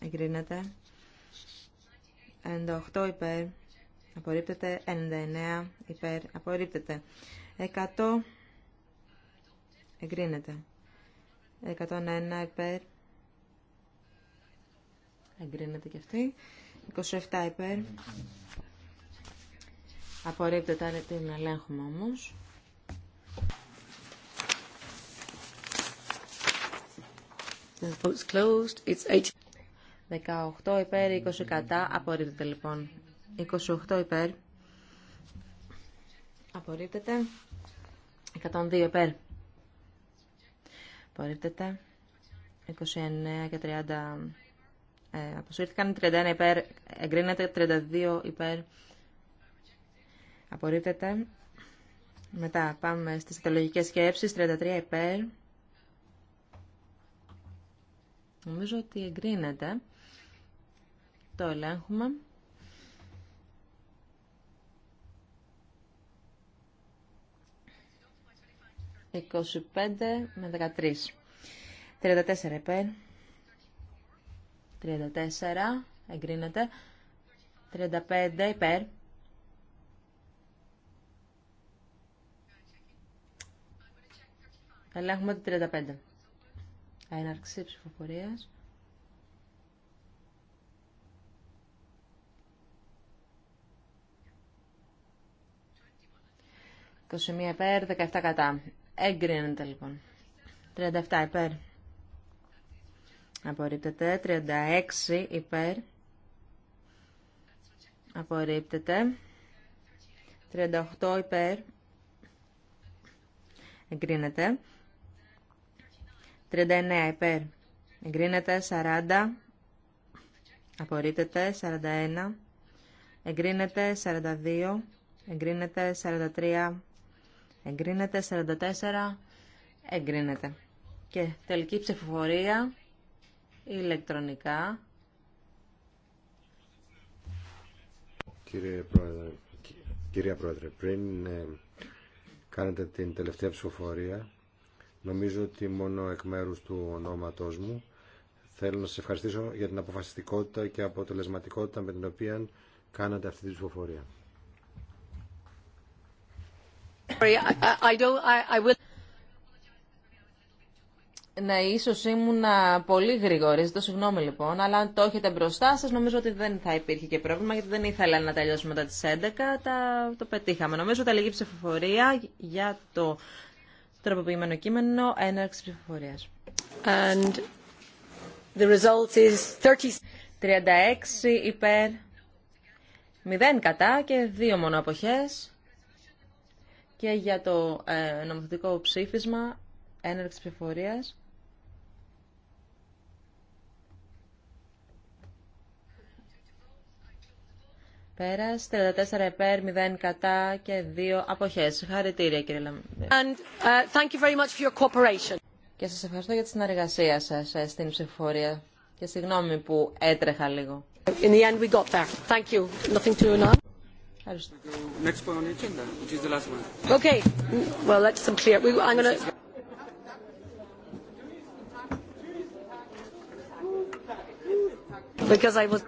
Εγκρίνεται. 98 υπέρ. Απορρίπτεται. 99 υπέρ. Απορρίπτεται. 100 εγκρίνεται. 101 υπέρ. Εγκρίνεται και αυτή. 27 υπέρ. Απορρίπτεται, άρα την ελέγχουμε όμως. 18 υπέρ, 20 κατά. Απορρίπτεται λοιπόν. 28 υπέρ. Απορρίπτεται. 102 υπέρ. Απορρίπτεται. 29 και 30 ε, αποσύρθηκαν. 31 υπέρ. Εγκρίνεται. 32 υπέρ. Απορρίπτεται. Μετά πάμε στις ιδεολογικές σκέψεις. 33 υπέρ. Νομίζω ότι εγκρίνεται. Το ελέγχουμε. 25 με 13. 34 υπέρ. 34 εγκρίνεται. 35 υπέρ. Ελέγχουμε το 35. Έναρξη ψηφοφορίας. ...21 υπέρ, 17 κατά. Εγκρίνεται λοιπόν. 37 υπέρ. Απορρίπτεται. 36 υπέρ. Απορρίπτεται. 38 υπέρ. Εγκρίνεται. 39 υπέρ. Εγκρίνεται 40. Απορρίτεται. 41. Εγκρίνεται 42. Εγκρίνεται 43. Εγκρίνεται 44. Εγκρίνεται. Και τελική ψηφοφορία ηλεκτρονικά. Κύριε Πρόεδρε, κυρία Πρόεδρε, πριν ε, κάνετε την τελευταία ψηφοφορία, Νομίζω ότι μόνο εκ μέρου του ονόματό μου θέλω να σα ευχαριστήσω για την αποφασιστικότητα και αποτελεσματικότητα με την οποία κάνατε αυτή τη ψηφοφορία. Ναι, ίσω ήμουν πολύ γρήγορη. Ζητώ συγγνώμη λοιπόν, αλλά αν το έχετε μπροστά σα, νομίζω ότι δεν θα υπήρχε και πρόβλημα, γιατί δεν ήθελα να τελειώσουμε μετά τι 11. Τα... Το πετύχαμε. Νομίζω ότι λίγη ψηφοφορία για το τροποποιημένο κείμενο έναρξη ψηφοφορία. And the result is 36 υπέρ 0 κατά και 2 μόνο αποχές. Και για το ε, νομοθετικό ψήφισμα έναρξη ψηφοφορίας. Πέρας, 34 επέρ, 0 κατά και 2 αποχές. Συγχαρητήρια κύριε your Uh, και σας ευχαριστώ για τη συνεργασία σας στην ψηφοφορία και συγγνώμη που έτρεχα λίγο. In the end we got there. Thank you. Nothing to announce. Ευχαριστώ. Next point on the agenda, which is the last one. Okay. Well, let's some clear. We, I'm going to... Because I was...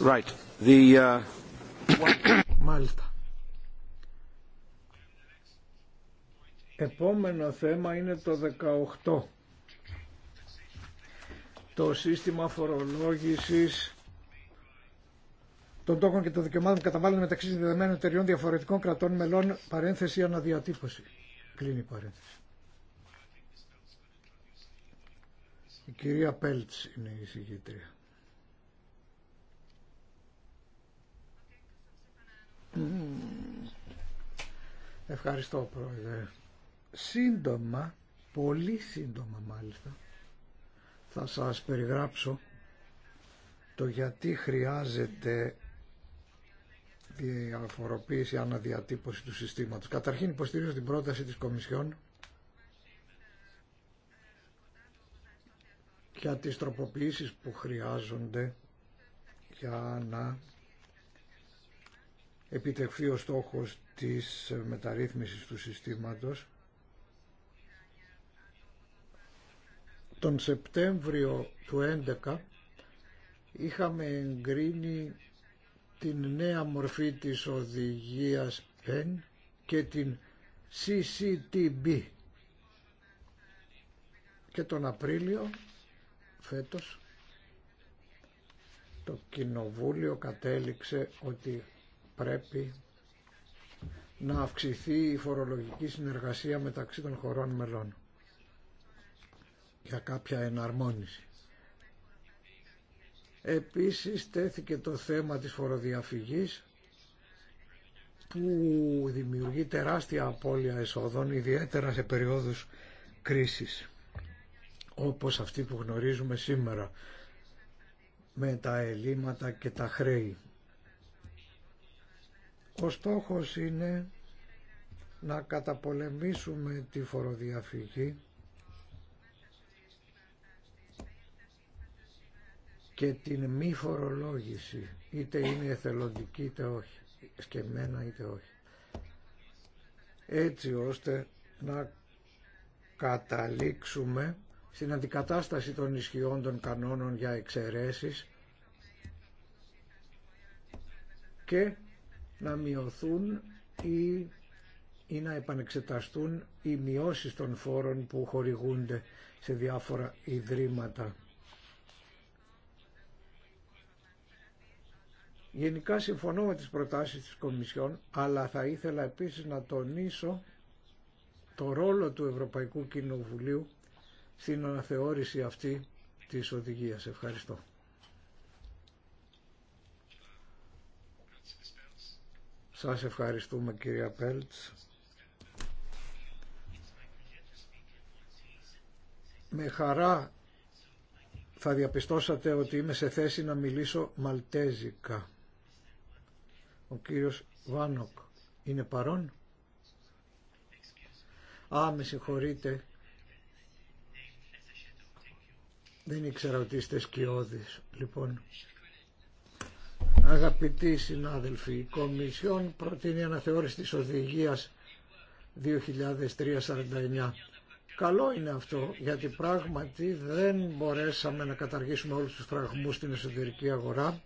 Right. Uh, Επόμενο θέμα είναι το 18. Το σύστημα φορολόγησης των τόκων και των δικαιωμάτων καταβάλλονται μεταξύ συνδεδεμένων εταιριών διαφορετικών κρατών μελών, παρένθεση αναδιατύπωση. Κλείνει η παρένθεση. Η κυρία Πέλτς είναι η συγγήτρια. Ευχαριστώ πρόεδρε. Σύντομα, πολύ σύντομα μάλιστα, θα σας περιγράψω το γιατί χρειάζεται διαφοροποίηση, αναδιατύπωση του συστήματος. Καταρχήν υποστήριζω την πρόταση της Κομισιόν για τις τροποποιήσεις που χρειάζονται για να επιτευχθεί ο στόχος της μεταρρύθμισης του συστήματος. Τον Σεπτέμβριο του 2011 είχαμε εγκρίνει την νέα μορφή της οδηγίας PEN και την CCTB και τον Απρίλιο φέτος το Κοινοβούλιο κατέληξε ότι πρέπει να αυξηθεί η φορολογική συνεργασία μεταξύ των χωρών μελών για κάποια εναρμόνιση. Επίσης τέθηκε το θέμα της φοροδιαφυγής που δημιουργεί τεράστια απώλεια εσόδων ιδιαίτερα σε περιόδους κρίσης όπως αυτή που γνωρίζουμε σήμερα με τα ελλείμματα και τα χρέη. Ο στόχος είναι να καταπολεμήσουμε τη φοροδιαφυγή και την μη φορολόγηση, είτε είναι εθελοντική είτε όχι, σκεμμένα είτε όχι. Έτσι ώστε να καταλήξουμε στην αντικατάσταση των ισχυών των κανόνων για εξαιρέσεις και να μειωθούν ή, ή να επανεξεταστούν οι μειώσεις των φόρων που χορηγούνται σε διάφορα ιδρύματα. Γενικά συμφωνώ με τις προτάσεις της Κομισιόν, αλλά θα ήθελα επίσης να τονίσω το ρόλο του Ευρωπαϊκού Κοινοβουλίου στην αναθεώρηση αυτή της οδηγίας. Ευχαριστώ. Σας ευχαριστούμε κυρία Πέλτς. Με χαρά θα διαπιστώσατε ότι είμαι σε θέση να μιλήσω μαλτέζικα. Ο κύριος Βάνοκ είναι παρόν. Α, με συγχωρείτε. Δεν ήξερα ότι είστε σκιώδης. Λοιπόν, Αγαπητοί συνάδελφοι, η Κομισιόν προτείνει αναθεώρηση της οδηγίας 2349. Καλό είναι αυτό, γιατί πράγματι δεν μπορέσαμε να καταργήσουμε όλους τους φραγμούς στην εσωτερική αγορά,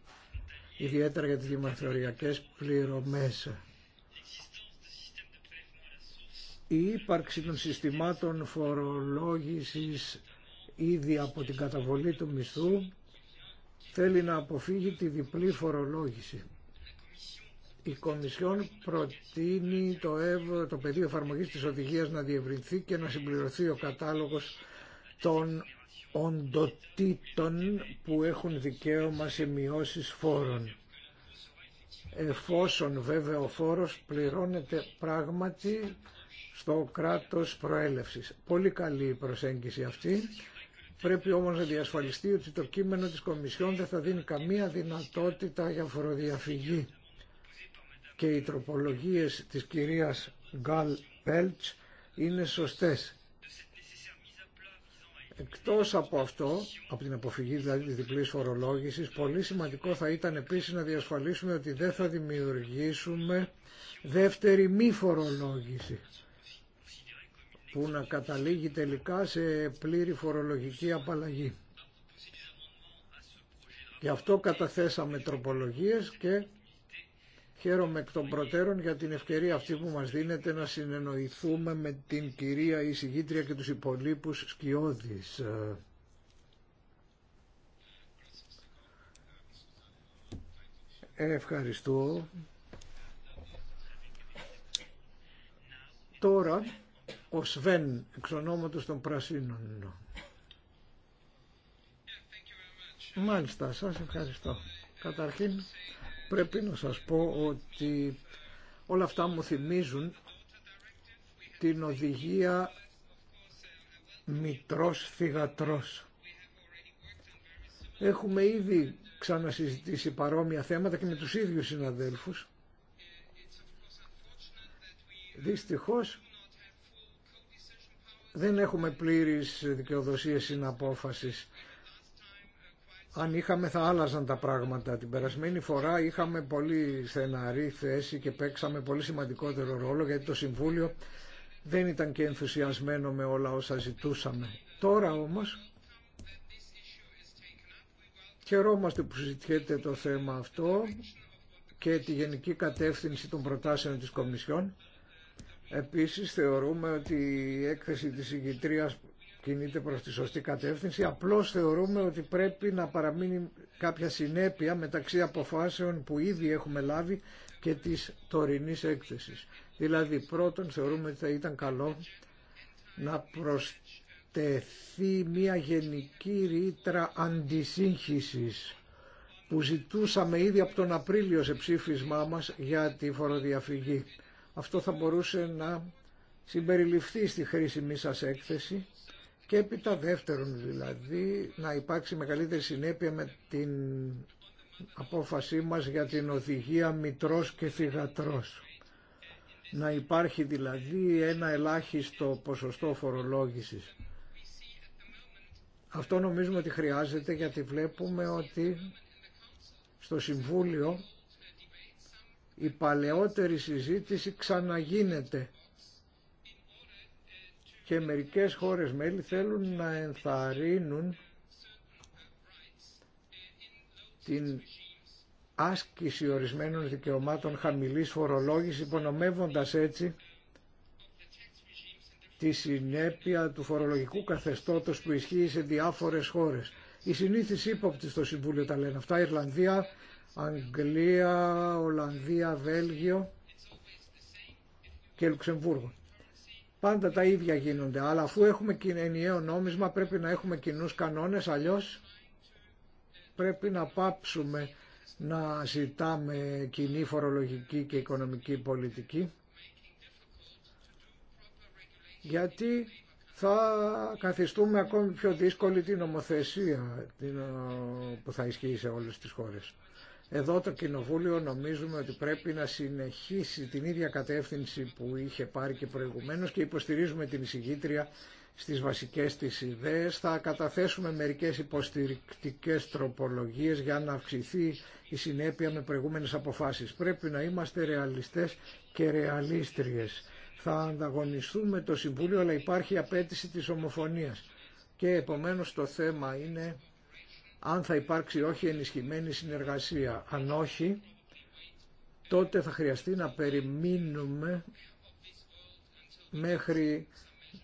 ιδιαίτερα για τις δημοθεωριακές πληρωμές. Η ύπαρξη των συστημάτων φορολόγησης ήδη από την καταβολή του μισθού θέλει να αποφύγει τη διπλή φορολόγηση. Η Κομισιόν προτείνει το, το πεδίο εφαρμογής της οδηγίας να διευρυνθεί και να συμπληρωθεί ο κατάλογος των οντοτήτων που έχουν δικαίωμα σε μειώσεις φόρων. Εφόσον βέβαια ο φόρος πληρώνεται πράγματι στο κράτος προέλευσης. Πολύ καλή η προσέγγιση αυτή Πρέπει όμως να διασφαλιστεί ότι το κείμενο της Κομισιόν δεν θα δίνει καμία δυνατότητα για φοροδιαφυγή. Και οι τροπολογίες της κυρίας Γκάλ Πέλτς είναι σωστές. Εκτός από αυτό, από την αποφυγή δηλαδή της διπλής φορολόγησης, πολύ σημαντικό θα ήταν επίσης να διασφαλίσουμε ότι δεν θα δημιουργήσουμε δεύτερη μη φορολόγηση που να καταλήγει τελικά σε πλήρη φορολογική απαλλαγή. Γι' αυτό καταθέσαμε τροπολογίες και χαίρομαι εκ των προτέρων για την ευκαιρία αυτή που μας δίνεται να συνεννοηθούμε με την κυρία εισηγήτρια και τους υπολείπους σκιώδης. Ευχαριστώ. Τώρα ο Σβέν, εξ ονόματος των Πρασίνων. Μάλιστα, σας ευχαριστώ. Καταρχήν πρέπει να σας πω ότι όλα αυτά μου θυμίζουν την οδηγία μητρός θυγατρός. Έχουμε ήδη ξανασυζητήσει παρόμοια θέματα και με τους ίδιους συναδέλφους. Δυστυχώς δεν έχουμε πλήρης δικαιοδοσία συναπόφασης. Αν είχαμε θα άλλαζαν τα πράγματα. Την περασμένη φορά είχαμε πολύ στεναρή θέση και παίξαμε πολύ σημαντικότερο ρόλο γιατί το Συμβούλιο δεν ήταν και ενθουσιασμένο με όλα όσα ζητούσαμε. Τώρα όμως χαιρόμαστε που συζητιέται το θέμα αυτό και τη γενική κατεύθυνση των προτάσεων της Κομισιόν Επίσης θεωρούμε ότι η έκθεση της ηγητρίας κινείται προς τη σωστή κατεύθυνση. Απλώς θεωρούμε ότι πρέπει να παραμείνει κάποια συνέπεια μεταξύ αποφάσεων που ήδη έχουμε λάβει και της τωρινής έκθεσης. Δηλαδή πρώτον θεωρούμε ότι θα ήταν καλό να προσθεθεί μια γενική ρήτρα αντισύγχυσης που ζητούσαμε ήδη από τον Απρίλιο σε ψήφισμά μας για τη φοροδιαφυγή. Αυτό θα μπορούσε να συμπεριληφθεί στη χρήσιμη σας έκθεση και επί τα δεύτερον δηλαδή να υπάρξει μεγαλύτερη συνέπεια με την απόφασή μας για την οδηγία μητρός και θυγατρός. Να υπάρχει δηλαδή ένα ελάχιστο ποσοστό φορολόγησης. Αυτό νομίζουμε ότι χρειάζεται γιατί βλέπουμε ότι στο Συμβούλιο η παλαιότερη συζήτηση ξαναγίνεται και μερικές χώρες μέλη θέλουν να ενθαρρύνουν την άσκηση ορισμένων δικαιωμάτων χαμηλής φορολόγησης υπονομεύοντας έτσι τη συνέπεια του φορολογικού καθεστώτος που ισχύει σε διάφορες χώρες. Η συνήθιση ύποπτη στο Συμβούλιο τα λένε αυτά, η Ιρλανδία, Αγγλία, Ολλανδία, Βέλγιο και Λουξεμβούργο. Πάντα τα ίδια γίνονται, αλλά αφού έχουμε ενιαίο νόμισμα πρέπει να έχουμε κοινού κανόνες, αλλιώς πρέπει να πάψουμε να ζητάμε κοινή φορολογική και οικονομική πολιτική, γιατί θα καθιστούμε ακόμη πιο δύσκολη την νομοθεσία που θα ισχύει σε όλες τις χώρες. Εδώ το Κοινοβούλιο νομίζουμε ότι πρέπει να συνεχίσει την ίδια κατεύθυνση που είχε πάρει και προηγουμένως και υποστηρίζουμε την εισηγήτρια στις βασικές της ιδέες. Θα καταθέσουμε μερικές υποστηρικτικές τροπολογίες για να αυξηθεί η συνέπεια με προηγούμενες αποφάσεις. Πρέπει να είμαστε ρεαλιστές και ρεαλίστριες. Θα ανταγωνιστούμε το Συμβούλιο, αλλά υπάρχει απέτηση της ομοφωνίας. Και επομένως το θέμα είναι αν θα υπάρξει όχι ενισχυμένη συνεργασία. Αν όχι, τότε θα χρειαστεί να περιμείνουμε μέχρι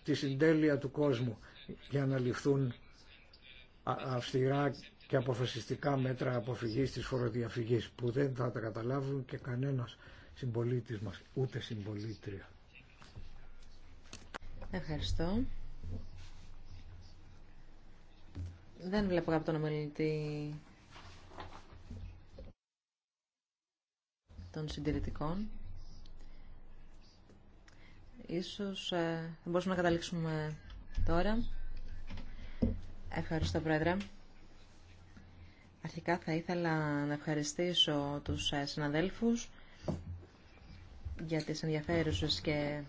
τη συντέλεια του κόσμου για να ληφθούν αυστηρά και αποφασιστικά μέτρα αποφυγής της φοροδιαφυγής που δεν θα τα καταλάβουν και κανένας συμπολίτης μας, ούτε συμπολίτρια. Ευχαριστώ. Δεν βλέπω κάποιον ομιλητή των συντηρητικών. Ίσως ε, θα μπορούσαμε να καταλήξουμε τώρα. Ευχαριστώ, Πρόεδρε. Αρχικά θα ήθελα να ευχαριστήσω τους ε, συναδέλφους για τις ενδιαφέρουσες και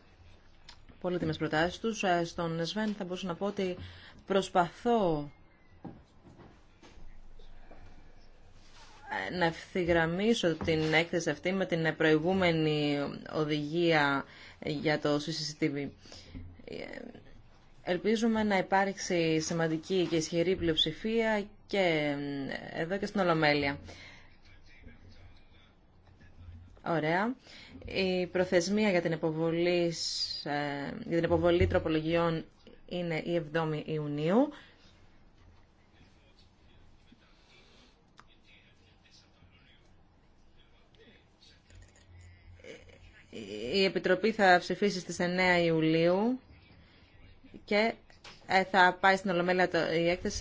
πολύτιμες προτάσεις τους. Ε, στον Σβέν θα μπορούσα να πω ότι προσπαθώ να ευθυγραμμίσω την έκθεση αυτή με την προηγούμενη οδηγία για το CCTV. Ελπίζουμε να υπάρξει σημαντική και ισχυρή πλειοψηφία και εδώ και στην Ολομέλεια. Ωραία. Η προθεσμία για την ε, για την υποβολή τροπολογιών είναι η 7η Ιουνίου. Η Επιτροπή θα ψηφίσει στις 9 Ιουλίου και ε, θα πάει στην Ολομέλεια η έκθεση